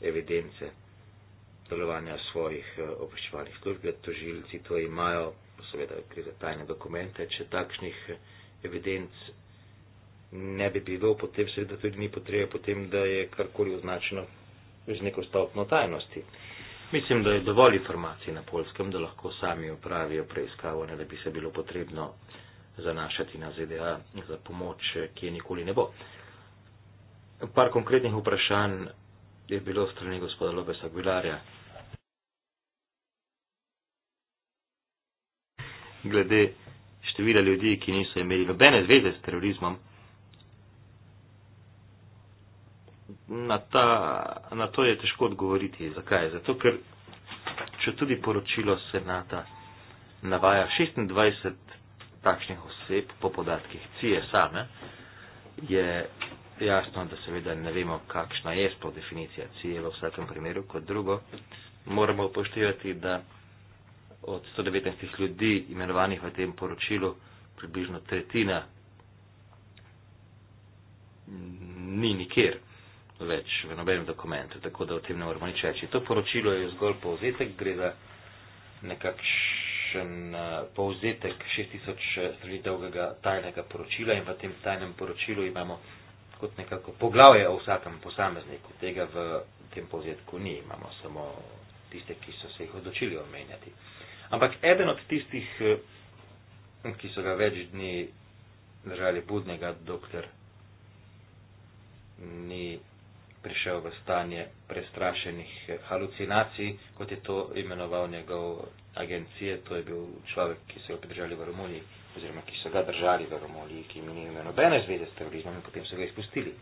evidence delovanja svojih eh, obveščevalnih služb, da tožilci to imajo seveda gre za tajne dokumente, če takšnih eh, evidenc ne bi bilo, potem seveda tudi ni potrebe potem, da je karkoli označeno z neko stopno tajnosti. Mislim, da je dovolj informacij na polskem, da lahko sami upravijo preiskavo, ne da bi se bilo potrebno zanašati na ZDA za pomoč, eh, ki je nikoli ne bo. Par konkretnih vprašanj je bilo strani gospoda Lopesa Gvilarja. glede števila ljudi, ki niso imeli nobene zveze s terorizmom, na, ta, na to je težko odgovoriti. Zakaj? Zato, ker če tudi poročilo senata navaja 26 takšnih oseb po podatkih CIE same, je jasno, da seveda ne vemo, kakšna je sploh definicija CIE v vsakem primeru kot drugo. Moramo upoštevati, da od 119 ljudi imenovanih v tem poročilu, približno tretjina ni nikjer več v nobenem dokumentu, tako da o tem ne moramo nič reči. To poročilo je zgolj povzetek, gre za nekakšen eh, povzetek 6000 eh, strani dolgega tajnega poročila in v tem tajnem poročilu imamo kot nekako poglavje o vsakem posamezniku. Tega v tem povzetku ni, imamo samo tiste, ki so se jih odločili omenjati. Ampak eden od tistih, eh, ki so ga več dni držali budnega, dokler ni prišel v stanje prestrašenih eh, halucinacij, kot je to imenoval njegov agencije, to je bil človek, ki so ga držali v Romuniji, oziroma ki so ga držali v Romuniji, ki mi ni imel nobene zveze s terorizmom in potem so ga izpustili.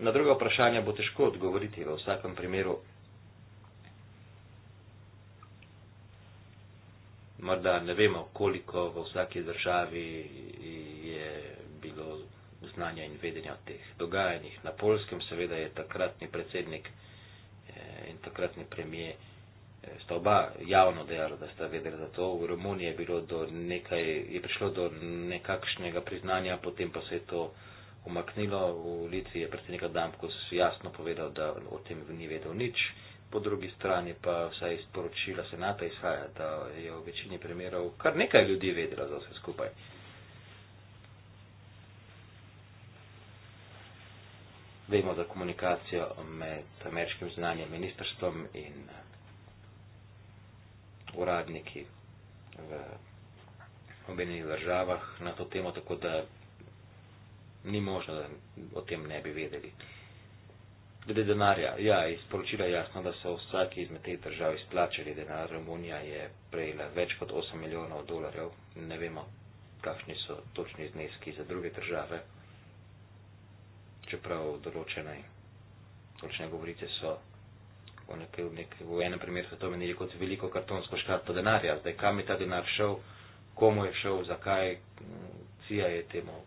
Na druga vprašanja bo težko odgovoriti, v vsakem primeru morda ne vemo, koliko v vsaki državi je bilo znanja in vedenja o teh dogajanjih. Na polskem seveda je takratni predsednik eh, in takratni premije eh, sta oba javno dejala, da sta vedela za to. V Romuniji je, bilo do nekaj, je prišlo do nekakšnega priznanja, potem pa se je to umaknilo. V Litvi je predsednik Adamkos jasno povedal, da o tem ni vedel nič po drugi strani pa vsaj iz poročila senata izhaja, da je v večini primerov kar nekaj ljudi vedelo za vse skupaj. Vemo, da komunikacijo med ameriškim znanjem ministrstvom in eh, uradniki v obenih državah na to temo, tako da ni možno, da o tem ne bi vedeli. Glede denarja, ja, iz poročila je jasno, da so vsaki izmed teh držav izplačali denar. Romunija je prejela več kot 8 milijonov dolarjev, ne vemo, kakšni so točni zneski za druge države, čeprav določene, točne govorice so. V, nekaj, nekaj, v enem primeru so to menili kot veliko kartonsko škatlo denarja. Zdaj, kam je ta denar šel, komu je šel, zakaj, hm, CIA je temu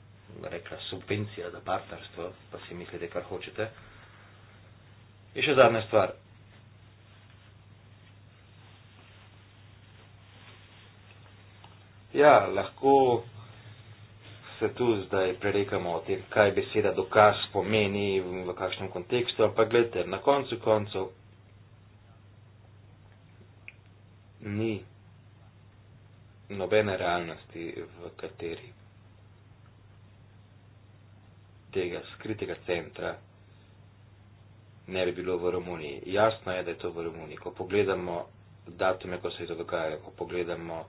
rekla subvencija za partnerstvo, pa si mislite, kar hočete. In še zadnja stvar. Ja, lahko se tu zdaj prerekamo o tem, kaj beseda dokaz pomeni, v kakšnem kontekstu, ampak gledajte, na koncu koncev ni nobene realnosti, v kateri tega skritega centra ne bi bilo v Romuniji. Jasno je, da je to v Romuniji. Ko pogledamo datume, ko se je to dogajalo, ko pogledamo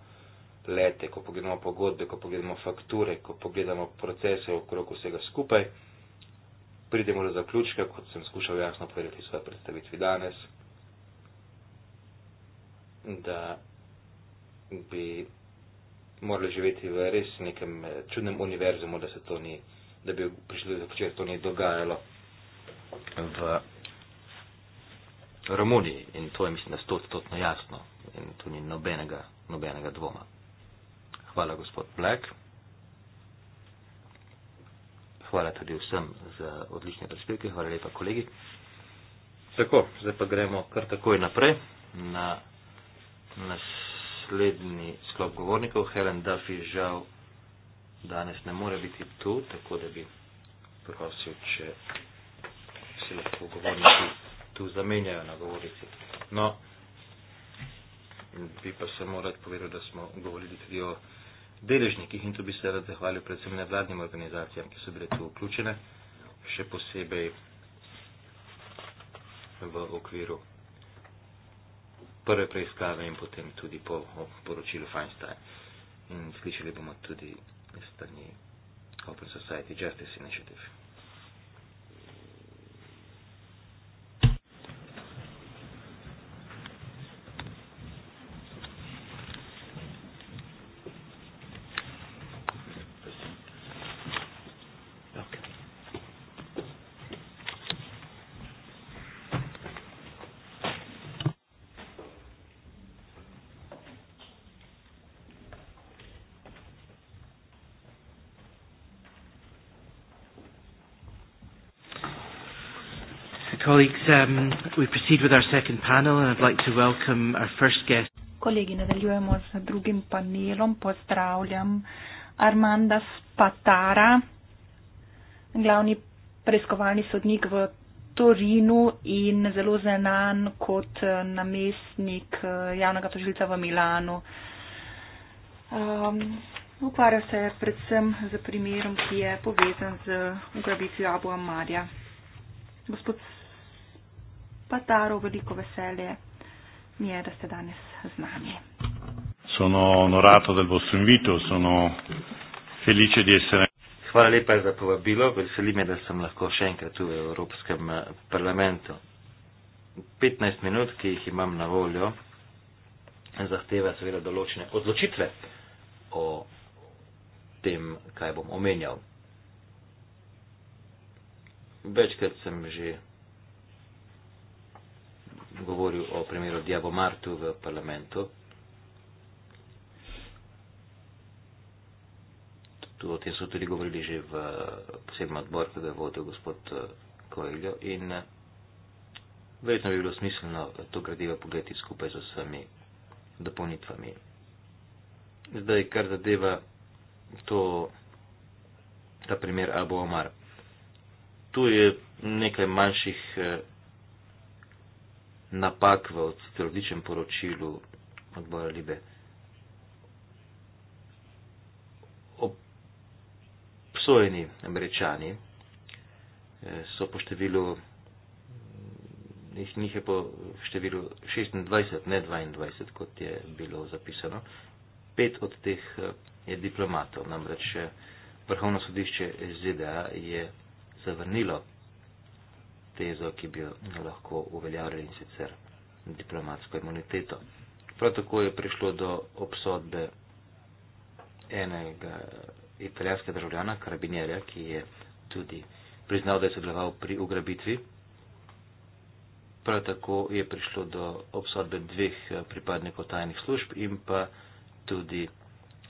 lete, ko pogledamo pogodbe, ko pogledamo fakture, ko pogledamo procese okrog vsega skupaj, pridemo do zaključka, kot sem skušal jasno povedati v svoji predstavitvi danes, da bi morali živeti v res nekem eh, čudnem univerzumu, da se to ni, da bi prišli do zaključka, da se to ni dogajalo v Romuniji in to je, mislim, da stotstotno jasno in tu ni nobenega, nobenega dvoma. Hvala, gospod Black. Hvala tudi vsem za odlične prispevke. Hvala lepa, kolegi. Tako, zdaj pa gremo kar takoj naprej na naslednji sklop govornikov. Helen Duffy žal danes ne more biti tu, tako da bi prosil, če se lahko govorniki tu zamenjajo na govorici. No, bi pa samo rad povedal, da smo govorili tudi o deležnikih in tu bi se rad zahvalil predvsem nevladnim organizacijam, ki so bile tu vključene, še posebej v okviru prve preiskave in potem tudi po poročilu Feinstein. In slišali bomo tudi strani Open Society Justice Initiative. um, we proceed with our second panel, and I'd like to welcome our first guest. Kolegi, nadaljujemo z drugim panelom. Pozdravljam Armanda Spatara, glavni preiskovalni sodnik v Torinu in zelo znan kot eh, namestnik eh, javnega tožilca v Milanu. Um, ukvarja se predvsem z primerom, ki je povezan z ugrabitvijo Abu Amarja. Gospod pa daro veliko veselje mi je, da ste danes z nami. Sono onorato del vostro invito, sono felice di essere. Hvala lepa za povabilo, veseli me, da sem lahko še enkrat tu v Evropskem eh, parlamentu. 15 minut, ki jih imam na voljo, zahteva seveda določene odločitve o tem, kaj bom omenjal. Večkrat sem že govoril o primeru Diabo Martu v parlamentu. Tudi o tem so tudi govorili že v posebnem odboru, ki ga je vodil gospod eh, Koeljo in eh, verjetno bi bilo smiselno to gradivo pogledati skupaj z vsemi dopolnitvami. Zdaj, kar zadeva to, ta primer Abu Omar. Tu je nekaj manjših eh, napak v sociologičnem poročilu odbora Libe. Obsojeni američani eh, so po številu, njih, njih je po številu 26, ne 22, kot je bilo zapisano. Pet od teh eh, je diplomatov, namreč eh, vrhovno sodišče ZDA je zavrnilo tezo, ki bi jo lahko uveljavili in sicer diplomatsko imuniteto. Prav tako je prišlo do obsodbe enega italijanskega državljana, karabinjerja, ki je tudi priznal, da je sodeloval pri ugrabitvi. Prav tako je prišlo do obsodbe dveh pripadnikov tajnih služb in pa tudi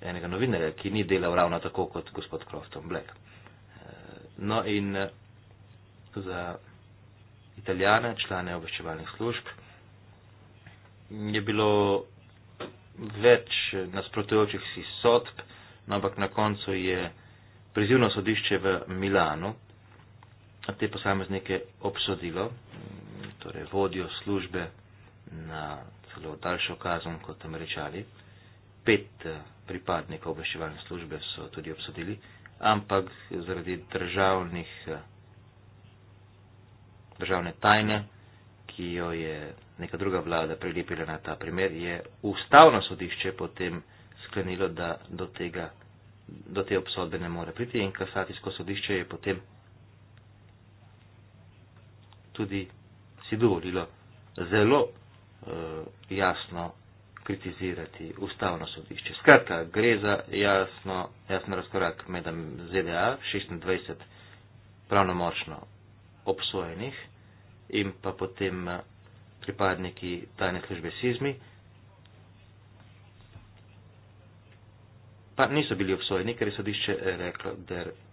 enega novinarja, ki ni delal ravno tako kot gospod Crofton Black. No in za italijane, člane obveščevalnih služb. Je bilo več nasprotujočih si sodb, no, ampak na koncu je prizivno sodišče v Milanu te posameznike obsodilo, torej vodijo službe na celo daljšo kazen kot američani. Pet eh, pripadnikov obveščevalne službe so tudi obsodili, ampak zaradi državnih eh, državne tajne, ki jo je neka druga vlada prilepila na ta primer, je ustavno sodišče potem sklenilo, da do, tega, do te obsodbe ne more priti in kasacijsko sodišče je potem tudi si dovolilo zelo uh, jasno kritizirati ustavno sodišče. Skratka, gre za jasno, jasno razkorak med ZDA 26 pravno močno obsojenih in pa potem eh, pripadniki tajne službe Sizmi, pa niso bili obsojeni, ker je sodišče eh, reklo,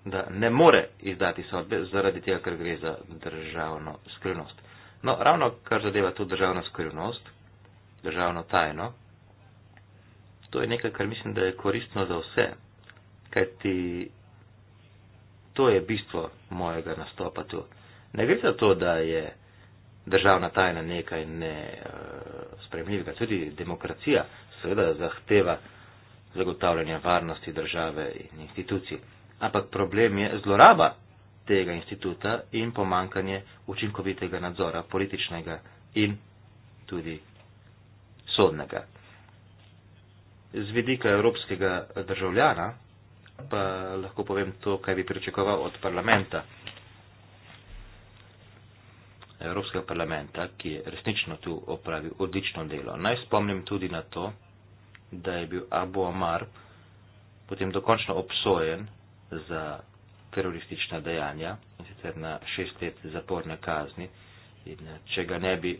da ne more izdati sodbe zaradi tega, ker gre za državno skrivnost. No, ravno kar zadeva to državno skrivnost, državno tajno, to je nekaj, kar mislim, da je koristno za vse, kajti to je bistvo mojega nastopa tu ne gre za to, da je državna tajna nekaj nespremljivega. Eh, tudi demokracija seveda zahteva zagotavljanje varnosti države in institucij. Ampak problem je zloraba tega instituta in pomankanje učinkovitega nadzora, političnega in tudi sodnega. Z vidika evropskega državljana pa lahko povem to, kaj bi pričakoval od parlamenta. Evropskega parlamenta, ki je resnično tu opravil odlično delo. Naj spomnim tudi na to, da je bil Abu Omar potem dokončno obsojen za teroristična dejanja in sicer na šest let zaporne kazni. In eh, če ga ne bi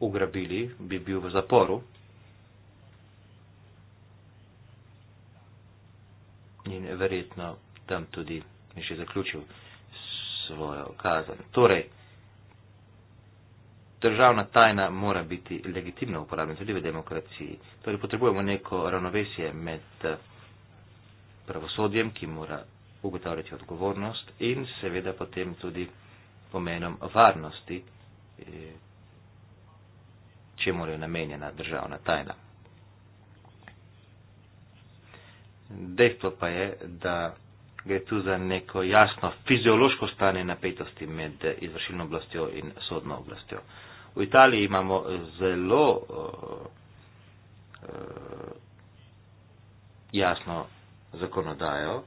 ugrabili, bi bil v zaporu. In verjetno tam tudi že zaključil svojo kazen. Torej, državna tajna mora biti legitimno uporabljena tudi v demokraciji. Torej potrebujemo neko ravnovesje med eh, pravosodjem, ki mora ugotavljati odgovornost in seveda potem tudi pomenom varnosti, eh, čemu je namenjena državna tajna. Dejstvo pa je, da gre tu za neko jasno fiziološko stanje napetosti med eh, izvršilno oblastjo in sodno oblastjo. V Italiji imamo eh, zelo uh, uh, jasno zakonodajo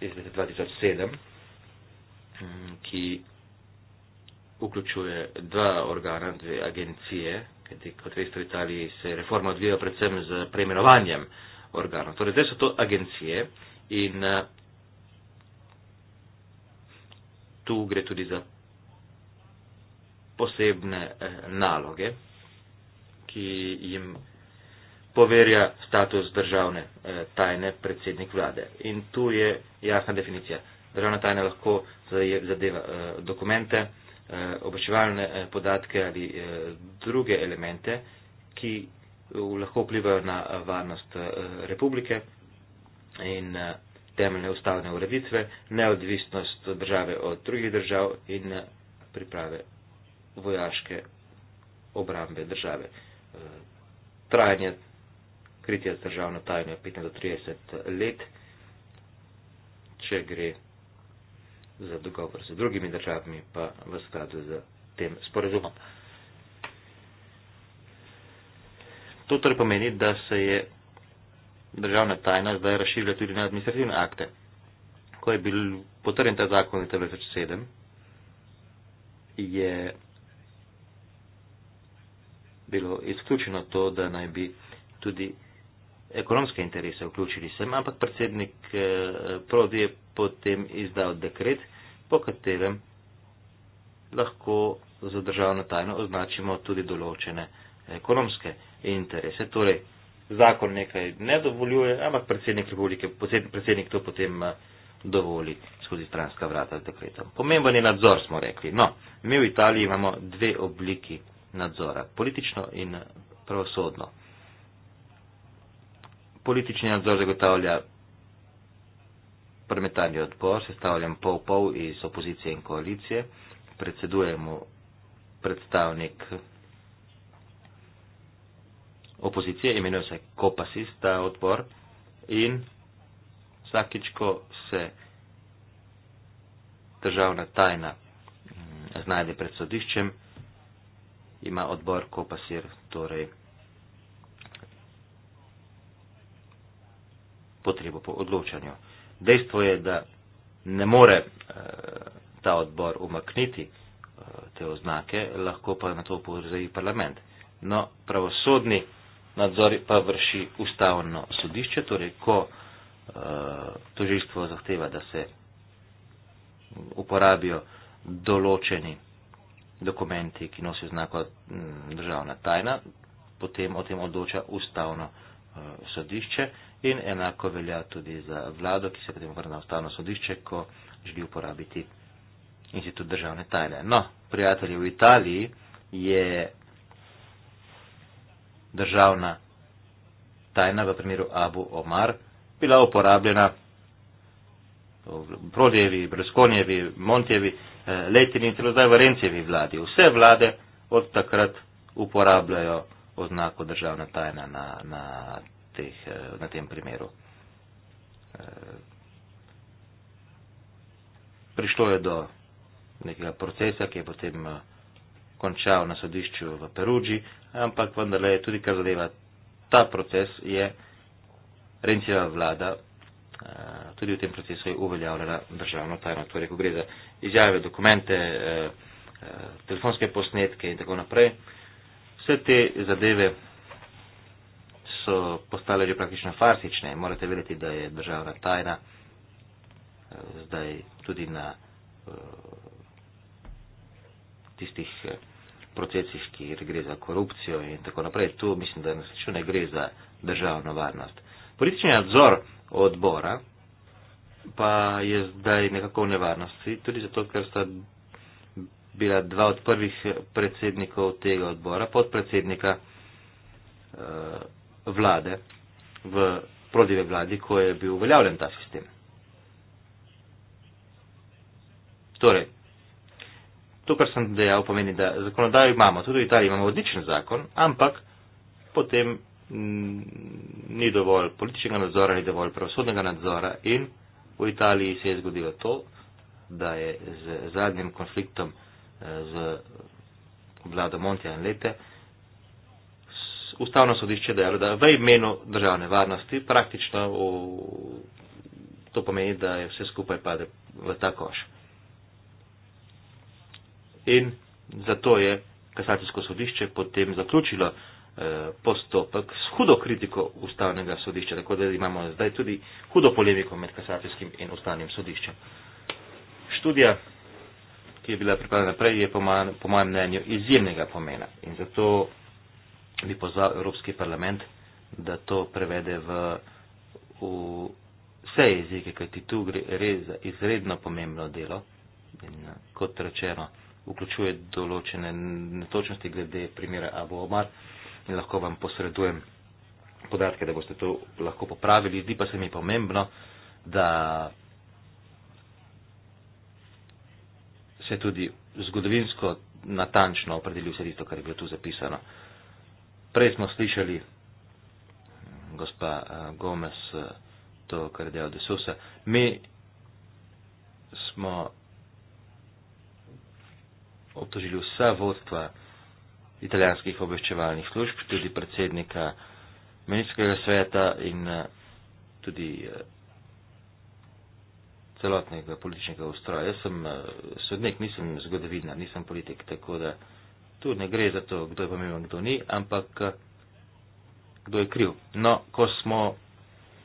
iz leta 2007, mm, ki vključuje dva organa, dve agencije, kajti kot veste v Italiji se reforma odvija predvsem z preimenovanjem organov. Torej, zdaj so to agencije in tu gre tudi za posebne eh, naloge, ki jim poverja status državne eh, tajne predsednik vlade. In tu je jasna definicija. Državna tajna lahko zadeva eh, dokumente, obveščevalne podatke ali druge elemente, ki lahko vplivajo na varnost republike in temeljne ustavne ureditve, neodvisnost države od drugih držav in priprave vojaške obrambe države. Eh, trajanje kritja z državno tajno je 15 do 30 let, če gre za dogovor z drugimi državami, pa v skladu z tem sporazumom. To torej pomeni, da se je državna tajna zdaj razširila tudi na administrativne akte. Ko je bil potrjen ta zakon v 2007, je bilo izključeno to, da naj bi tudi ekonomske interese vključili sem, ampak predsednik eh, Prodi je potem izdal dekret, po katerem lahko za državno tajno označimo tudi določene ekonomske interese. Torej, zakon nekaj ne dovoljuje, ampak predsednik republike, predsednik to potem eh, dovoli skozi stranska vrata z dekretom. Pomemben je nadzor, smo rekli. No, mi v Italiji imamo dve obliki nadzora, politično in pravosodno. Politični nadzor zagotavlja parlamentarni odbor, sestavljen pol-pol iz opozicije in koalicije, predseduje mu predstavnik opozicije, imenuje se Kopasis ta odbor in vsakičko se državna tajna mm, znajde pred sodiščem, ima odbor Kopasir, torej potrebo po odločanju. Dejstvo je, da ne more eh, ta odbor umakniti eh, te oznake, lahko pa na to povzroji parlament. No, pravosodni nadzor pa vrši ustavno sodišče, torej ko eh, tožilstvo zahteva, da se uporabijo določeni dokumenti, ki nosijo znako mm, državna tajna, potem o tem odloča ustavno eh, sodišče in enako velja tudi za vlado, ki se potem vrna ustavno sodišče, ko želi uporabiti institut državne tajne. No, prijatelji, v Italiji je državna tajna v primeru Abu Omar bila uporabljena Prodjevi, Brezkonjevi, Montjevi, eh, Letini in celo zdaj Varencijevi vladi. Vse vlade od takrat uporabljajo oznako državna tajna na, na, teh, eh, na tem primeru. Eh, prišlo je do nekega procesa, ki je potem končal na sodišču v Peruđi, ampak vendarle je tudi, kar zadeva ta proces, je Rencijeva vlada Eh, tudi v tem procesu je uveljavljala državno tajno. Torej, ko gre za izjave, dokumente, eh, eh, telefonske posnetke in tako naprej, vse te zadeve so postale že praktično farsične. Morate vedeti, da je državna tajna zdaj tudi na tistih procesih, kjer gre za korupcijo in tako naprej. Tu mislim, da na srečo ne gre za državno varnost. Politični nadzor odbora pa je zdaj nekako v nevarnosti, tudi zato, ker sta bila dva od prvih predsednikov tega odbora, podpredsednika eh, vlade v prodive vladi, ko je bil uveljavljen ta sistem. Torej, to, kar sem dejal, pomeni, da zakonodajo imamo, tudi v Italiji imamo odličen zakon, ampak potem Mm, ni dovolj političnega nadzora, ni dovolj pravosodnega nadzora in v Italiji se je zgodilo to, da je z zadnjim konfliktom eh, z vlado Montija in Lete ustavno sodišče dejalo, da v imenu državne varnosti praktično v, to pomeni, da je vse skupaj pade v ta koš. In zato je kasacijsko sodišče potem zaključilo, Eh, postopek s hudo kritiko ustavnega sodišča, tako da imamo zdaj tudi hudo polemiko med kasacijskim in ustavnim sodiščem. Študija, ki je bila pripravljena prej, je po, man, po mojem mnenju izjemnega pomena in zato bi pozval Evropski parlament, da to prevede v, v vse jezike, kajti tu gre res za izredno pomembno delo in kot rečeno, vključuje določene netočnosti glede primera Abu Omar in lahko vam posredujem podatke, da boste to lahko popravili. Zdi pa se mi pomembno, da se tudi zgodovinsko natančno opredeli vse tisto, kar je bilo tu zapisano. Prej smo slišali, gospa eh, Gomez, eh, to, kar je dejal Desusa. Mi smo obtožili vsa vodstva, italijanskih obveščevalnih služb, tudi predsednika ministrskega sveta in eh, tudi eh, celotnega političnega ustroja. Jaz sem eh, sodnik, nisem zgodovina, nisem politik, tako da tu ne gre za to, kdo je pomemben, kdo ni, ampak kdo je kriv. No, ko smo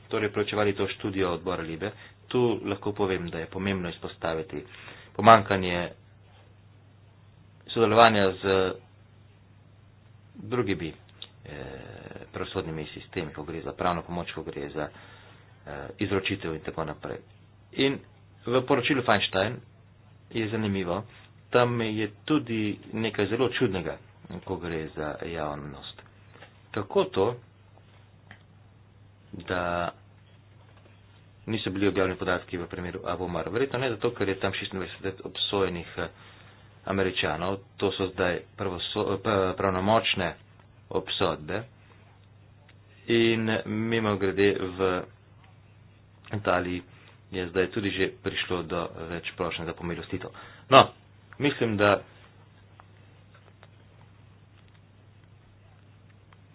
torej preučevali to študijo odbora Libe, tu lahko povem, da je pomembno izpostaviti pomankanje sodelovanja z drugi bi eh, pravosodnimi sistemi, ko gre za pravno pomoč, ko gre za eh, izročitev in tako naprej. In v poročilu Feinstein je zanimivo, tam je tudi nekaj zelo čudnega, ko gre za javnost. Kako to, da niso bili objavljeni podatki v primeru Abomar? Verjetno ne zato, ker je tam 26 let obsojenih. Eh, američanov, to so zdaj pravnomočne obsodbe. In mimo grede v Italiji je zdaj tudi že prišlo do več prošnje za pomilostitev. No, mislim, da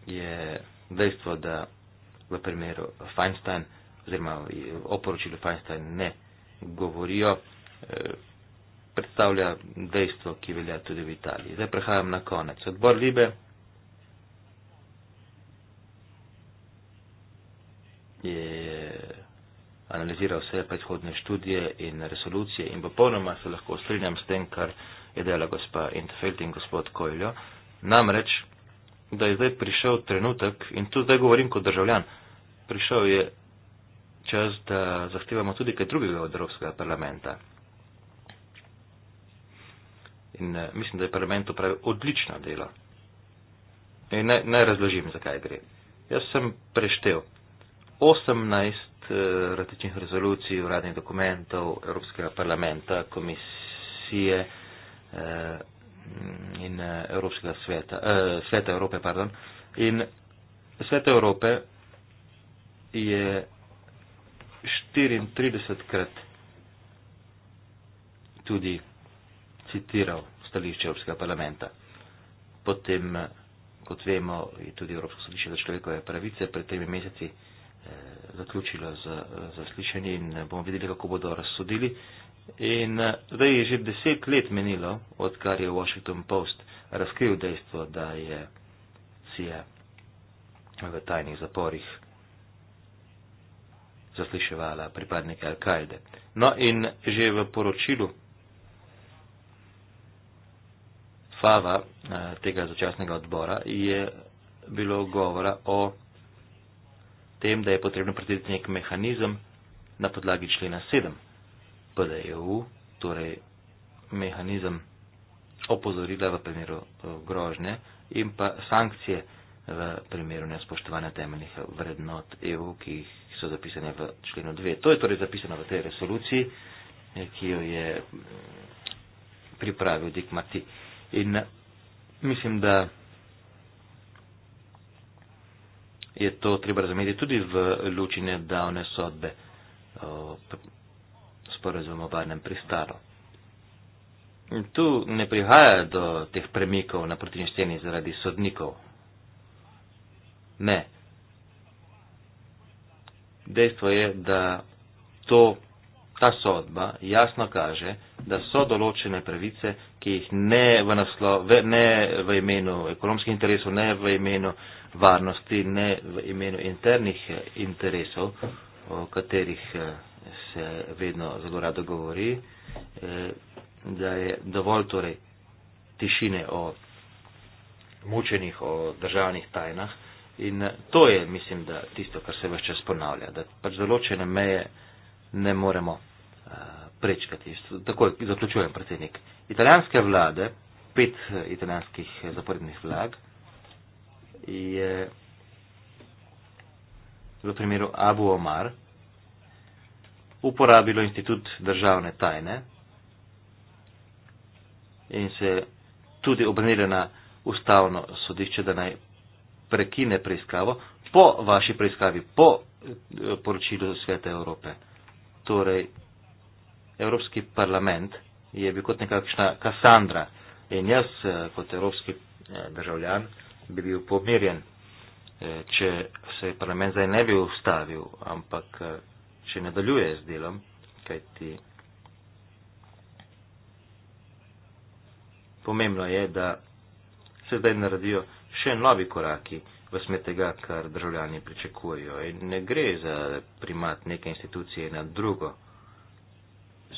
je dejstvo, da v primeru Feinstein oziroma o poročilu Feinstein ne govorijo. Eh, predstavlja dejstvo, ki velja tudi v Italiji. Zdaj prehajam na konec. Odbor Libe je analiziral vse predhodne študije in resolucije in popolnoma se lahko strinjam s tem, kar je dela gospa Intfeld in gospod Kojljo. Namreč, da je zdaj prišel trenutek in tu zdaj govorim kot državljan, prišel je čas, da zahtevamo tudi kaj drugega od Evropskega parlamenta. In eh, mislim, da je parlament upravil odlično delo. In naj, naj razložim, zakaj gre. Jaz sem preštel 18 eh, različnih rezolucij, uradnih dokumentov Evropskega parlamenta, komisije eh, in Evropskega sveta, eh, sveta Evrope, pardon. In svet Evrope je 34 krat tudi citiral stališče Evropskega parlamenta. Potem, kot vemo, je tudi Evropsko sodišče za človekove pravice pred temi meseci eh, zaključilo zaslišanje in bomo videli, kako bodo razsodili. In eh, zdaj je že deset let menilo, odkar je Washington Post razkril dejstvo, da je CIA v tajnih zaporih zasliševala pripadnike Al-Kaide. No in že v poročilu FAVA, eh, tega začasnega odbora, je bilo govora o tem, da je potrebno predvideti nek mehanizem na podlagi člena 7 PDEU, torej mehanizem opozorila v primeru eh, grožnje in pa sankcije v primeru nespoštovanja temeljnih vrednot EU, ki so zapisane v členu 2. To je torej zapisano v tej resoluciji, eh, ki jo je mm, pripravil Dick Martin. In mislim, da je to treba razumeti tudi v luči nedavne sodbe sporazum o varnem pristalu. In tu ne prihaja do teh premikov na protinji steni zaradi sodnikov. Ne. Dejstvo je, da to Ta sodba jasno kaže, da so določene pravice, ki jih ne v, naslo, ne v imenu ekonomskih interesov, ne v imenu varnosti, ne v imenu internih eh, interesov, o katerih eh, se vedno zelo rado govori, eh, da je dovolj torej tišine o mučenih, o državnih tajnah. In to je, mislim, da tisto, kar se več čas ponavlja, da pač določene meje ne moremo prečkati. Tako zaključujem, predsednik. Italijanske vlade, pet eh, italijanskih eh, zaprtih vlad, je v primeru Abu Omar uporabilo institut državne tajne in se tudi obrnili na ustavno sodišče, da naj prekine preiskavo po vaši preiskavi, po eh, poročilu Svete Evrope. Torej, Evropski parlament je bil kot nekakšna Kassandra in jaz eh, kot evropski eh, državljan bi bil pomirjen, eh, če se je parlament zdaj ne bi ustavil, ampak če nadaljuje z delom, kajti pomembno je, da se zdaj naredijo še novi koraki v smer tega, kar državljani pričakujejo. In ne gre za primat neke institucije nad drugo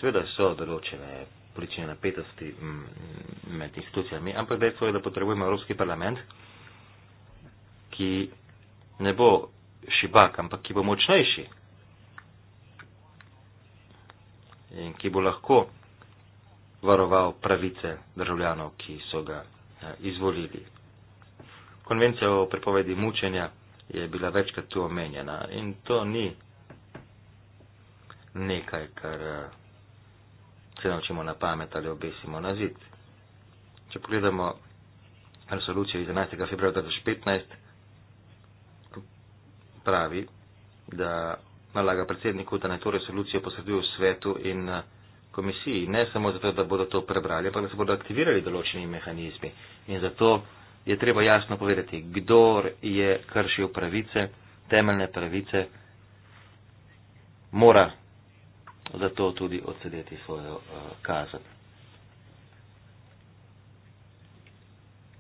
seveda so določene količine napetosti mm, mm, med institucijami, ampak dejstvo je, da potrebujemo Evropski parlament, ki ne bo šibak, ampak ki bo močnejši in ki bo lahko varoval pravice državljanov, ki so ga eh, izvolili. Konvencija o prepovedi mučenja je bila večkrat tu omenjena in to ni nekaj, kar. Uh, se naučimo na pamet ali obesimo na zid. Če pogledamo resolucijo iz 11. februarja 2015, pravi, da nalaga predsedniku, da naj to resolucijo posreduje v svetu in eh, komisiji. Ne samo zato, da bodo to prebrali, ampak da se bodo aktivirali določeni mehanizmi. In zato je treba jasno povedati, kdo je kršil pravice, temeljne pravice, mora za to tudi odsedeti svojo eh, kazen.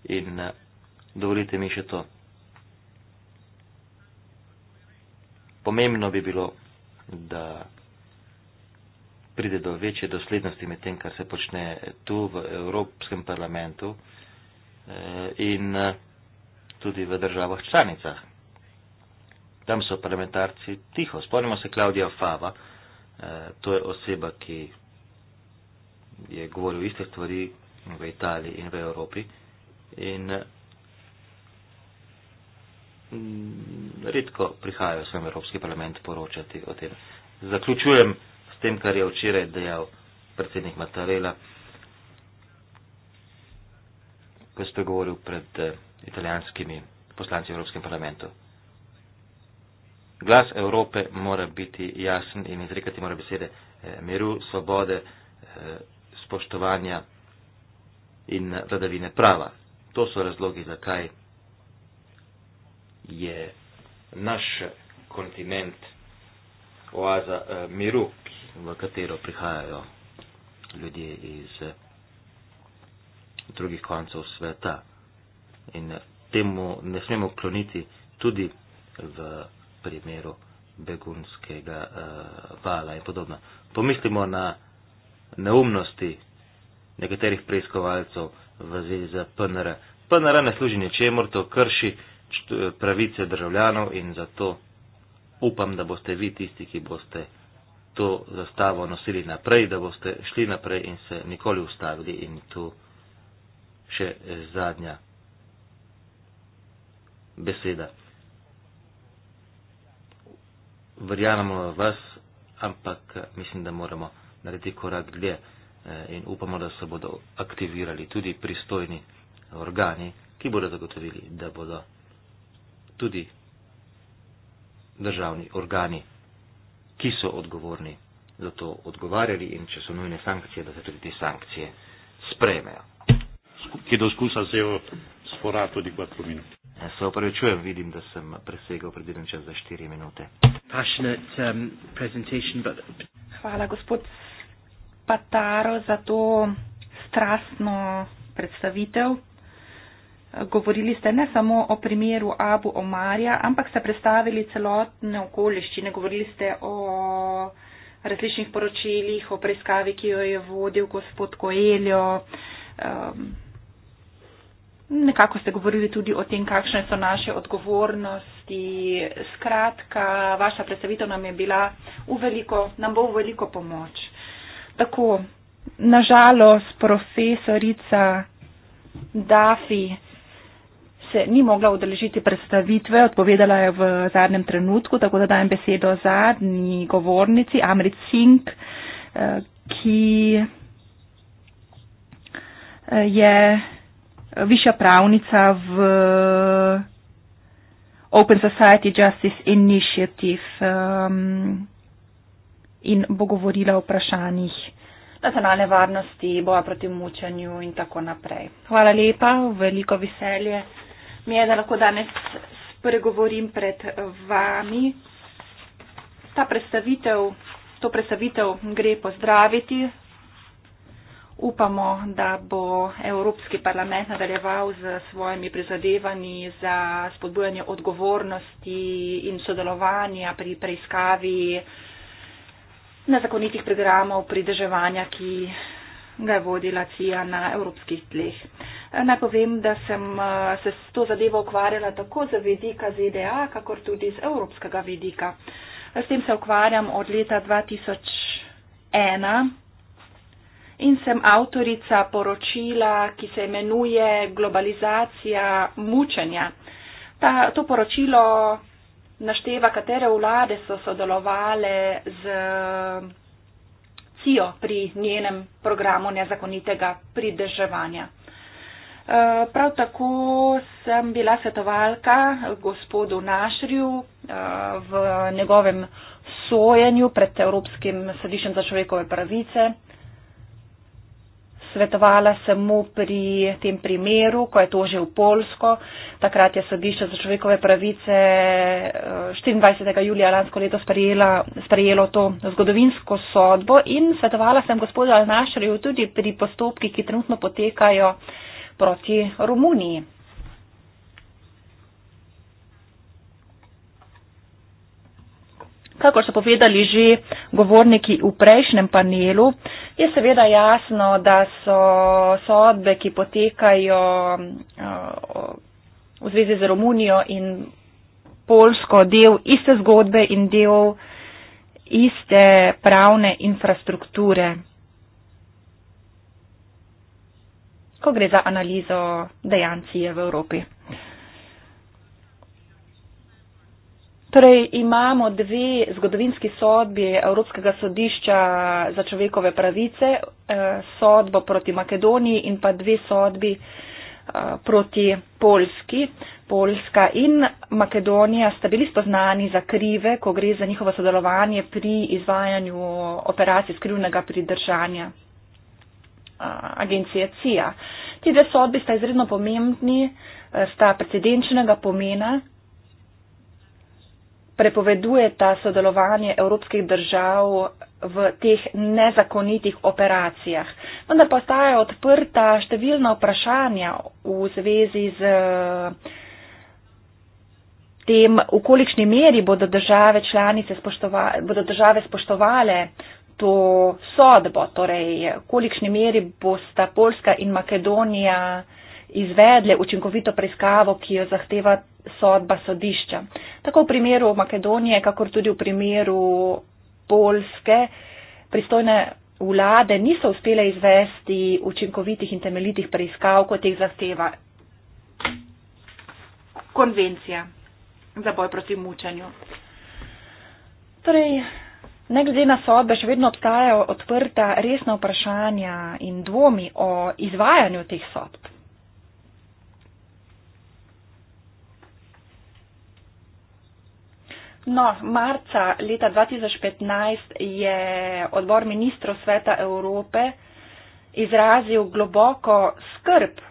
In eh, dovolite mi še to. Pomembno bi bilo, da pride do večje doslednosti med tem, kar se počne tu v Evropskem parlamentu eh, in tudi v državah članicah. Tam so parlamentarci tiho. Spomnimo se Klaudija Fava, Eh, to je oseba, ki je govoril iste stvari v Italiji in v Evropi. In mm, redko prihajajo v svojem Evropski parlament poročati o tem. Zaključujem s tem, kar je včeraj dejal predsednik Matarela, ko je spregovoril pred eh, italijanskimi poslanci v Evropskem parlamentu. Glas Evrope mora biti jasen in izrekati mora besede eh, miru, svobode, eh, spoštovanja in eh, vladavine prava. To so razlogi, zakaj je naš kontinent oaza miru, v katero prihajajo ljudje iz drugih koncev sveta. In temu ne smemo kloniti tudi v primeru begunskega uh, vala in podobno. Pomislimo na neumnosti nekaterih preiskovalcev v zvezi z PNR. PNR ne služi ničemor, to krši pravice državljanov in zato upam, da boste vi tisti, ki boste to zastavo nosili naprej, da boste šli naprej in se nikoli ustavili in tu še zadnja beseda verjamemo v vas, ampak eh, mislim, da moramo narediti korak dlje eh, in upamo, da se bodo aktivirali tudi pristojni organi, ki bodo zagotovili, da bodo tudi državni organi, ki so odgovorni za to odgovarjali in če so nujne sankcije, da se tudi te sankcije sprejmejo. Ki do skusa zelo spora tudi kvatro minut. Ja, se opravičujem, vidim, da sem presegel predviden čas za 4 minute. Um, Hvala, gospod Pataro, za to strastno predstavitev. Govorili ste ne samo o primeru Abu Omarja, ampak ste predstavili celotne okoliščine. Govorili ste o različnih poročilih, o preiskavi, ki jo je vodil gospod Koeljo. Um, Nekako ste govorili tudi o tem, kakšne so naše odgovornosti. Skratka, vaša predstavitev nam je bila v veliko, nam bo v veliko pomoč. Tako, nažalost, profesorica Dafi se ni mogla udeležiti predstavitve, odpovedala je v zadnjem trenutku, tako da dajem besedo zadnji govornici, Amrit Sink, eh, ki eh, je višja pravnica v Open Society Justice Initiative um, in bo govorila o vprašanjih nacionalne varnosti, boja proti mučanju in tako naprej. Hvala lepa, veliko veselje mi je, da lahko danes spregovorim pred vami. Ta predstavitev, to predstavitev gre pozdraviti, upamo, da bo Evropski parlament nadaljeval z svojimi prizadevanji za spodbujanje odgovornosti in sodelovanja pri preiskavi nezakonitih programov pridrževanja, ki ga je vodila CIA na evropskih tleh. Naj povem, da sem eh, se s to zadevo ukvarjala tako z vidika ZDA, kakor tudi z evropskega vidika. S tem se ukvarjam od leta 2001 in sem avtorica poročila, ki se imenuje Globalizacija mučenja. Ta, to poročilo našteva, katere vlade so sodelovale z CIO pri njenem programu nezakonitega prideževanja. E, prav tako sem bila svetovalka gospodu Našrju e, v njegovem sojenju pred Evropskim sodiščem za človekove pravice svetovala sem mu pri tem primeru, ko je tožil Polsko. Takrat je sodišče za človekove pravice 24. Eh, julija lansko leto sprejela, sprejelo to zgodovinsko sodbo in svetovala sem gospodu Alnašarju tudi pri postopkih, ki trenutno potekajo proti Romuniji. Kako so povedali že govorniki v prejšnjem panelu, Je seveda jasno, da so sodbe, ki potekajo eh, v zvezi z Romunijo in Polsko, del iste zgodbe in del iste pravne infrastrukture. Ko gre za analizo dejancije v Evropi. Torej imamo dve zgodovinski sodbi Evropskega sodišča za človekove pravice, eh, sodbo proti Makedoniji in pa dve sodbi eh, proti Polski. Polska in Makedonija sta bili spoznani za krive, ko gre za njihovo sodelovanje pri izvajanju operacij skrivnega pridržanja eh, agencije CIA. Ti dve sodbi sta izredno pomembni, sta precedenčnega pomena, prepovedujeta sodelovanje evropskih držav v teh nezakonitih operacijah. Vendar pa ostajajo odprta številna vprašanja v zvezi z tem, v kolikšni meri bodo države, spoštova, bodo države spoštovale to sodbo, torej v kolikšni meri bosta Poljska in Makedonija izvedle učinkovito preiskavo, ki jo zahteva sodba sodišča tako v primeru Makedonije, kakor tudi v primeru Polske, pristojne vlade niso uspele izvesti učinkovitih in temeljitih preiskav, kot jih zahteva konvencija za boj proti mučanju. Torej, ne glede na sodbe, še vedno obstajajo odprta resna vprašanja in dvomi o izvajanju teh sodb. No, marca leta 2015 je odbor ministrov sveta Evrope izrazil globoko skrb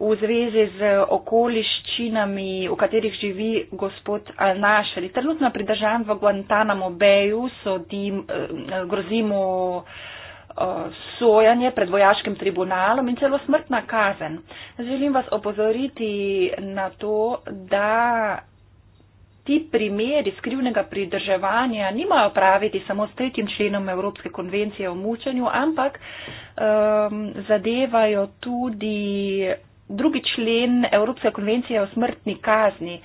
v zvezi z okoliščinami, v katerih živi gospod Alnašari. Trenutno je pridržan v Guantanamo Bayu, eh, grozi mu eh, sojanje pred vojaškim tribunalom in celo smrtna kazen. Želim vas opozoriti na to, da ti primeri skrivnega pridrževanja nimajo praviti samo s tretjim členom Evropske konvencije o mučenju, ampak um, zadevajo tudi drugi člen Evropske konvencije o smrtni kazni.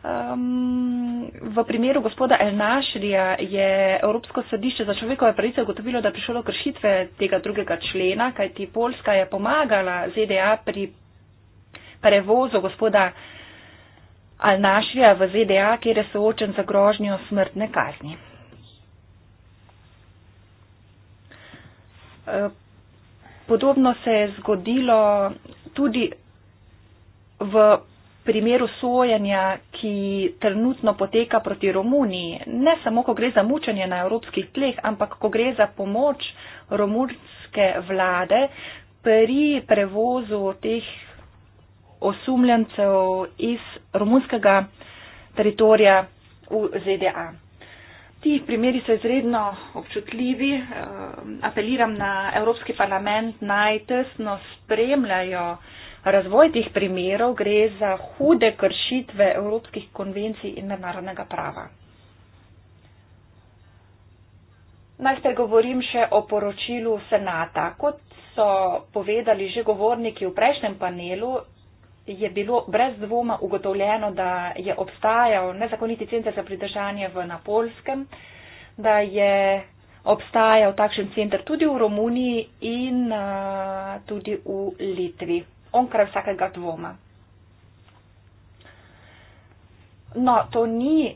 Um, v primeru gospoda Elnašrija je Evropsko sodišče za človekove pravice ugotovilo, da je prišlo do kršitve tega drugega člena, kajti Poljska je pomagala ZDA pri prevozu gospoda Elnašrija. Al-Nashrija v ZDA, kjer je soočen za grožnjo smrtne kazni. E, podobno se je zgodilo tudi v primeru sojenja, ki trenutno poteka proti Romuniji. Ne samo, ko gre za mučenje na evropskih tleh, ampak ko gre za pomoč romunske vlade pri prevozu teh osumljencev iz romunskega teritorija v ZDA. Ti primeri so izredno občutljivi. Eh, apeliram na Evropski parlament naj tesno spremljajo razvoj teh primerov. Gre za hude kršitve evropskih konvencij in mednarodnega prava. Naj spregovorim še o poročilu Senata. Kot so povedali že govorniki v prejšnjem panelu, je bilo brez dvoma ugotovljeno, da je obstajal nezakoniti center za pridržanje v Napolskem, da je obstajal takšen center tudi v Romuniji in a, uh, tudi v Litvi. On kraj vsakega dvoma. No, to ni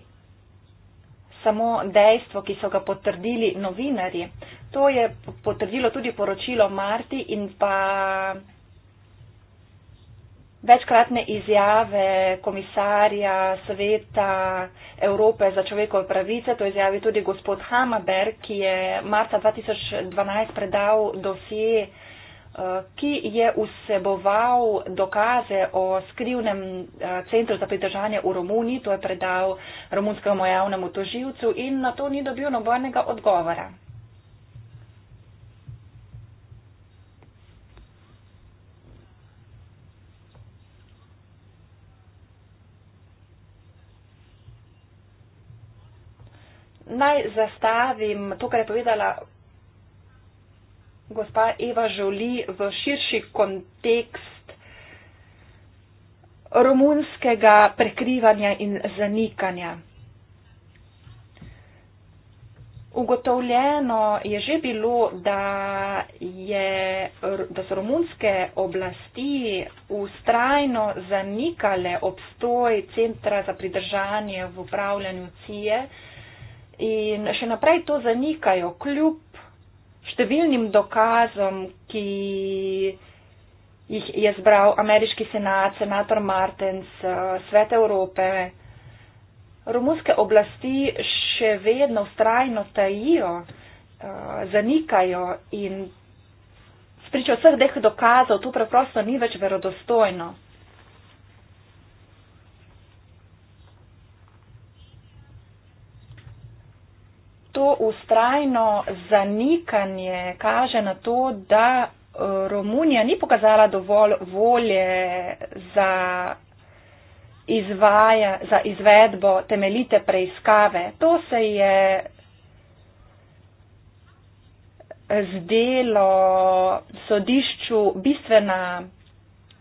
samo dejstvo, ki so ga potrdili novinarji. To je potrdilo tudi poročilo Marti in pa večkratne izjave komisarja Sveta Evrope za človekove pravice, to izjavi tudi gospod Hamaberg, ki je marca 2012 predal dosje, eh, ki je vseboval dokaze o skrivnem eh, centru za pridržanje v Romuniji, to je predal romunskemu javnemu toživcu in na to ni dobil nobenega odgovora. naj zastavim to, kar je povedala gospa Eva Žoli v širši kontekst romunskega prekrivanja in zanikanja. Ugotovljeno je že bilo, da, je, da so romunske oblasti ustrajno zanikale obstoj centra za pridržanje v upravljanju CIE, in še naprej to zanikajo, kljub številnim dokazom, ki jih je zbral ameriški senat, senator Martens, eh, svet Evrope. Romunske oblasti še vedno ustrajno tajijo, eh, zanikajo in spričo vseh teh dokazov to preprosto ni več verodostojno. to ustrajno zanikanje kaže na to, da eh, Romunija ni pokazala dovolj volje za, izvaja, za izvedbo temeljite preiskave. To se je zdelo sodišču bistvena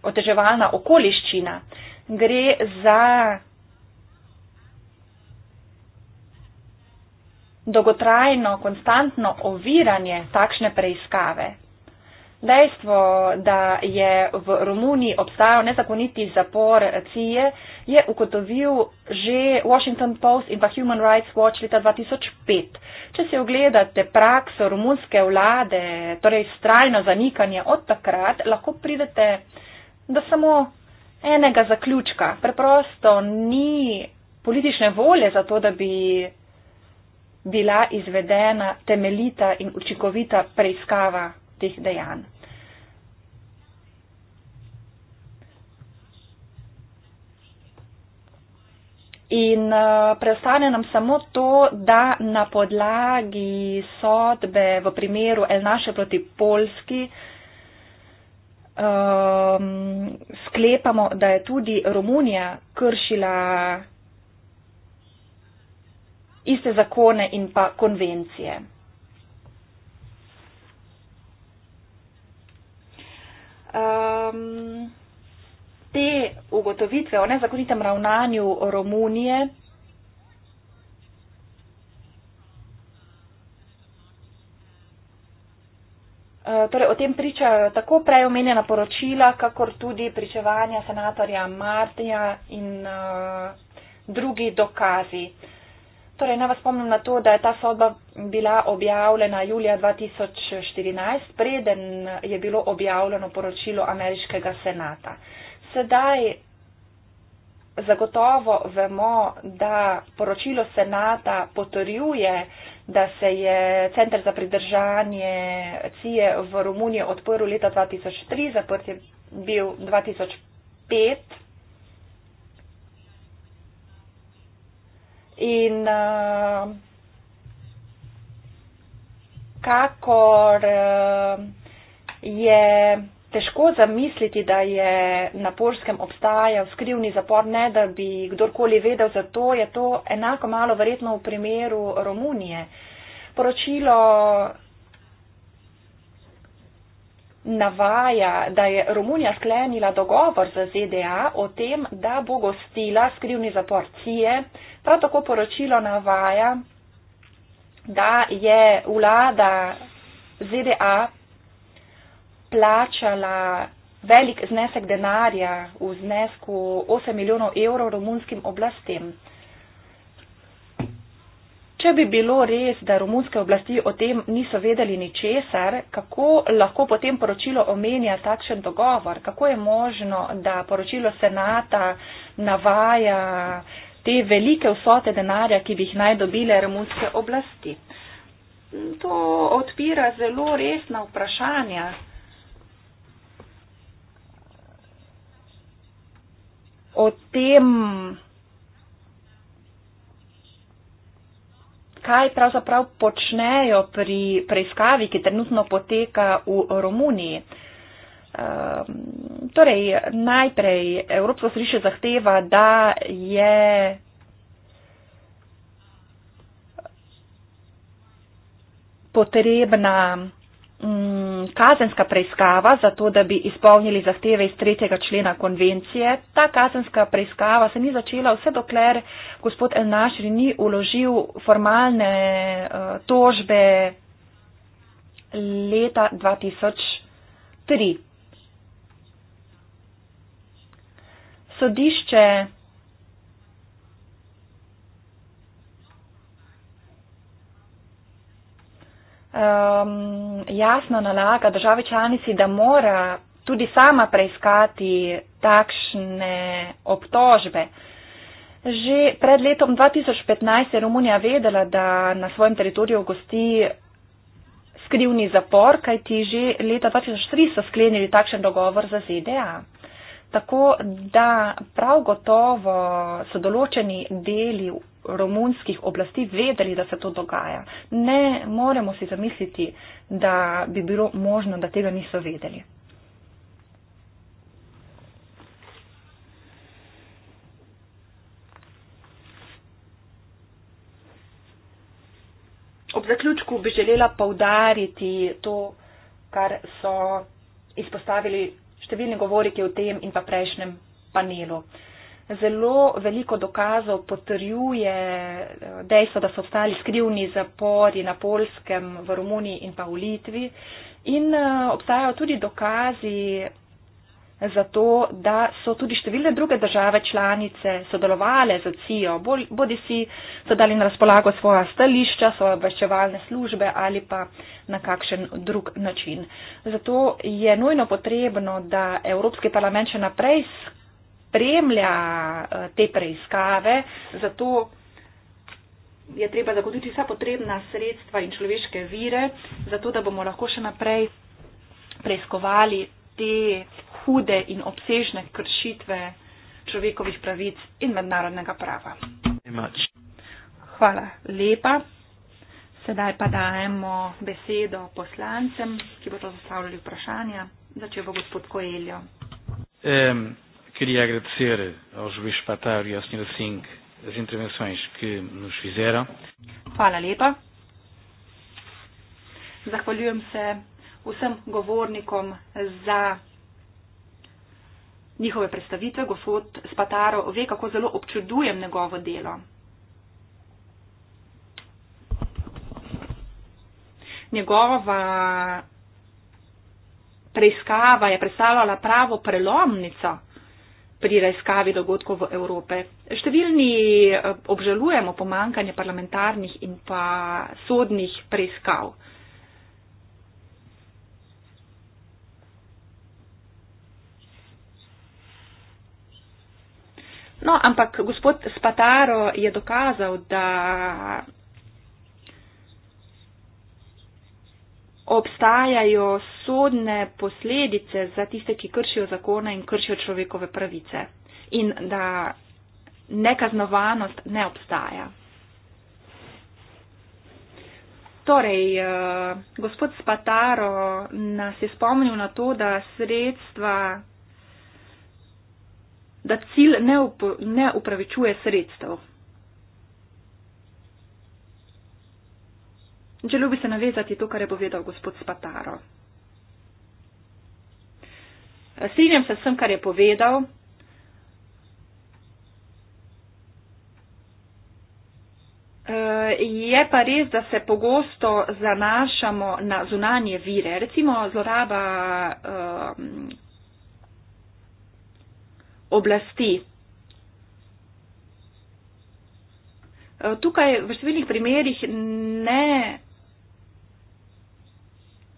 oteževalna okoliščina. Gre za dolgotrajno, konstantno oviranje takšne preiskave. Dejstvo, da je v Romuniji obstajal nezakoniti zapor CIE, je ugotovil že Washington Post in pa Human Rights Watch leta 2005. Če si ogledate prakso romunske vlade, torej strajno zanikanje od takrat, lahko pridete do samo enega zaključka. Preprosto ni politične volje za to, da bi bila izvedena temeljita in učinkovita preiskava teh dejanj. In uh, preostane nam samo to, da na podlagi sodbe v primeru Elnaše proti Polski um, ehm, sklepamo, da je tudi Romunija kršila iste zakone in pa konvencije. Um, te ugotovitve o nezakonitem ravnanju Romunije eh, Torej, o tem pričajo tako prej omenjena poročila, kakor tudi pričevanja senatorja Martija in uh, drugi dokazi. Uh, Torej, naj vas spomnim na to, da je ta sodba bila objavljena julija 2014, preden je bilo objavljeno poročilo ameriškega senata. Sedaj zagotovo vemo, da poročilo senata potrjuje, da se je center za pridržanje CIE v Romuniji odprl leta 2003, zaprt je bil 2005. in uh, kakor uh, je težko zamisliti, da je na Polskem obstajal skrivni zapor, ne da bi kdorkoli vedel za to, je to enako malo verjetno v primeru Romunije. Poročilo navaja, da je Romunija sklenila dogovor z ZDA o tem, da bo gostila skrivni zapor CIE. Prav tako poročilo navaja, da je vlada ZDA plačala velik znesek denarja v znesku 8 milijonov evrov romunskim oblastem. Če bi bilo res, da rumunske oblasti o tem niso vedeli ničesar, kako lahko potem poročilo omenja takšen dogovor? Kako je možno, da poročilo senata navaja te velike vsote denarja, ki bi jih naj dobile rumunske oblasti? To odpira zelo resna vprašanja. O tem, kaj pravzaprav počnejo pri preiskavi, ki trenutno poteka v Romuniji. Ehm, torej, najprej Evropsko središče zahteva, da je. potrebna Mm, kazenska preiskava za to, da bi izpolnili zahteve iz tretjega člena konvencije. Ta kazenska preiskava se ni začela vse dokler gospod El Nashri ni uložil formalne uh, tožbe leta 2003. Sodišče um, jasno nalaga države članici, da mora tudi sama preiskati takšne obtožbe. Že pred letom 2015 je Romunija vedela, da na svojem teritoriju gosti skrivni zapor, kajti že leta 2003 so sklenili takšen dogovor za ZDA. Tako da prav gotovo so določeni deli romunskih oblasti vedeli, da se to dogaja. Ne moremo si zamisliti, da bi bilo možno, da tega niso vedeli. Ob zaključku bi želela povdariti to, kar so izpostavili številni govorniki v tem in pa prejšnjem panelu. Uh, zelo veliko dokazov potrjuje eh, dejstvo, da so ostali skrivni zapori na Polskem, v Romuniji in pa v Litvi. In eh, obstajajo tudi dokazi za to, da so tudi številne druge države članice sodelovale z CIO, bodi si so dali na razpolago svoja stališča, svoje obveščevalne službe ali pa na kakšen drug način. Zato je nujno potrebno, da Evropski parlament še naprej spremlja eh, te preiskave, zato je treba zagotoviti vsa potrebna sredstva in človeške vire, zato da bomo lahko še naprej preiskovali te hude in obsežne kršitve človekovih pravic in mednarodnega prava. Hvala lepa. Sedaj pa dajemo besedo poslancem, ki bodo zastavljali vprašanja. Začel bo gospod Koeljo queria agradecer ao juiz Patar e ao Sr. Singh as intervenções que nos fizeram. Hvala lepa. Zahvaljujem se vsem govornikom za njihove predstavitve. Gospod Spataro ve, kako zelo občudujem njegovo delo. Njegova preiskava je predstavljala pravo prelomnico pri raziskavi dogodkov v Evrope. Številni eh, obžalujemo pomankanje parlamentarnih in pa sodnih preiskav. No, ampak gospod Spataro je dokazal, da obstajajo sodne posledice za tiste, ki kršijo zakone in kršijo človekove pravice in da nekaznovanost ne obstaja. Torej, eh, gospod Spataro nas je spomnil na to, da sredstva, da cilj ne upravičuje sredstev. Želel bi se navezati to, kar je povedal gospod Spataro. Strinjam se vsem, kar je povedal. Eh, je pa res, da se pogosto zanašamo na zunanje vire. Recimo zloraba um, oblasti. Eh, tukaj v številnih primerjih ne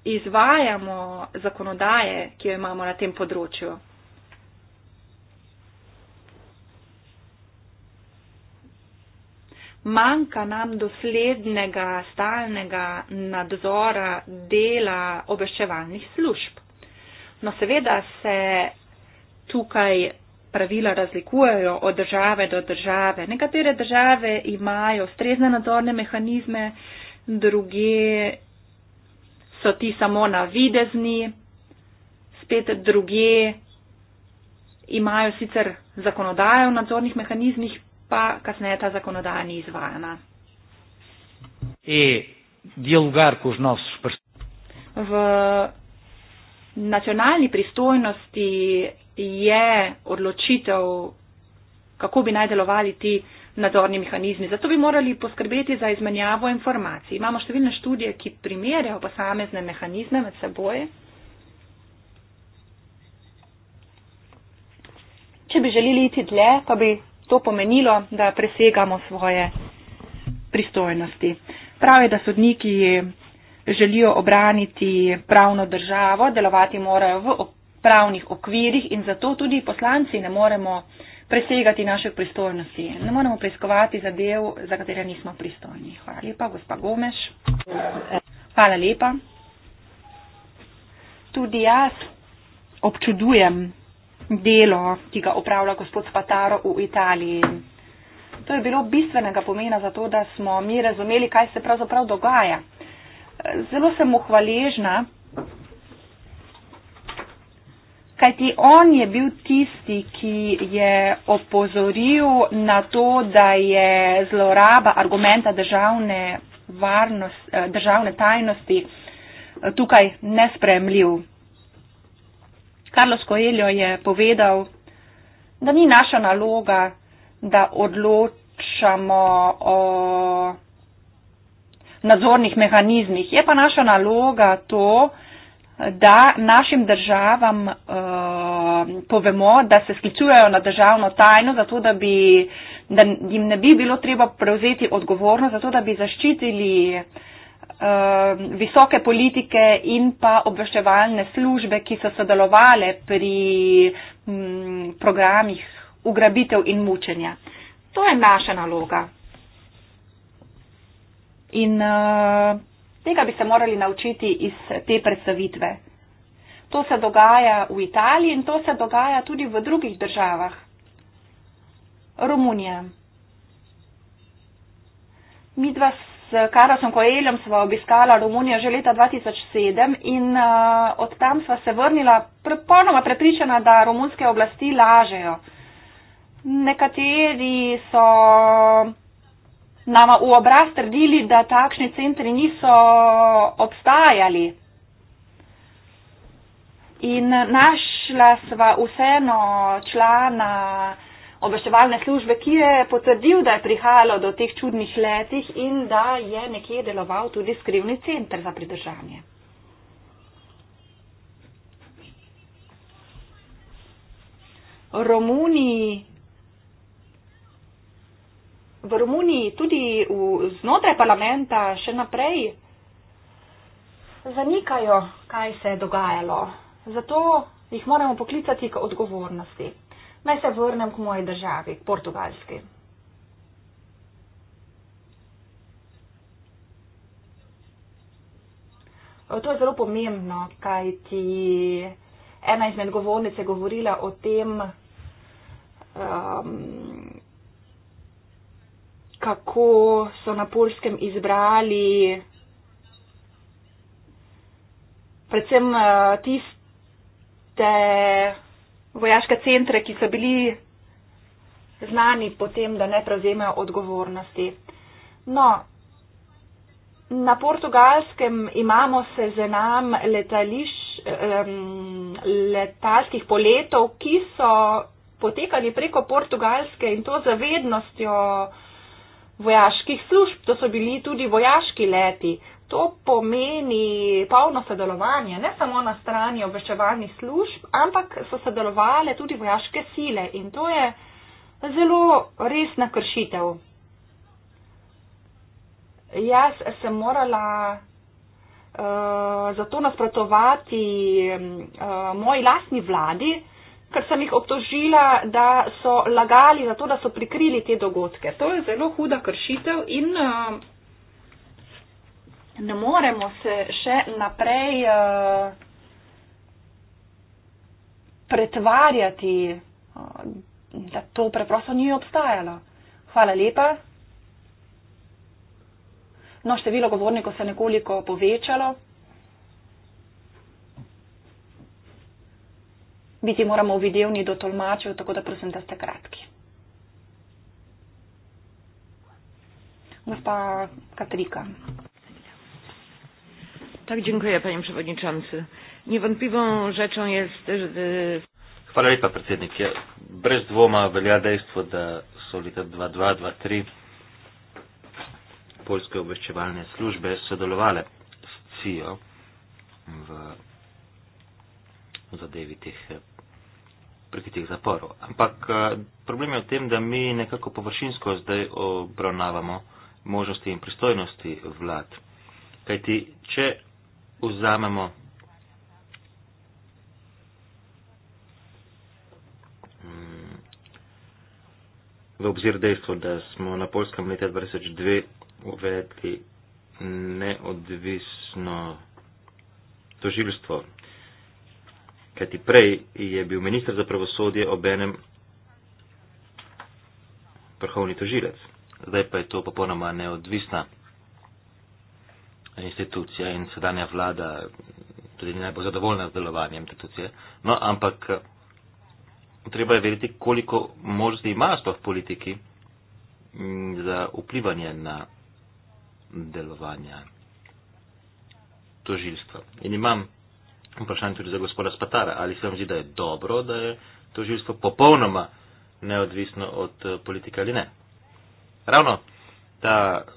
izvajamo zakonodaje, ki jo imamo na tem področju. Manjka nam doslednega, stalnega nadzora dela obveščevalnih služb. No seveda se tukaj pravila razlikujejo od države do države. Nekatere države imajo strezne nadzorne mehanizme, druge so ti samo navidezni, spet druge imajo sicer zakonodajo v nadzornih mehanizmih, pa kasneje ta zakonodaja ni izvajana. E, v nacionalni pristojnosti je odločitev, kako bi naj delovali ti uh, nadzorni mehanizmi. Zato bi morali poskrbeti za izmenjavo informacij. Imamo številne študije, ki primerjajo posamezne mehanizme med seboj. Če bi želeli iti dlje, pa bi to pomenilo, da presegamo svoje pristojnosti. Prav je, da sodniki želijo obraniti pravno državo, delovati morajo v pravnih okvirih in zato tudi poslanci ne moremo uh, presegati naše pristojnosti. Ne moramo preiskovati zadev, za katere nismo pristojni. Hvala lepa, gospa Gomeš. Hvala lepa. Tudi jaz občudujem delo, ki ga upravlja gospod Spataro v Italiji. To je bilo bistvenega pomena za to, da smo mi razumeli, kaj se pravzaprav dogaja. Zelo sem mu hvaležna, Kajti on je bil tisti, ki je opozoril na to, da je zloraba argumenta državne, varnost, eh, državne tajnosti eh, tukaj nespremljiv. Carlos Coelho je povedal, da ni naša naloga, da odločamo o nadzornih mehanizmih. Je pa naša naloga to, da našim državam uh, povemo, da se sklicujejo na državno tajno, zato da, bi, da jim ne bi bilo treba prevzeti odgovornost, zato da bi zaščitili uh, visoke politike in pa obveščevalne službe, ki so sodelovali pri m, mm, programih ugrabitev in mučenja. To je naša naloga. In uh, Tega bi se morali naučiti iz te predstavitve. To se dogaja v Italiji in to se dogaja tudi v drugih državah. Romunija. Mi dva s Karosom Koeljem sva obiskala Romunijo že leta 2007 in uh, od tam sva se vrnila ponoma prepričana, da romunske oblasti lažejo. Nekateri so nam v obraz trdili, da takšni centri niso obstajali. In našla sva vseeno člana obveščevalne službe, ki je potrdil, da je prihajalo do teh čudnih letih in da je nekje deloval tudi skrivni centr za pridržanje. Romuniji v Romuniji, tudi v, znotraj parlamenta, še naprej zanikajo, kaj se je dogajalo. Zato jih moramo poklicati k odgovornosti. Naj se vrnem k moji državi, k portugalski. To je zelo pomembno, kaj ti ena izmed govornice govorila o tem, um, kako so na polskem izbrali predvsem eh, tiste vojaške centre, ki so bili znani potem, da ne prevzemajo odgovornosti. No, na portugalskem imamo seznam letališč, letalskih poletov, ki so potekali preko portugalske in to zavednostjo vojaških služb, to so bili tudi vojaški leti. To pomeni polno sodelovanje, ne samo na strani obveščevalnih služb, ampak so sodelovali tudi vojaške sile in to je zelo resna kršitev. Jaz sem morala uh, eh, zato nasprotovati uh, moji lastni vladi, uh, ker sem jih obtožila, da so lagali, zato da so prikrili te dogodke. To je zelo huda kršitev in uh, ne moremo se še naprej uh, pretvarjati, uh, da to preprosto ni obstajalo. Hvala lepa. No, število govornikov se je nekoliko povečalo. biti moramo uvidevni do tolmačev, tako da prosim, da ste kratki. Gospa Katrika. Tak, dziękuję panie przewodniczący. Niewątpliwą rzeczą jest... Chwała e, lepa, predsjednik. Ja, brez dwoma velja dejstvo, da so leta 2002-2003 polske obveščevalne službe sodelovale s CIO v zadevi teh preko teh zaporov. Ampak eh, problem je v tem, da mi nekako površinsko zdaj obravnavamo možnosti in pristojnosti vlad. Kajti, če vzamemo mm, v obzir dejstvo, da smo na polskem leta 2002 uvedli neodvisno doživljstvo kajti prej je bil ministr za pravosodje obenem vrhovni tožilec. Zdaj pa je to popolnoma neodvisna institucija in sedanja vlada tudi ni najbolj zadovoljna z delovanjem institucije. No, ampak eh, treba je vedeti, koliko možnosti ima sploh politiki mm, za vplivanje na delovanja tožilstva. In imam vprašanje tudi za gospoda Spatara. Ali se vam zdi, da je dobro, da je toživstvo popolnoma neodvisno od eh, politike ali ne? Ravno ta eh,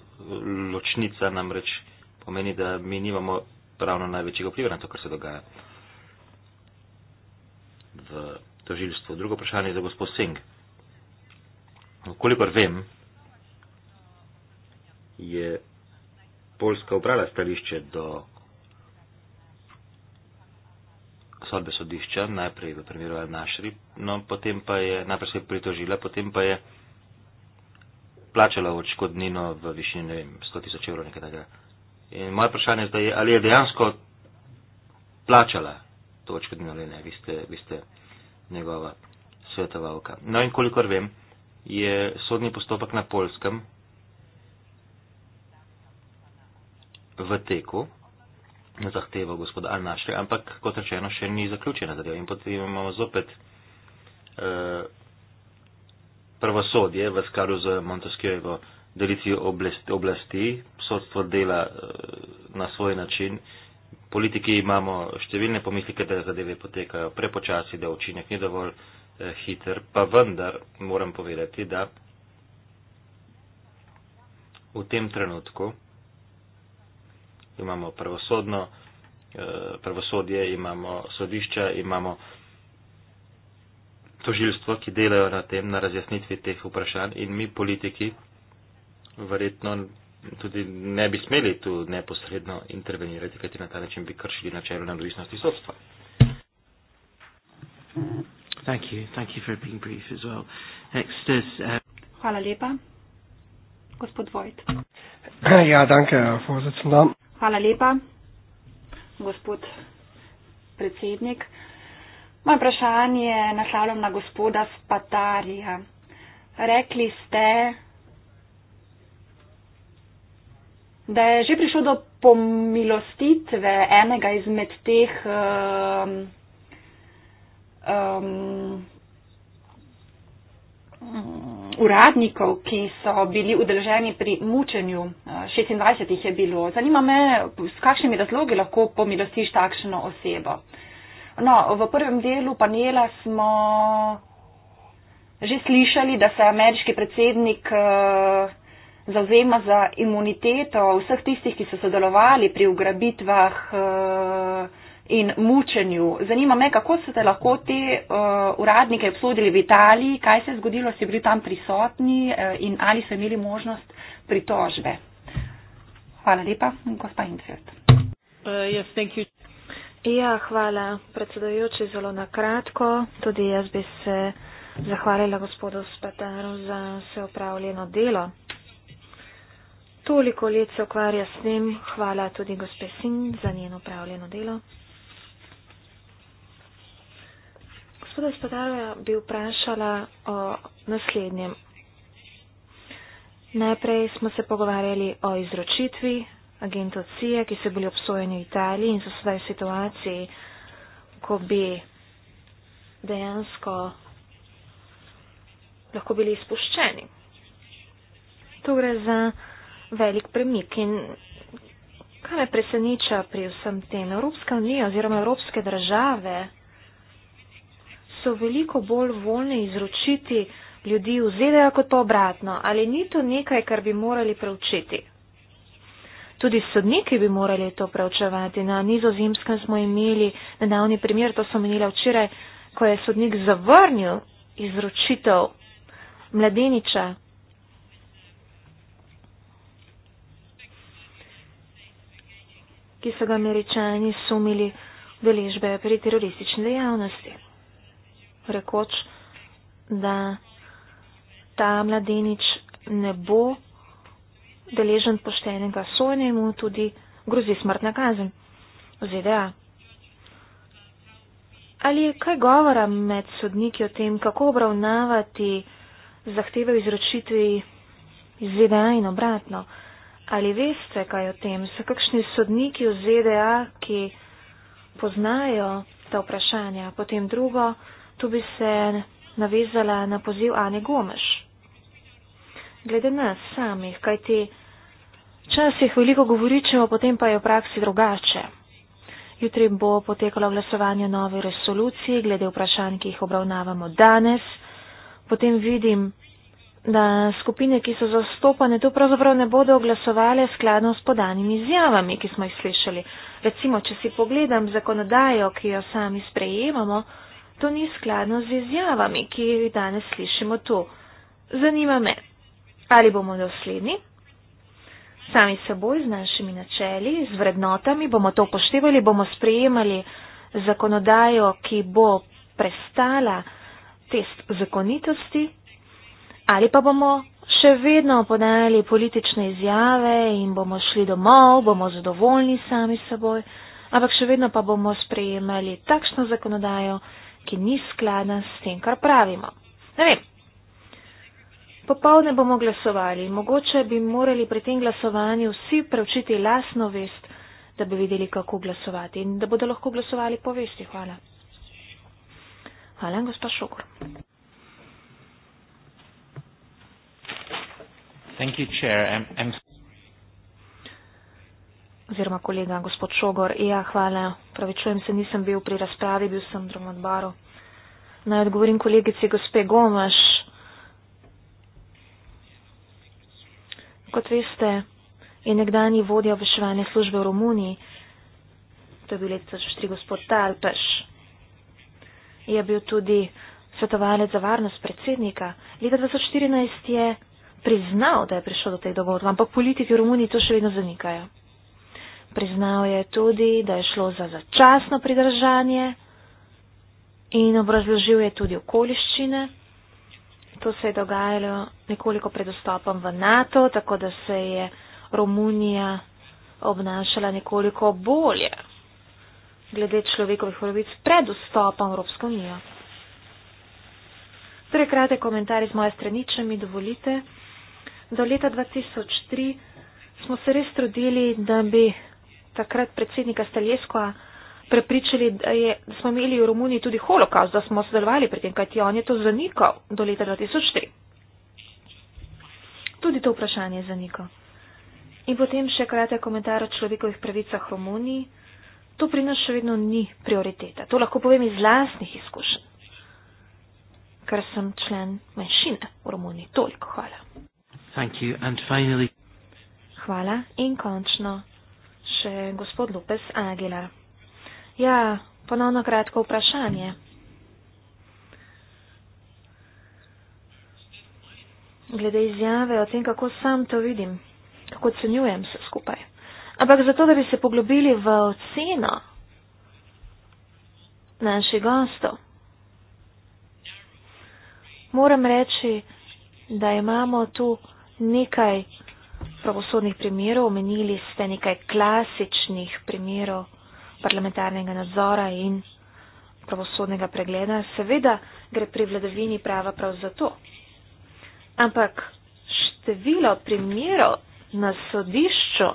ločnica namreč pomeni, da mi nimamo ravno največjega vpliva na to, kar se dogaja v toživstvu. Drugo vprašanje je za gospod Singh. Kolikor vem, je Poljska obrala stališče do sodbe sodišča, najprej v primeru Al-Nashri, no, potem pa je, najprej se je pritožila, potem pa je plačala odškodnino v višini, ne vem, 100 tisoč evrov nekaj takega. In moje vprašanje je zdaj, ali je dejansko plačala to odškodnino ali ne, vi ste, vi ste njegova svetovalka. No in kolikor vem, je sodni postopek na polskem v teku zahteval gospod Al-Nashri, ampak kot rečeno, še ni zaključena zadeva. In potem imamo zopet eh, prvosodje v skladu z Montesquieuovo delitvijo oblasti, oblasti, sodstvo dela eh, na svoj način. Politiki imamo številne pomislike, da zadeve potekajo prepočasi, da učinek ni dovolj eh, hiter, pa vendar moram povedati, da v tem trenutku imamo pravosodno, eh, pravosodje, imamo sodišča, imamo tožilstvo, ki delajo na tem, na razjasnitvi teh vprašanj in mi politiki verjetno tudi ne bi smeli tu neposredno intervenirati, kajti na ta način bi kršili načelo neodvisnosti sodstva. Thank you. Thank you for being brief as well. Next is, uh... Hvala lepa. Gospod Vojt. Ja, danke, Vorsitzender. Hvala lepa, gospod predsednik. Moje vprašanje naslavljam na gospoda Spatarija. Rekli ste, da je že prišlo do pomilostitve enega izmed teh um, um, Mm, uradnikov, ki so bili udeleženi pri mučenju, 26 eh, jih je bilo. Zanima me, s kakšnimi razlogi lahko pomilostiš takšno osebo. No, v prvem delu panela smo že slišali, da se ameriški predsednik eh, zauzema za imuniteto vseh tistih, ki so sodelovali pri ugrabitvah eh, in mučenju. Zanima me, kako so te lahko te uh, uradnike obsodili v Italiji, kaj se je zgodilo, si bili tam prisotni uh, in ali so imeli možnost pritožbe. Hvala lepa, gospa Infeld. Uh, yes, ja, hvala, predsedajoči, zelo na kratko. Tudi jaz bi se zahvalila gospodu Spataru za vse upravljeno delo. Toliko let se ukvarja s tem, hvala tudi gospe Sin za njeno upravljeno delo. gospoda Stodarja bi vprašala o naslednjem. Najprej smo se pogovarjali o izročitvi agentov CIA, ki so bili obsojeni v Italiji in so sedaj v situaciji, ko bi dejansko lahko bili izpuščeni. Tu gre za velik premik in kaj me preseneča pri vsem tem? Evropska unija oziroma evropske države so veliko bolj voljni izročiti ljudi v ZDA kot obratno. Ali ni to nekaj, kar bi morali preučiti? Tudi sodniki bi morali to preučevati. Na nizozemskem smo imeli nedavni primer, to sem menila včeraj, ko je sodnik zavrnil izročitev mladeniča. ki so ga američani sumili deležbe pri teroristični dejavnosti rekoč, da ta mladenič ne bo deležen poštenega sojenja in mu tudi grozi smrtna kazen v ZDA. Ali je kaj govora med sodniki o tem, kako obravnavati zahteve izročitvi iz ZDA in obratno? Ali veste kaj o tem? So kakšni sodniki v ZDA, ki poznajo ta vprašanja? Potem drugo. Tu bi se navezala na poziv Ane Gomeš. Glede nas samih, kaj ti časih veliko govoričemo, potem pa je v praksi drugače. Jutri bo potekalo glasovanje nove resolucije glede vprašanj, ki jih obravnavamo danes. Potem vidim, da skupine, ki so zastopane, to pravzaprav ne bodo glasovali skladno s podanimi izjavami, ki smo jih slišali. Recimo, če si pogledam zakonodajo, ki jo sami sprejemamo, to ni skladno z izjavami, ki jih danes slišimo tu. Zanima me, ali bomo dosledni, sami seboj, z našimi načeli, z vrednotami, bomo to poštevali, bomo sprejemali zakonodajo, ki bo prestala test zakonitosti, ali pa bomo še vedno podajali politične izjave in bomo šli domov, bomo zadovoljni sami seboj, ampak še vedno pa bomo sprejemali takšno zakonodajo, ki ni sklada s tem, kar pravimo. Ne vem. Popovdne bomo glasovali. Mogoče bi morali pri tem glasovanju vsi preučiti lasno vest, da bi videli, kako glasovati in da bodo lahko glasovali po vesti. Hvala. Hvala, gospod Šokor. Thank you, Chair. I'm, I'm oziroma kolega gospod Šogor. Ja, hvala. Pravičujem se, nisem bil pri razpravi, bil sem drom odbaro. Naj odgovorim kolegici gospe Gomaš. Kot veste, je nekdani vodja obveščevalne službe v Romuniji, to je bil leta 2004 gospod Talpeš. Je bil tudi svetovalec za varnost predsednika. Leta 2014 je priznal, da je prišlo do teh dogodkov, ampak politiki v Romuniji to še vedno zanikajo priznal je tudi, da je šlo za začasno pridržanje in obrazložil je tudi okoliščine. To se je dogajalo nekoliko pred vstopom v NATO, tako da se je Romunija obnašala nekoliko bolje glede človekovih pravic pred vstopom v Evropsko unijo. Torej, kratek komentar iz moje strani, če mi dovolite. Do leta 2003 smo se res trudili, da bi takrat predsednika Staljeskoa prepričali, da, je, da smo imeli v Romuniji tudi holokaust, da smo sodelovali pri tem, kajti on je to zanikal do leta 2003. Tudi to vprašanje je zanikal. In potem še kratek komentar o človekovih pravicah v Romuniji. To pri nas še vedno ni prioriteta. To lahko povem iz vlastnih izkušenj, ker sem člen manjšine v Romuniji. Toliko hvala. Hvala in končno še gospod Lopes Aguilar. Ja, ponovno kratko vprašanje. Glede izjave o tem, kako sam to vidim, kako ocenjujem vse skupaj. Ampak zato, da bi se poglobili v oceno naših gostov, moram reči, da imamo tu nekaj pravosodnih primerov, omenili ste nekaj klasičnih primerov parlamentarnega nadzora in pravosodnega pregleda. Seveda gre pri vladavini prava prav za to. Ampak število primerov na sodišču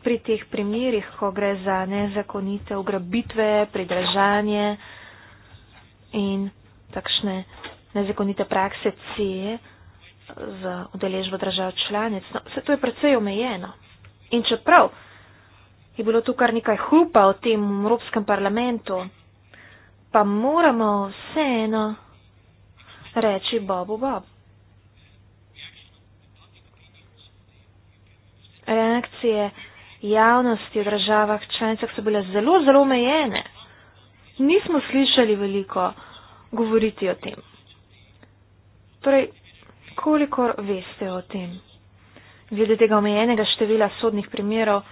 pri teh primerih, ko gre za nezakonite ugrabitve, pridržanje in takšne nezakonite prakse CIE, z udeležbo držav članic. No, vse to je precej omejeno. In čeprav je bilo tu kar nekaj hrupa o tem v Evropskem parlamentu, pa moramo vseeno reči Bobu Bob. Reakcije javnosti v državah članicah so bile zelo, zelo omejene. Nismo slišali veliko govoriti o tem. Torej, kolikor veste o tem. Glede tega omejenega števila sodnih primerov,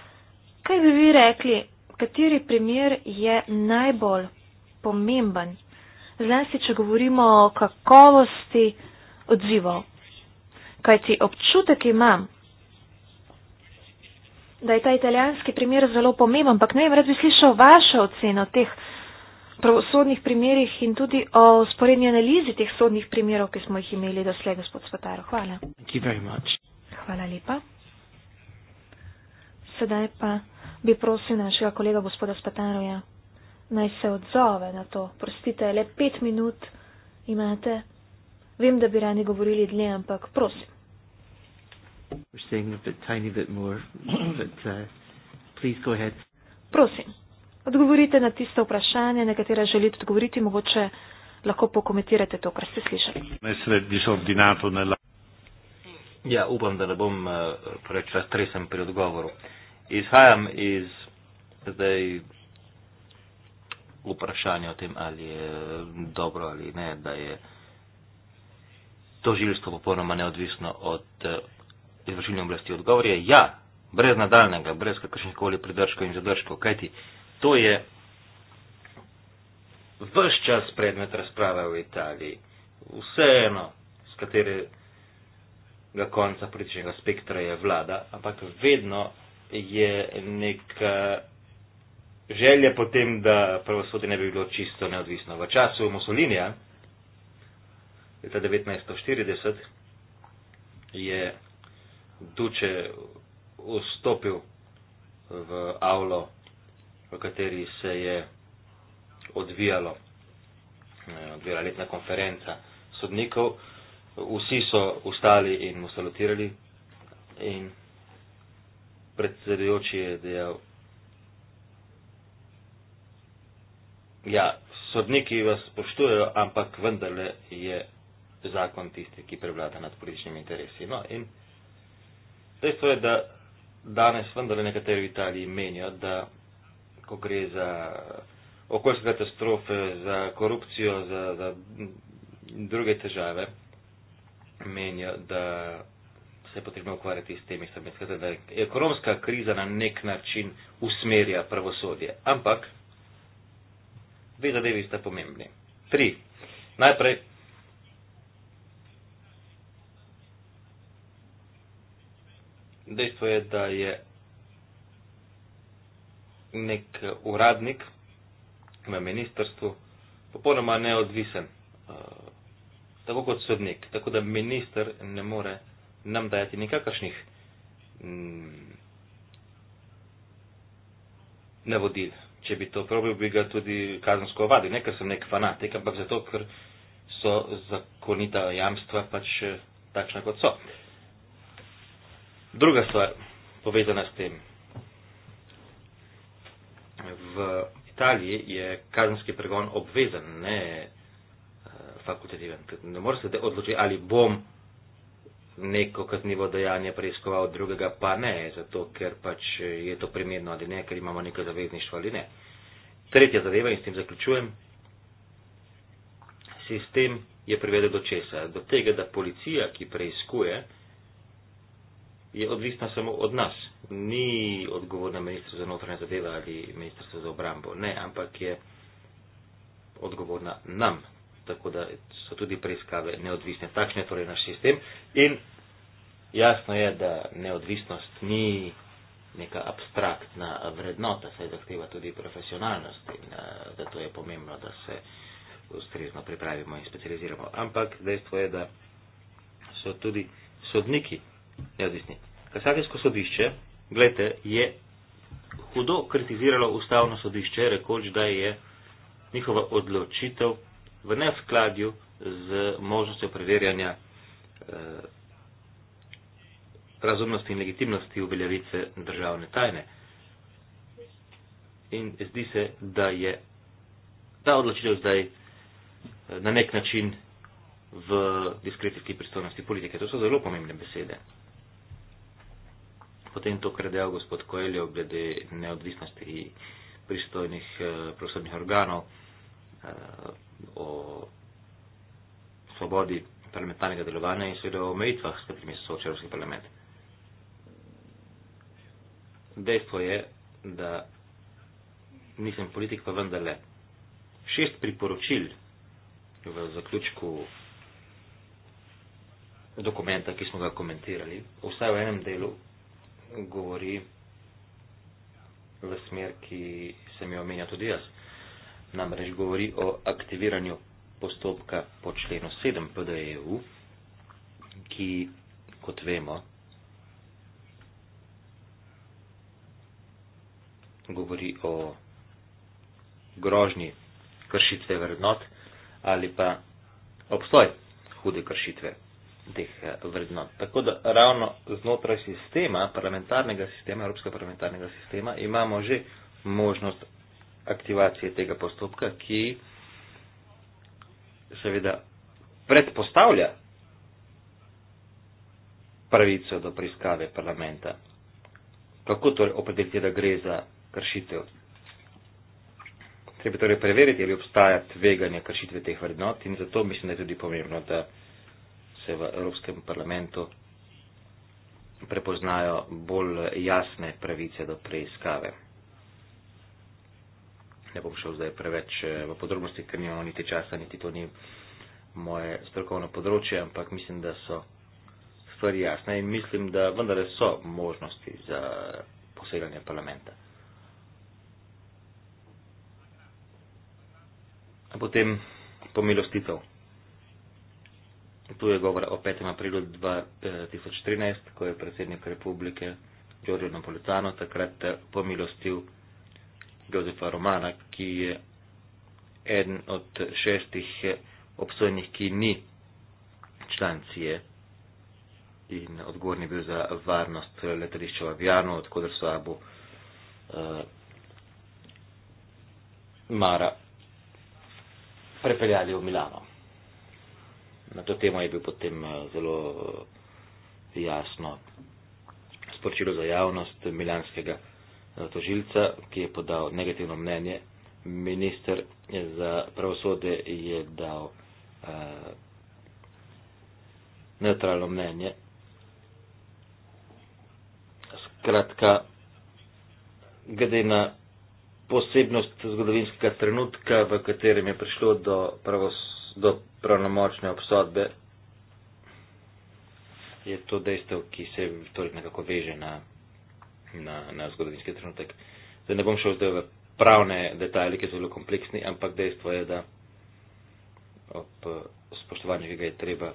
kaj bi vi rekli, kateri primer je najbolj pomemben, zlasti, če govorimo o kakovosti odzivov? Kaj ti občutek imam, da je ta italijanski primer zelo pomemben, ampak ne vem, rad bi slišal vašo oceno teh primerov pravosodnih primerjih in tudi o sporedni analizi teh sodnih primerov, ki smo jih imeli doslej, gospod Svatar. Hvala. Hvala lepa. Sedaj pa bi prosil našega kolega gospoda Spatanoja, naj se odzove na to. Prostite, le pet minut imate. Vem, da bi radi govorili dlje, ampak prosim. Bit, bit more, (clears throat) but, uh, prosim odgovorite na tiste vprašanje, na katera želite odgovoriti, mogoče lahko pokomentirate to, kar ste slišali. Ja, upam, da ne bom eh, preveč razstresen pri odgovoru. Izhajam iz zdaj vprašanja o tem, ali je dobro ali ne, da je tožilstvo popolnoma neodvisno od eh, izvršilne oblasti. Odgovor je ja, brez nadaljnega, brez kakršnih koli pridržkov in zadržkov, kajti to je vrš čas predmet razprave v Italiji. Vseeno, z katerega konca političnega spektra je vlada, ampak vedno je neka želja potem, da pravosodje ne bi bilo čisto neodvisno. V času Mussolinija, leta 1940, je Duče vstopil v avlo v kateri se je odvijalo, eh, odvijala letna konferenca sodnikov. Vsi so ustali in mu salutirali in predsedujoči je dejal, ja, sodniki vas spoštujejo, ampak vendarle je zakon tisti, ki prevlada nad političnimi interesi. No, in dejstvo je, da danes vendarle nekateri v Italiji menijo, da ko gre za okoljske katastrofe, za korupcijo, za, za druge težave, menijo, da se je potrebno ukvarjati s temi stvarmi. Skratka, da ekonomska kriza na nek način usmerja pravosodje. Ampak dve zadevi sta pomembni. Tri. Najprej. Dejstvo je, da je nek eh, uradnik v ministrstvu popolnoma neodvisen, eh, tako kot sodnik. Tako da minister ne more nam dajati nikakršnih mm, navodil. Če bi to probil, bi ga tudi kazensko ovadil, ne ker sem nek fanatik, ampak zato, ker so zakonita jamstva pač eh, takšna, kot so. Druga stvar povezana s tem. V Italiji je kazenski pregon obvezen, ne eh, fakultativen. Ne more se odločiti, ali bom neko kaznivo dejanje preiskoval drugega, pa ne, zato ker pač je to primerno ali ne, ker imamo neko zavezništvo ali ne. Tretja zadeva in s tem zaključujem. Sistem je privedel do česa? Do tega, da policija, ki preiskuje, je odvisna samo od nas ni odgovorna ministrstvo za notranje zadeve ali ministrstvo za obrambo, ne, ampak je odgovorna nam. Tako da so tudi preiskave neodvisne. Takšen je torej naš sistem in jasno je, da neodvisnost ni neka abstraktna vrednota, saj zahteva tudi profesionalnost in eh, zato je pomembno, da se ustrezno pripravimo in specializiramo. Ampak dejstvo je, da so tudi sodniki neodvisni. Kasarijsko sodišče Glejte, je hudo kritiziralo ustavno sodišče, rekoč, da je njihova odločitev v neskladju z možnostjo preverjanja eh, razumnosti in legitimnosti uveljavice državne tajne. In zdi se, da je ta odločitev zdaj eh, na nek način v diskretijski pristojnosti politike. To so zelo pomembne besede potem to, kar je dejal gospod Koeljo glede neodvisnosti pristojnih eh, prosodnih organov, eh, o svobodi parlamentarnega delovanja in seveda o omejitvah, s katerimi se sooča Evropski parlament. Dejstvo je, da nisem politik, pa vendarle. Šest priporočil v zaključku dokumenta, ki smo ga komentirali, vsaj v enem delu govori v smer, ki se mi omenja tudi jaz. Namreč govori o aktiviranju postopka po členu 7 PDEU, ki, kot vemo, govori o grožnji kršitve vrednot ali pa obstoj hude kršitve teh eh, vrednot. Tako da ravno znotraj sistema, parlamentarnega sistema, evropskega parlamentarnega sistema, imamo že možnost aktivacije tega postopka, ki seveda predpostavlja pravico do preiskave parlamenta. Kako torej opredeliti, da gre za kršitev? Treba torej preveriti, ali obstaja tveganje kršitve teh vrednot in zato mislim, da je tudi pomembno, da se v Evropskem parlamentu prepoznajo bolj jasne pravice do preiskave. Ne bom šel zdaj preveč eh, v podrobnosti, ker nimamo niti časa, niti to ni moje strokovno področje, ampak mislim, da so stvari jasne in mislim, da vendar so možnosti za poseganje parlamenta. A potem pomilostitev. Tu je govora o 5. aprilu 2013, ko je predsednik republike Giorgio Napolitano takrat pomilostil Jozefa Romana, ki je eden od šestih obsojenih, ki ni član CIE in odgovorni bil za varnost letališča v Avijanu, odkudr so Abu uh, Mara prepeljali v Milano. Na to temo je bil potem eh, zelo eh, jasno sporočilo za javnost milanskega eh, tožilca, ki je podal negativno mnenje. Minister za pravosode je dal uh, neutralno mnenje. Skratka, glede na posebnost zgodovinskega trenutka, v katerem je prišlo do pravosodja, do pravnomočne obsodbe, je to dejstvo, ki se toliko nekako veže na, na, na zgodovinski trenutek. Zdaj ne bom šel zdaj v pravne detajle, ki so zelo kompleksni, ampak dejstvo je, da ob eh, spoštovanju, ki ga je treba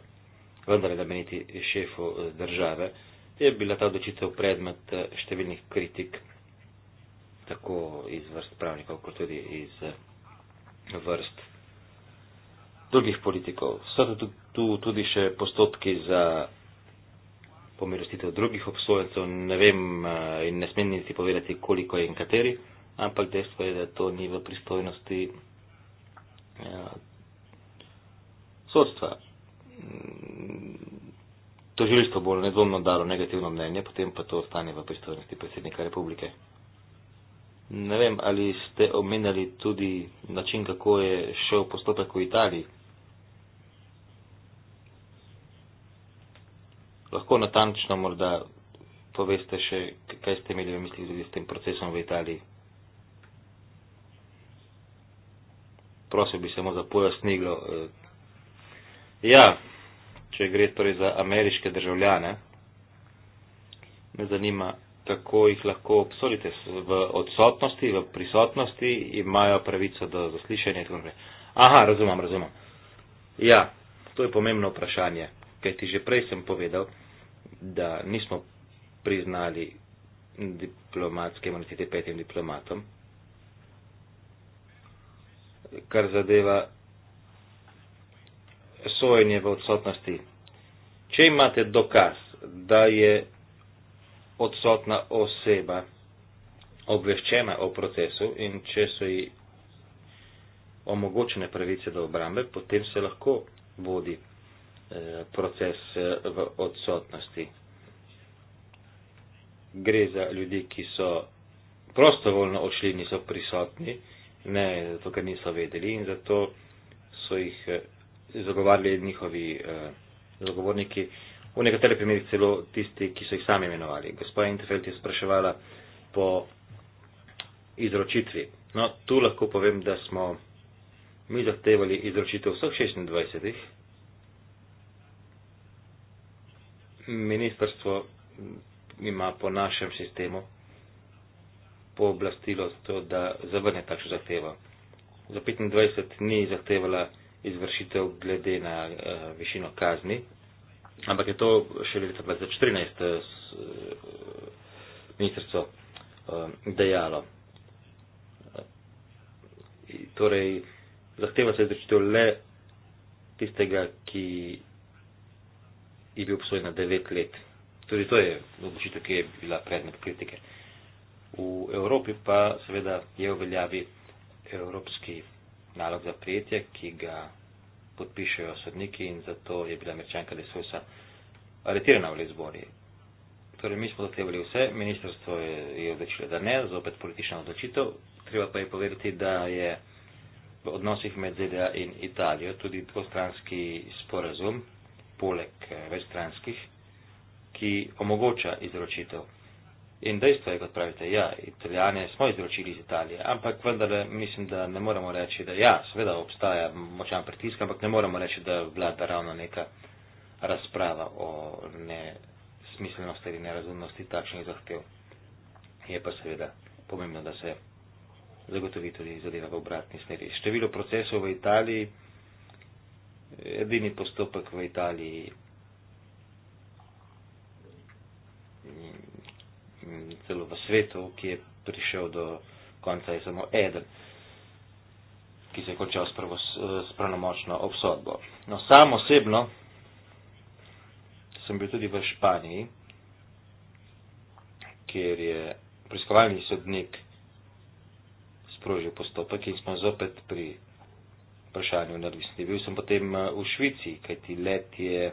vendar nameniti šefu eh, države, je bila ta odločitev predmet eh, številnih kritik, tako iz vrst pravnikov, kot tudi iz vrst drugih politikov. So tu, tu tudi še postopki za pomirostitev drugih obsojencev, ne vem eh, in ne smem niti povedati, koliko je in kateri, ampak dejstvo je, da to ni v pristojnosti ja, sodstva. Mm, tožilstvo bo nedvomno dalo negativno mnenje, potem pa to ostane v pristojnosti predsednika republike. Ne vem, ali ste omenjali tudi način, kako je šel postopek v Italiji. lahko natančno morda poveste še, kaj ste imeli v mislih z tem procesom v Italiji. Prosil bi samo za pojasnilo. Eh, ja, če gre torej za ameriške državljane, me zanima, kako jih lahko obsodite. V odsotnosti, v prisotnosti imajo pravico do zaslišanja. Aha, razumem, razumem. Ja, to je pomembno vprašanje kaj ti že prej sem povedal, da nismo priznali diplomatske imunitete petim diplomatom. Kar zadeva sojenje v odsotnosti. Če imate dokaz, da je odsotna oseba obveščena o procesu in če so ji omogočene pravice do obrambe, potem se lahko vodi proces eh, v odsotnosti. Gre za ljudi, ki so prostovoljno odšli, niso prisotni, ne zato, ker niso vedeli in zato so jih eh, zagovarjali njihovi eh, zagovorniki, v nekateri primeri celo tisti, ki so jih sami imenovali. Gospa Interfeld je spraševala po izročitvi. No, tu lahko povem, da smo mi zahtevali izročitev vseh 26. ministrstvo ima po našem sistemu pooblastilo za to, da zavrne takšno zahtevo. Za 25 ni zahtevala izvršitev glede na uh, višino kazni, ampak je to še leta 2014 uh, eh, eh, ministrstvo uh, dejalo. Uh, torej, zahteva se izvršitev le tistega, ki je bil obsojen na 9 let. Torej, to je odločitev, ki je bila predmet kritike. V Evropi pa seveda je v veljavi evropski nalog za prijetje, ki ga podpišejo sodniki in zato je bila američanka de Sousa aretirana v Lizboni. Torej, mi smo zahtevali vse, ministrstvo je odločilo, da ne, zopet politična odločitev. Treba pa je povedati, da je v odnosih med ZDA in Italijo tudi dvostranski sporazum, poleg eh, večstranskih, ki omogoča izročitev. In dejstvo je, kot pravite, ja, italijane smo izročili iz Italije, ampak vendar mislim, da ne moramo reči, da ja, seveda obstaja močan pritisk, ampak ne moramo reči, da vlada ravno neka razprava o nesmiselnosti ali nerazumnosti takšnih zahtev. Je pa seveda pomembno, da se zagotovi tudi zadeva v obratni smeri. Število procesov v Italiji edini postopek v Italiji. Celo v svetu, ki je prišel do konca, je samo eden, ki se je končal s, s pravnomočno obsodbo. No, sam osebno sem bil tudi v Španiji, kjer je preiskovalni sodnik sprožil postopek in smo zopet pri vprašanju neodvisnosti. Bil sem potem eh, v Švici, kajti let je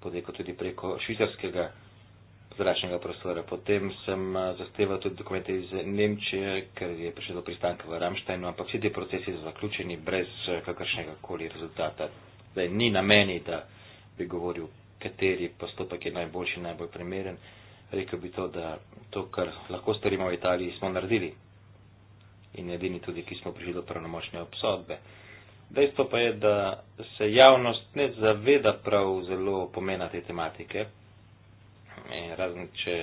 potekal tudi preko švicarskega zračnega prostora. Potem sem eh, zahteval tudi dokumente iz Nemčije, ker je prišel do pristanka v Ramštajnu, ampak vsi ti procesi so zaključeni brez eh, kakršnega koli rezultata. Zdaj, ni na meni, da bi govoril, kateri postopek je najboljši, najbolj primeren. Rekel bi to, da to, kar lahko storimo v Italiji, smo naredili in edini tudi, ki smo prišli do pravnomočne obsodbe. Dejstvo pa je, da se javnost ne zaveda prav zelo pomena te tematike, e, razen če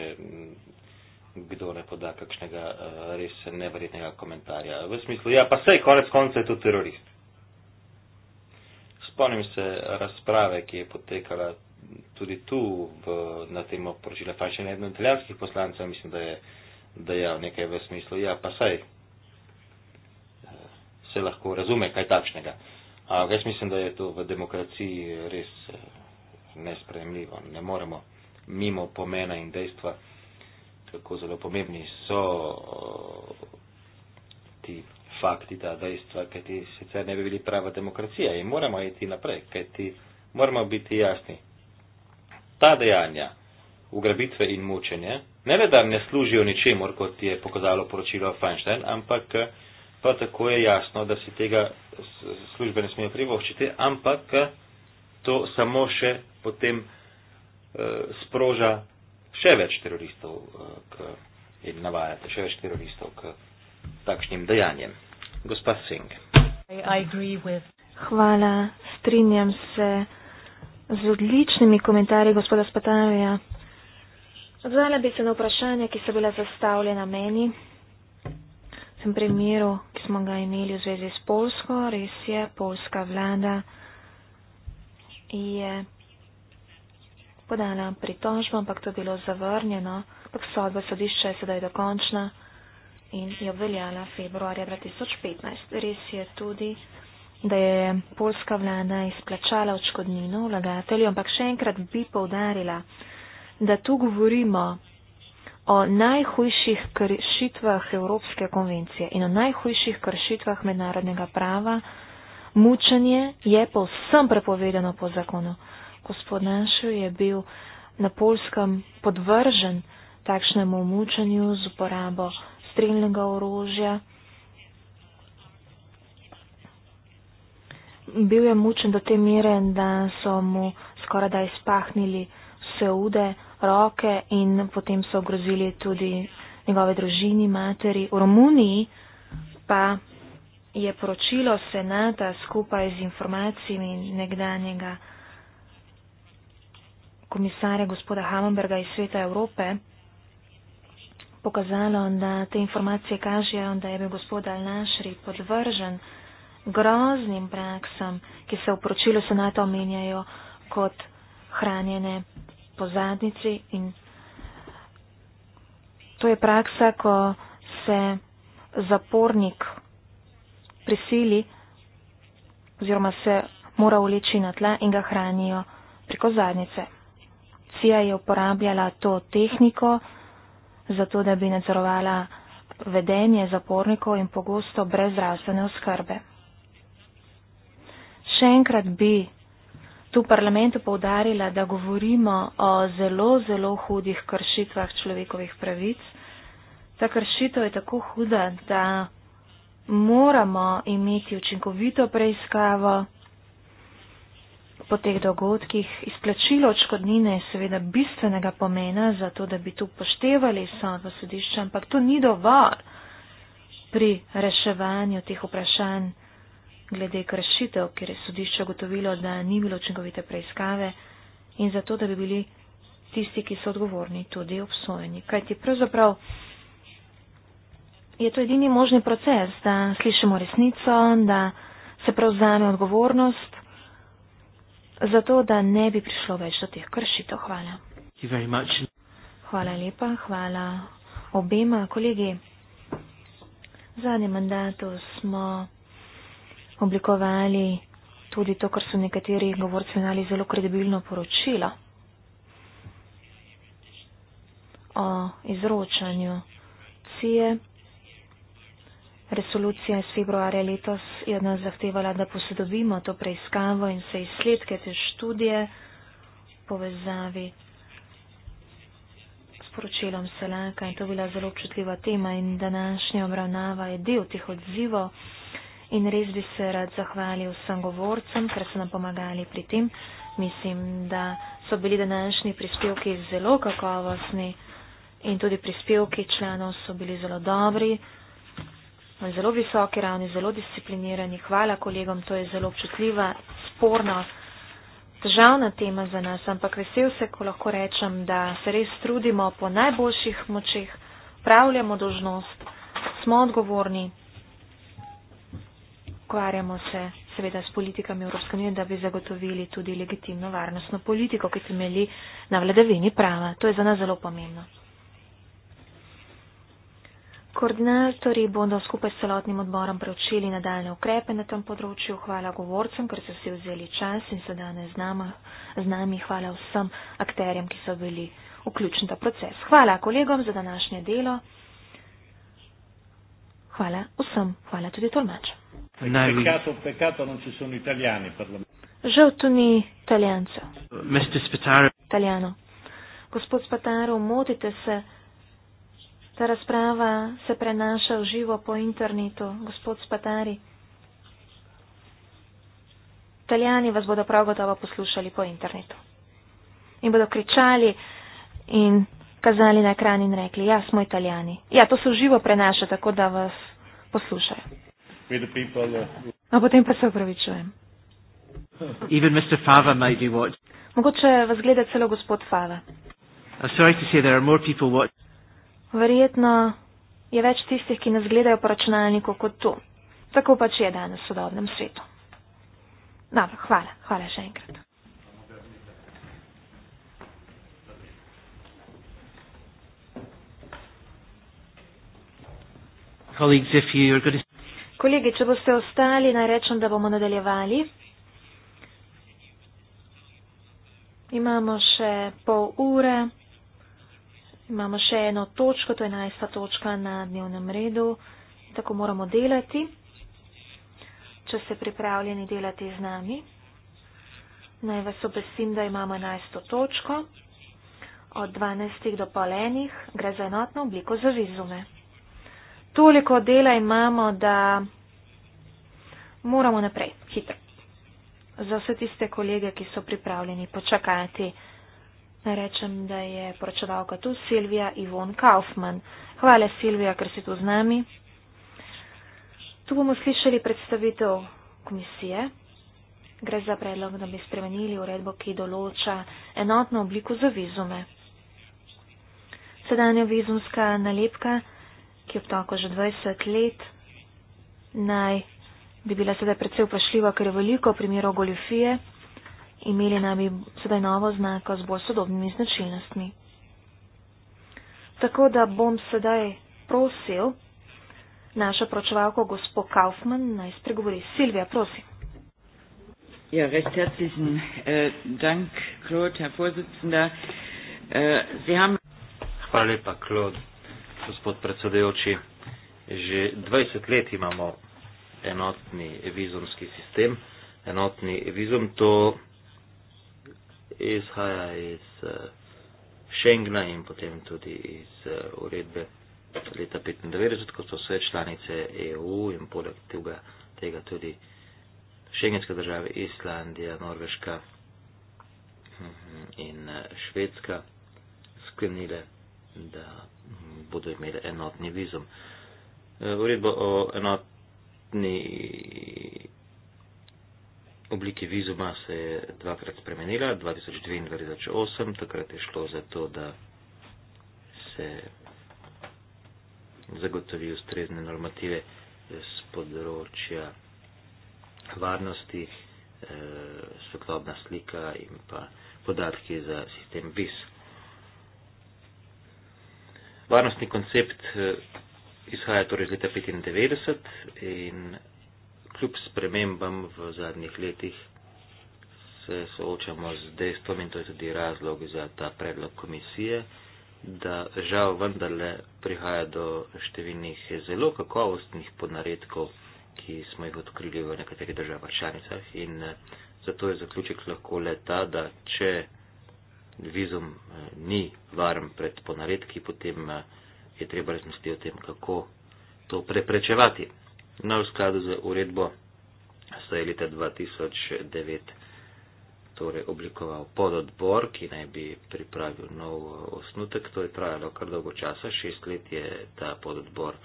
kdo ne poda kakšnega e, res nevrednega komentarja. V smislu, ja, pa sej, konec konca je to terorist. Spomnim se razprave, ki je potekala tudi tu v, na temo poročila Fajčena, eden od italijanskih poslancev, mislim, da je dejal nekaj v smislu, ja, pa sej, se lahko razume kaj takšnega. Ampak jaz mislim, da je to v demokraciji res eh, nespremljivo. Ne moremo mimo pomena in dejstva, kako zelo pomembni so eh, ti fakti, ta dejstva, kaj ti sicer ne bi bili prava demokracija in moramo iti naprej, kaj ti moramo biti jasni. Ta dejanja, ugrabitve in mučenje, ne le da ne služijo ničemor, kot je pokazalo poročilo Feinstein, ampak eh, prav tako je jasno, da si tega službe ne smejo privoščiti, ampak to samo še potem eh, sproža še več teroristov, ki jih eh, navajate, še več teroristov k takšnim dejanjem. Gospa Singh. Hvala, strinjam se z odličnimi komentarji gospoda Spatanoja. Odzvala bi se na vprašanja, ki so bila zastavljena meni tem primeru, ki smo ga imeli v zvezi s Polsko, res je, polska vlada je podala pritožbo, ampak to je bilo zavrnjeno, ampak sodba sodišča je sedaj dokončna in je obveljala februarja 2015. Res je tudi, da je polska vlada izplačala očkodnino vlagatelju, ampak še enkrat bi povdarila, da tu govorimo o najhujših kršitvah Evropske konvencije in o najhujših kršitvah mednarodnega prava, mučenje je povsem prepovedano po zakonu. Gospod Našel je bil na polskem podvržen takšnemu mučenju z uporabo streljnega orožja. Bil je mučen do te mere, da so mu skoraj da izpahnili vse ude, roke in potem so ogrozili tudi njegove družini, materi. V Romuniji pa je poročilo senata skupaj z informacijami nekdanjega komisarja gospoda Hamburga iz Sveta Evrope pokazalo, da te informacije kažejo, da je bil gospod Alnašri podvržen groznim praksam, ki se v poročilu senata omenjajo kot hranjene po zadnici in to je praksa, ko se zapornik prisili oziroma se mora uleči na tla in ga hranijo preko zadnice. CIA je uporabljala to tehniko, zato da bi nadzorovala vedenje zapornikov in pogosto brez zdravstvene oskrbe. Še enkrat bi tu parlamentu povdarila, da govorimo o zelo, zelo hudih kršitvah človekovih pravic. Ta kršitev je tako huda, da moramo imeti učinkovito preiskavo po teh dogodkih. Izplačilo očkodnine je seveda bistvenega pomena za to, da bi tu poštevali sodbo sodišča, ampak to ni dovolj pri reševanju teh vprašanj glede kršitev, ker je sodišče gotovilo, da ni bilo učinkovite preiskave in zato, da bi bili tisti, ki so odgovorni, tudi obsojeni. Kajti pravzaprav je to edini možni proces, da slišimo resnico, da se prevzame odgovornost, zato da ne bi prišlo več do teh kršitev. Hvala. Hvala lepa, hvala obema kolegi. V zadnjem mandatu smo oblikovali tudi to, kar so nekateri govorci imeli zelo kredibilno poročilo o izročanju CIE. Resolucija iz februarja letos je od nas zahtevala, da posodobimo to preiskavo in se izsledke te študije povezavi s poročilom Selaka in to bila zelo občutljiva tema in današnja obravnava je del teh odzivov in res bi se rad zahvalil vsem govorcem, ker so nam pomagali pri tem. Mislim, da so bili današnji prispevki zelo kakovostni in tudi prispevki članov so bili zelo dobri, na zelo visoki ravni, zelo disciplinirani. Hvala kolegom, to je zelo občutljiva, sporna, težavna tema za nas, ampak vesel se, ko lahko rečem, da se res trudimo po najboljših močeh, pravljamo dožnost, smo odgovorni ukvarjamo se seveda s politikami Evropske unije, da bi zagotovili tudi legitimno varnostno politiko, ki temelji na vladavini prava. To je za nas zelo pomembno. Koordinatori bodo skupaj s celotnim odborom preučili nadaljne ukrepe na tem področju. Hvala govorcem, ker so si vzeli čas in so danes z, nama, z nami. Hvala vsem akterjem, ki so bili vključeni v ta proces. Hvala kolegom za današnje delo. Hvala vsem. Hvala tudi tolmačem. Peccato, peccato, non ci sono italiani per lo Žal tu ni italijancev. Italijano. Gospod Spataro, motite se, ta razprava se prenaša v živo po internetu. Gospod Spatari, italijani vas bodo prav gotovo poslušali po internetu. In bodo kričali in kazali na ekran in rekli, ja, smo italijani. Ja, to se v živo prenaša, tako da vas poslušajo. Uh, no, potem pa se upravičujem. Mogoče vas gleda celo gospod Fava. Verjetno je več tistih, ki nas gledajo po računalniku kot tu. Tako pač je danes v sodobnem svetu. Dobro, hvala, hvala še enkrat. Colleagues, if you are going to... Kolegi, če boste ostali, naj rečem, da bomo nadaljevali. Imamo še pol ure, imamo še eno točko, to je najsta točka na dnevnem redu. Tako moramo delati, če ste pripravljeni delati z nami. Naj vas obesim, da imamo najsto točko. Od 12 do polenih gre za enotno obliko za vizume toliko dela imamo, da moramo naprej, hitro. Za vse tiste kolege, ki so pripravljeni počakati, naj rečem, da je poročevalka tu Silvija Ivon Kaufman. Hvala Silvija, ker si tu z nami. Tu bomo slišali predstavitev komisije. Gre za predlog, da bi spremenili uredbo, ki določa enotno obliko za vizume. Sedanja vizumska nalepka ki je tako že 20 let, naj bi bila sedaj predvsej vprašljiva, ker je veliko primerov goljofije, imeli naj bi sedaj novo znako z bolj sodobnimi značilnostmi. Tako da bom sedaj prosil našo pročevalko gospod Kaufmann, naj spregovori. Silvija, prosim. Ja, recht herzlichen eh, Dank, Claude, Herr Vorsitzender. Eh, Sie haben... Hvala lepa, Claude gospod predsedujoči. Že 20 let imamo enotni vizumski sistem. Enotni vizum to izhaja iz eh, Schengna in potem tudi iz eh, uredbe leta 1995, ko so vse članice EU in poleg tega, tega tudi šengenske države Islandija, Norveška mhm, in eh, Švedska sklenile da mm, bodo imeli enotni vizum. E, uredba o enotni obliki vizuma se je dvakrat spremenila, 2002 in 2008. Takrat je šlo za to, da se zagotovi ustrezne normative z področja varnosti, e, svetlobna slika in pa podatki za sistem VIS. Varnostni koncept eh, izhaja torej iz leta 95 in kljub spremembam v zadnjih letih se soočamo z dejstvom in to je tudi razlog za ta predlog komisije, da žal vendarle prihaja do številnih zelo kakovostnih ponaredkov, ki smo jih odkrili v nekaterih državah članicah in eh, zato je zaključek lahko le ta, da če vizum eh, ni varen pred ponaredki, potem eh, je treba razmisliti o tem, kako to preprečevati. Na no, skladu z uredbo se je leta 2009 torej, oblikoval pododbor, ki naj bi pripravil nov eh, osnutek. To je trajalo kar dolgo časa, šest let je ta pododbor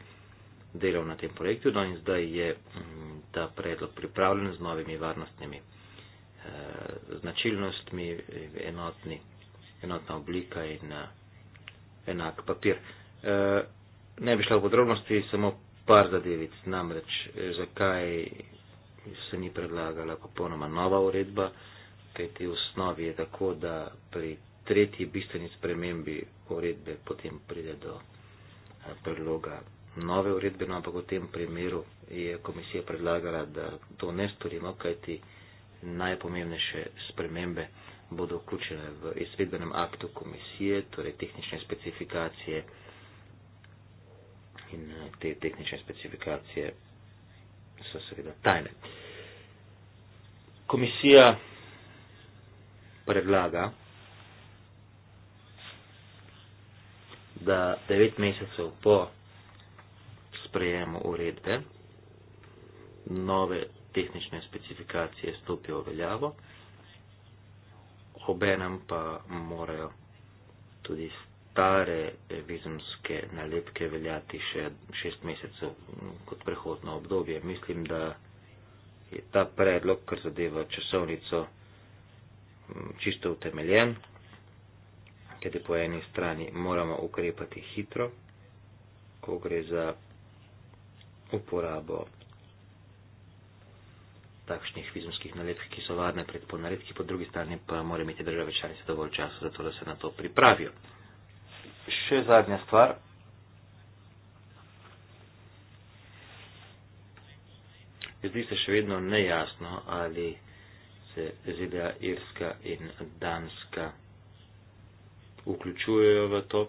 delal na tem projektu no, in zdaj je mm, ta predlog pripravljen z novimi varnostnimi eh, značilnostmi, enotni enotna oblika in uh, enak papir. E, ne bi šla v podrobnosti, samo par zadevic, namreč eh, zakaj se ni predlagala popolnoma nova uredba, kajti v osnovi je tako, da pri tretji bistveni spremembi uredbe potem pride do predloga nove uredbe, no ampak v tem primeru je komisija predlagala, da to ne storimo, kajti najpomembnejše spremembe uh, bodo vključene v izvedbenem aktu komisije, torej tehnične specifikacije in eh, te tehnične specifikacije so seveda tajne. Komisija predlaga, da devet mesecev po sprejemu uredbe nove tehnične specifikacije stopijo v veljavo obenem pa morajo tudi stare vizumske nalepke veljati še šest mesecev kot prehodno obdobje. Mislim, da je ta predlog, kar zadeva časovnico, čisto utemeljen, ker je po eni strani moramo ukrepati hitro, ko gre za uporabo takšnih vizumskih naletk, ki so varne pred ponaredki, po drugi strani pa mora imeti države članice dovolj časa za to, da se na to pripravijo. Še zadnja stvar. Zdi se še vedno nejasno, ali se ZDA Irska in Danska vključujejo v to.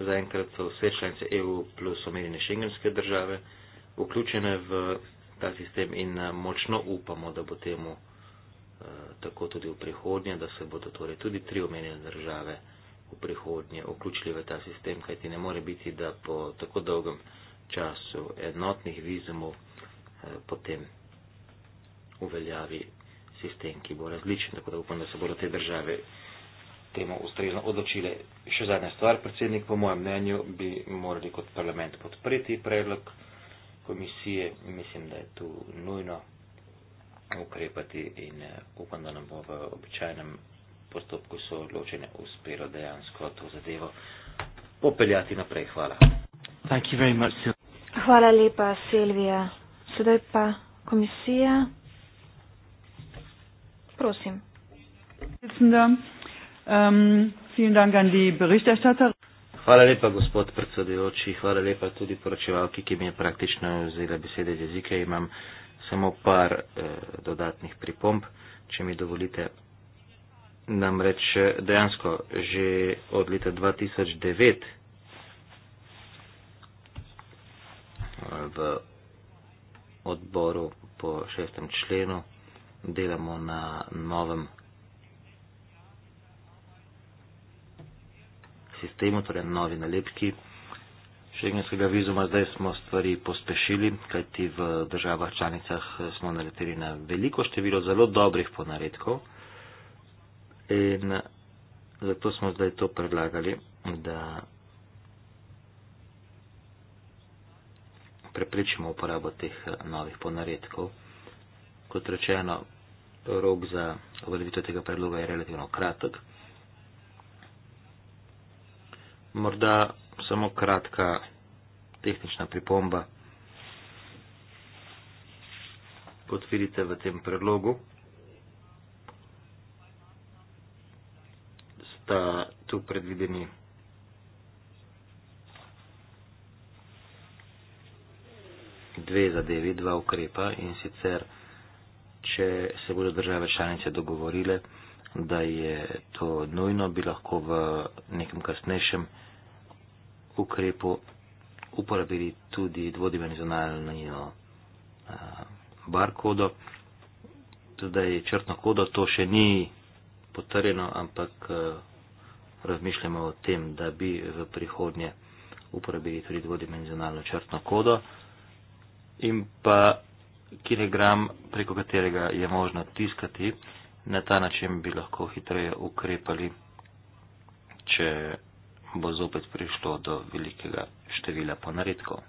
Zaenkrat so vse članice EU plus omenjene šengenske države vključene v ta sistem in eh, močno upamo, da bo temu eh, tako tudi v prihodnje, da se bodo torej tudi tri omenjene države v prihodnje vključili v ta sistem, kajti ne more biti, da po tako dolgem času enotnih vizumov eh, potem uveljavi sistem, ki bo različen, tako da upam, da se bodo te države temu ustrezno odločile. Še zadnja stvar, predsednik, po mojem mnenju bi morali kot parlament podpreti predlog komisije, mislim, da je tu nujno ukrepati in eh, upam, da nam bo v običajnem postopku soodločene uspelo dejansko to zadevo popeljati naprej. Hvala. Much, Hvala lepa, Silvija. Sedaj pa komisija. Prosim. Um, vielen Dank an die Berichterstatterin. Hvala lepa, gospod predsedujoči, hvala lepa tudi poročevalki, ki mi je praktično vzela besede iz jezike. Imam samo par eh, dodatnih pripomb, če mi dovolite. Namreč eh, dejansko že od leta 2009 eh, v odboru po šestem členu delamo na novem sistemu, torej novi nalepki šengenskega vizuma. Zdaj smo stvari pospešili, kajti v državah članicah smo naleteli na veliko število zelo dobrih ponaredkov in zato smo zdaj to predlagali, da preprečimo uporabo teh novih ponaredkov. Kot rečeno, rok za uveljavitev tega predloga je relativno kratek morda samo kratka tehnična pripomba. Kot vidite v tem predlogu, sta tu predvideni dve zadevi, dva ukrepa in sicer, če se bodo države članice dogovorile, da je to nujno, bi lahko v nekem kasnejšem ukrepu uporabili tudi dvodimenzionalno barkodo. Zdaj je črtno kodo, to še ni potrjeno, ampak razmišljamo o tem, da bi v prihodnje uporabili tudi dvodimenzionalno črtno kodo in pa kilogram, preko katerega je možno tiskati na ta način bi lahko hitreje ukrepali, če bo zopet prišlo do velikega števila ponaredkov.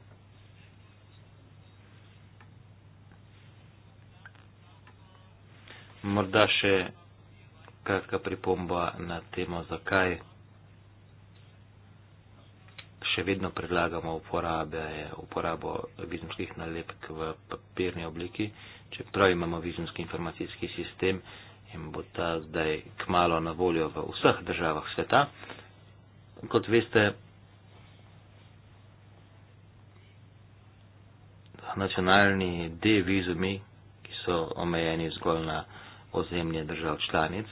Morda še kratka pripomba na temo, zakaj še vedno predlagamo uporabe, uporabo vizumskih nalepk v papirni obliki, čeprav imamo vizumski informacijski sistem, in bo ta zdaj kmalo na voljo v vseh državah sveta. Kot veste, nacionalni D-vizumi, ki so omejeni zgolj na ozemlje držav članic,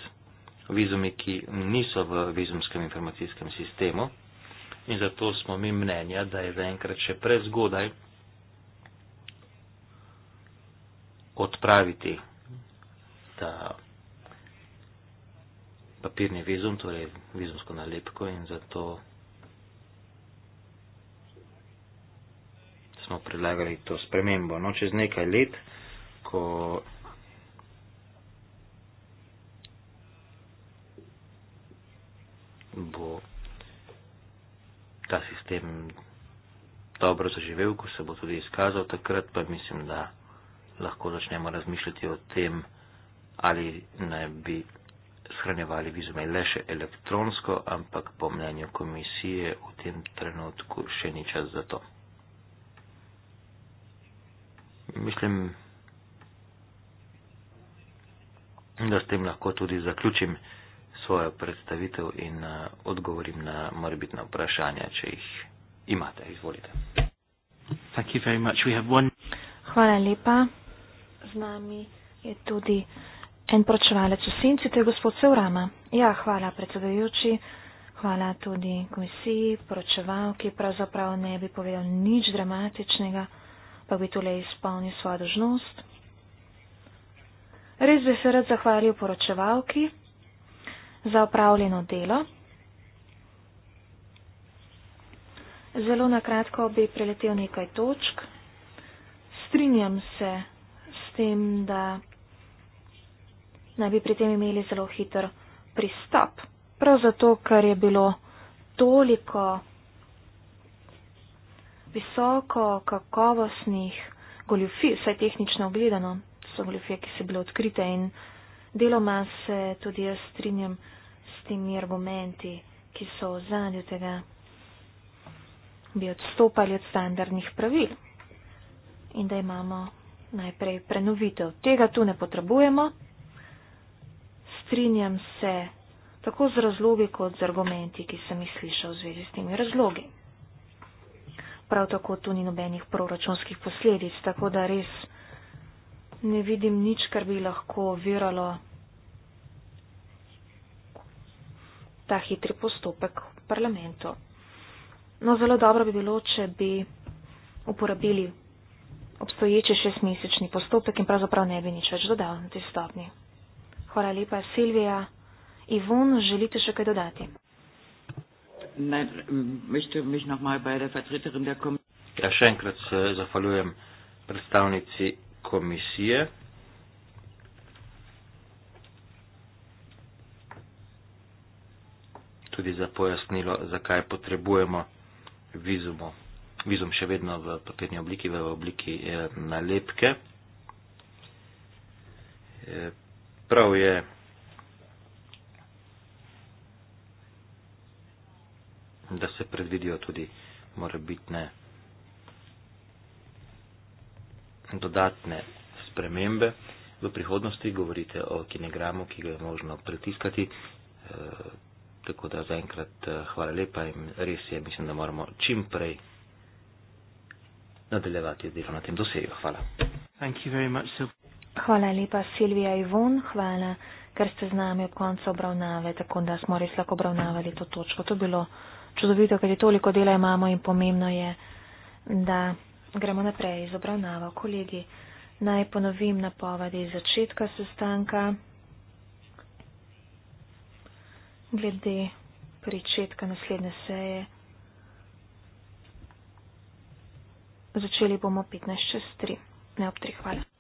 vizumi, ki niso v vizumskem informacijskem sistemu in zato smo mi mnenja, da je zaenkrat še prezgodaj odpraviti ta papirni vizum, torej vizumsko nalepko in zato smo predlagali to spremembo. No, čez nekaj let, ko bo ta sistem dobro zaživel, ko se bo tudi izkazal, takrat pa mislim, da lahko začnemo razmišljati o tem, ali naj bi shranjevali vizume le še elektronsko, ampak po mnenju komisije v tem trenutku še ni čas za to. Mislim, da s tem lahko tudi zaključim svojo predstavitev in eh, odgovorim na morbitna vprašanja, če jih imate. Izvolite. Hvala lepa. Z nami je tudi. En pročevalec v senci, to je gospod Seurama. Ja, hvala predsedajoči, hvala tudi komisiji, pročevalki, pravzaprav ne bi povedal nič dramatičnega, pa bi tole izpolnil svojo dožnost. Res bi se rad zahvalil poročevalki za opravljeno delo. Zelo na kratko bi preletel nekaj točk. Strinjam se s tem, da naj bi pri tem imeli zelo hiter pristop. Prav zato, ker je bilo toliko visoko kakovostnih goljufij, vsaj tehnično ogledano, so goljufije, ki so bile odkrite in deloma se tudi jaz strinjam s temi argumenti, ki so v zadju tega bi odstopali od standardnih pravil in da imamo najprej prenovitev. Tega tu ne potrebujemo strinjam se tako z razlogi kot z argumenti, ki sem jih slišal v zvezi s temi razlogi. Prav tako tu ni nobenih proračunskih posledic, tako da res ne vidim nič, kar bi lahko viralo ta hitri postopek v parlamentu. No, zelo dobro bi bilo, če bi uporabili obstoječi šestmesečni postopek in pravzaprav ne bi nič več dodal na tej stopni. Hvala lepa, Silvija. Ivon, želite še kaj dodati? Ja, še enkrat se zahvaljujem predstavnici komisije. Tudi za pojasnilo, zakaj potrebujemo vizumo. Vizum še vedno v papirni obliki, v obliki eh, nalepke. Eh, prav je, da se predvidijo tudi morebitne dodatne spremembe. V prihodnosti govorite o kinegramu, ki ga je možno pritiskati. Eh, tako da zaenkrat eh, hvala lepa in res je, mislim, da moramo čim prej nadaljevati delo na tem doseju. Hvala. Thank you very much, Silvia. Hvala lepa, Silvija Ivon, hvala, ker ste z nami ob koncu obravnave, tako da smo res lahko obravnavali to točko. To je bilo čudovito, ker je toliko dela imamo in pomembno je, da gremo naprej z obravnavo. Kolegi, naj ponovim napovedi iz začetka sestanka. Glede pričetka naslednje seje. Začeli bomo 15.03. Ne ob 3. Hvala.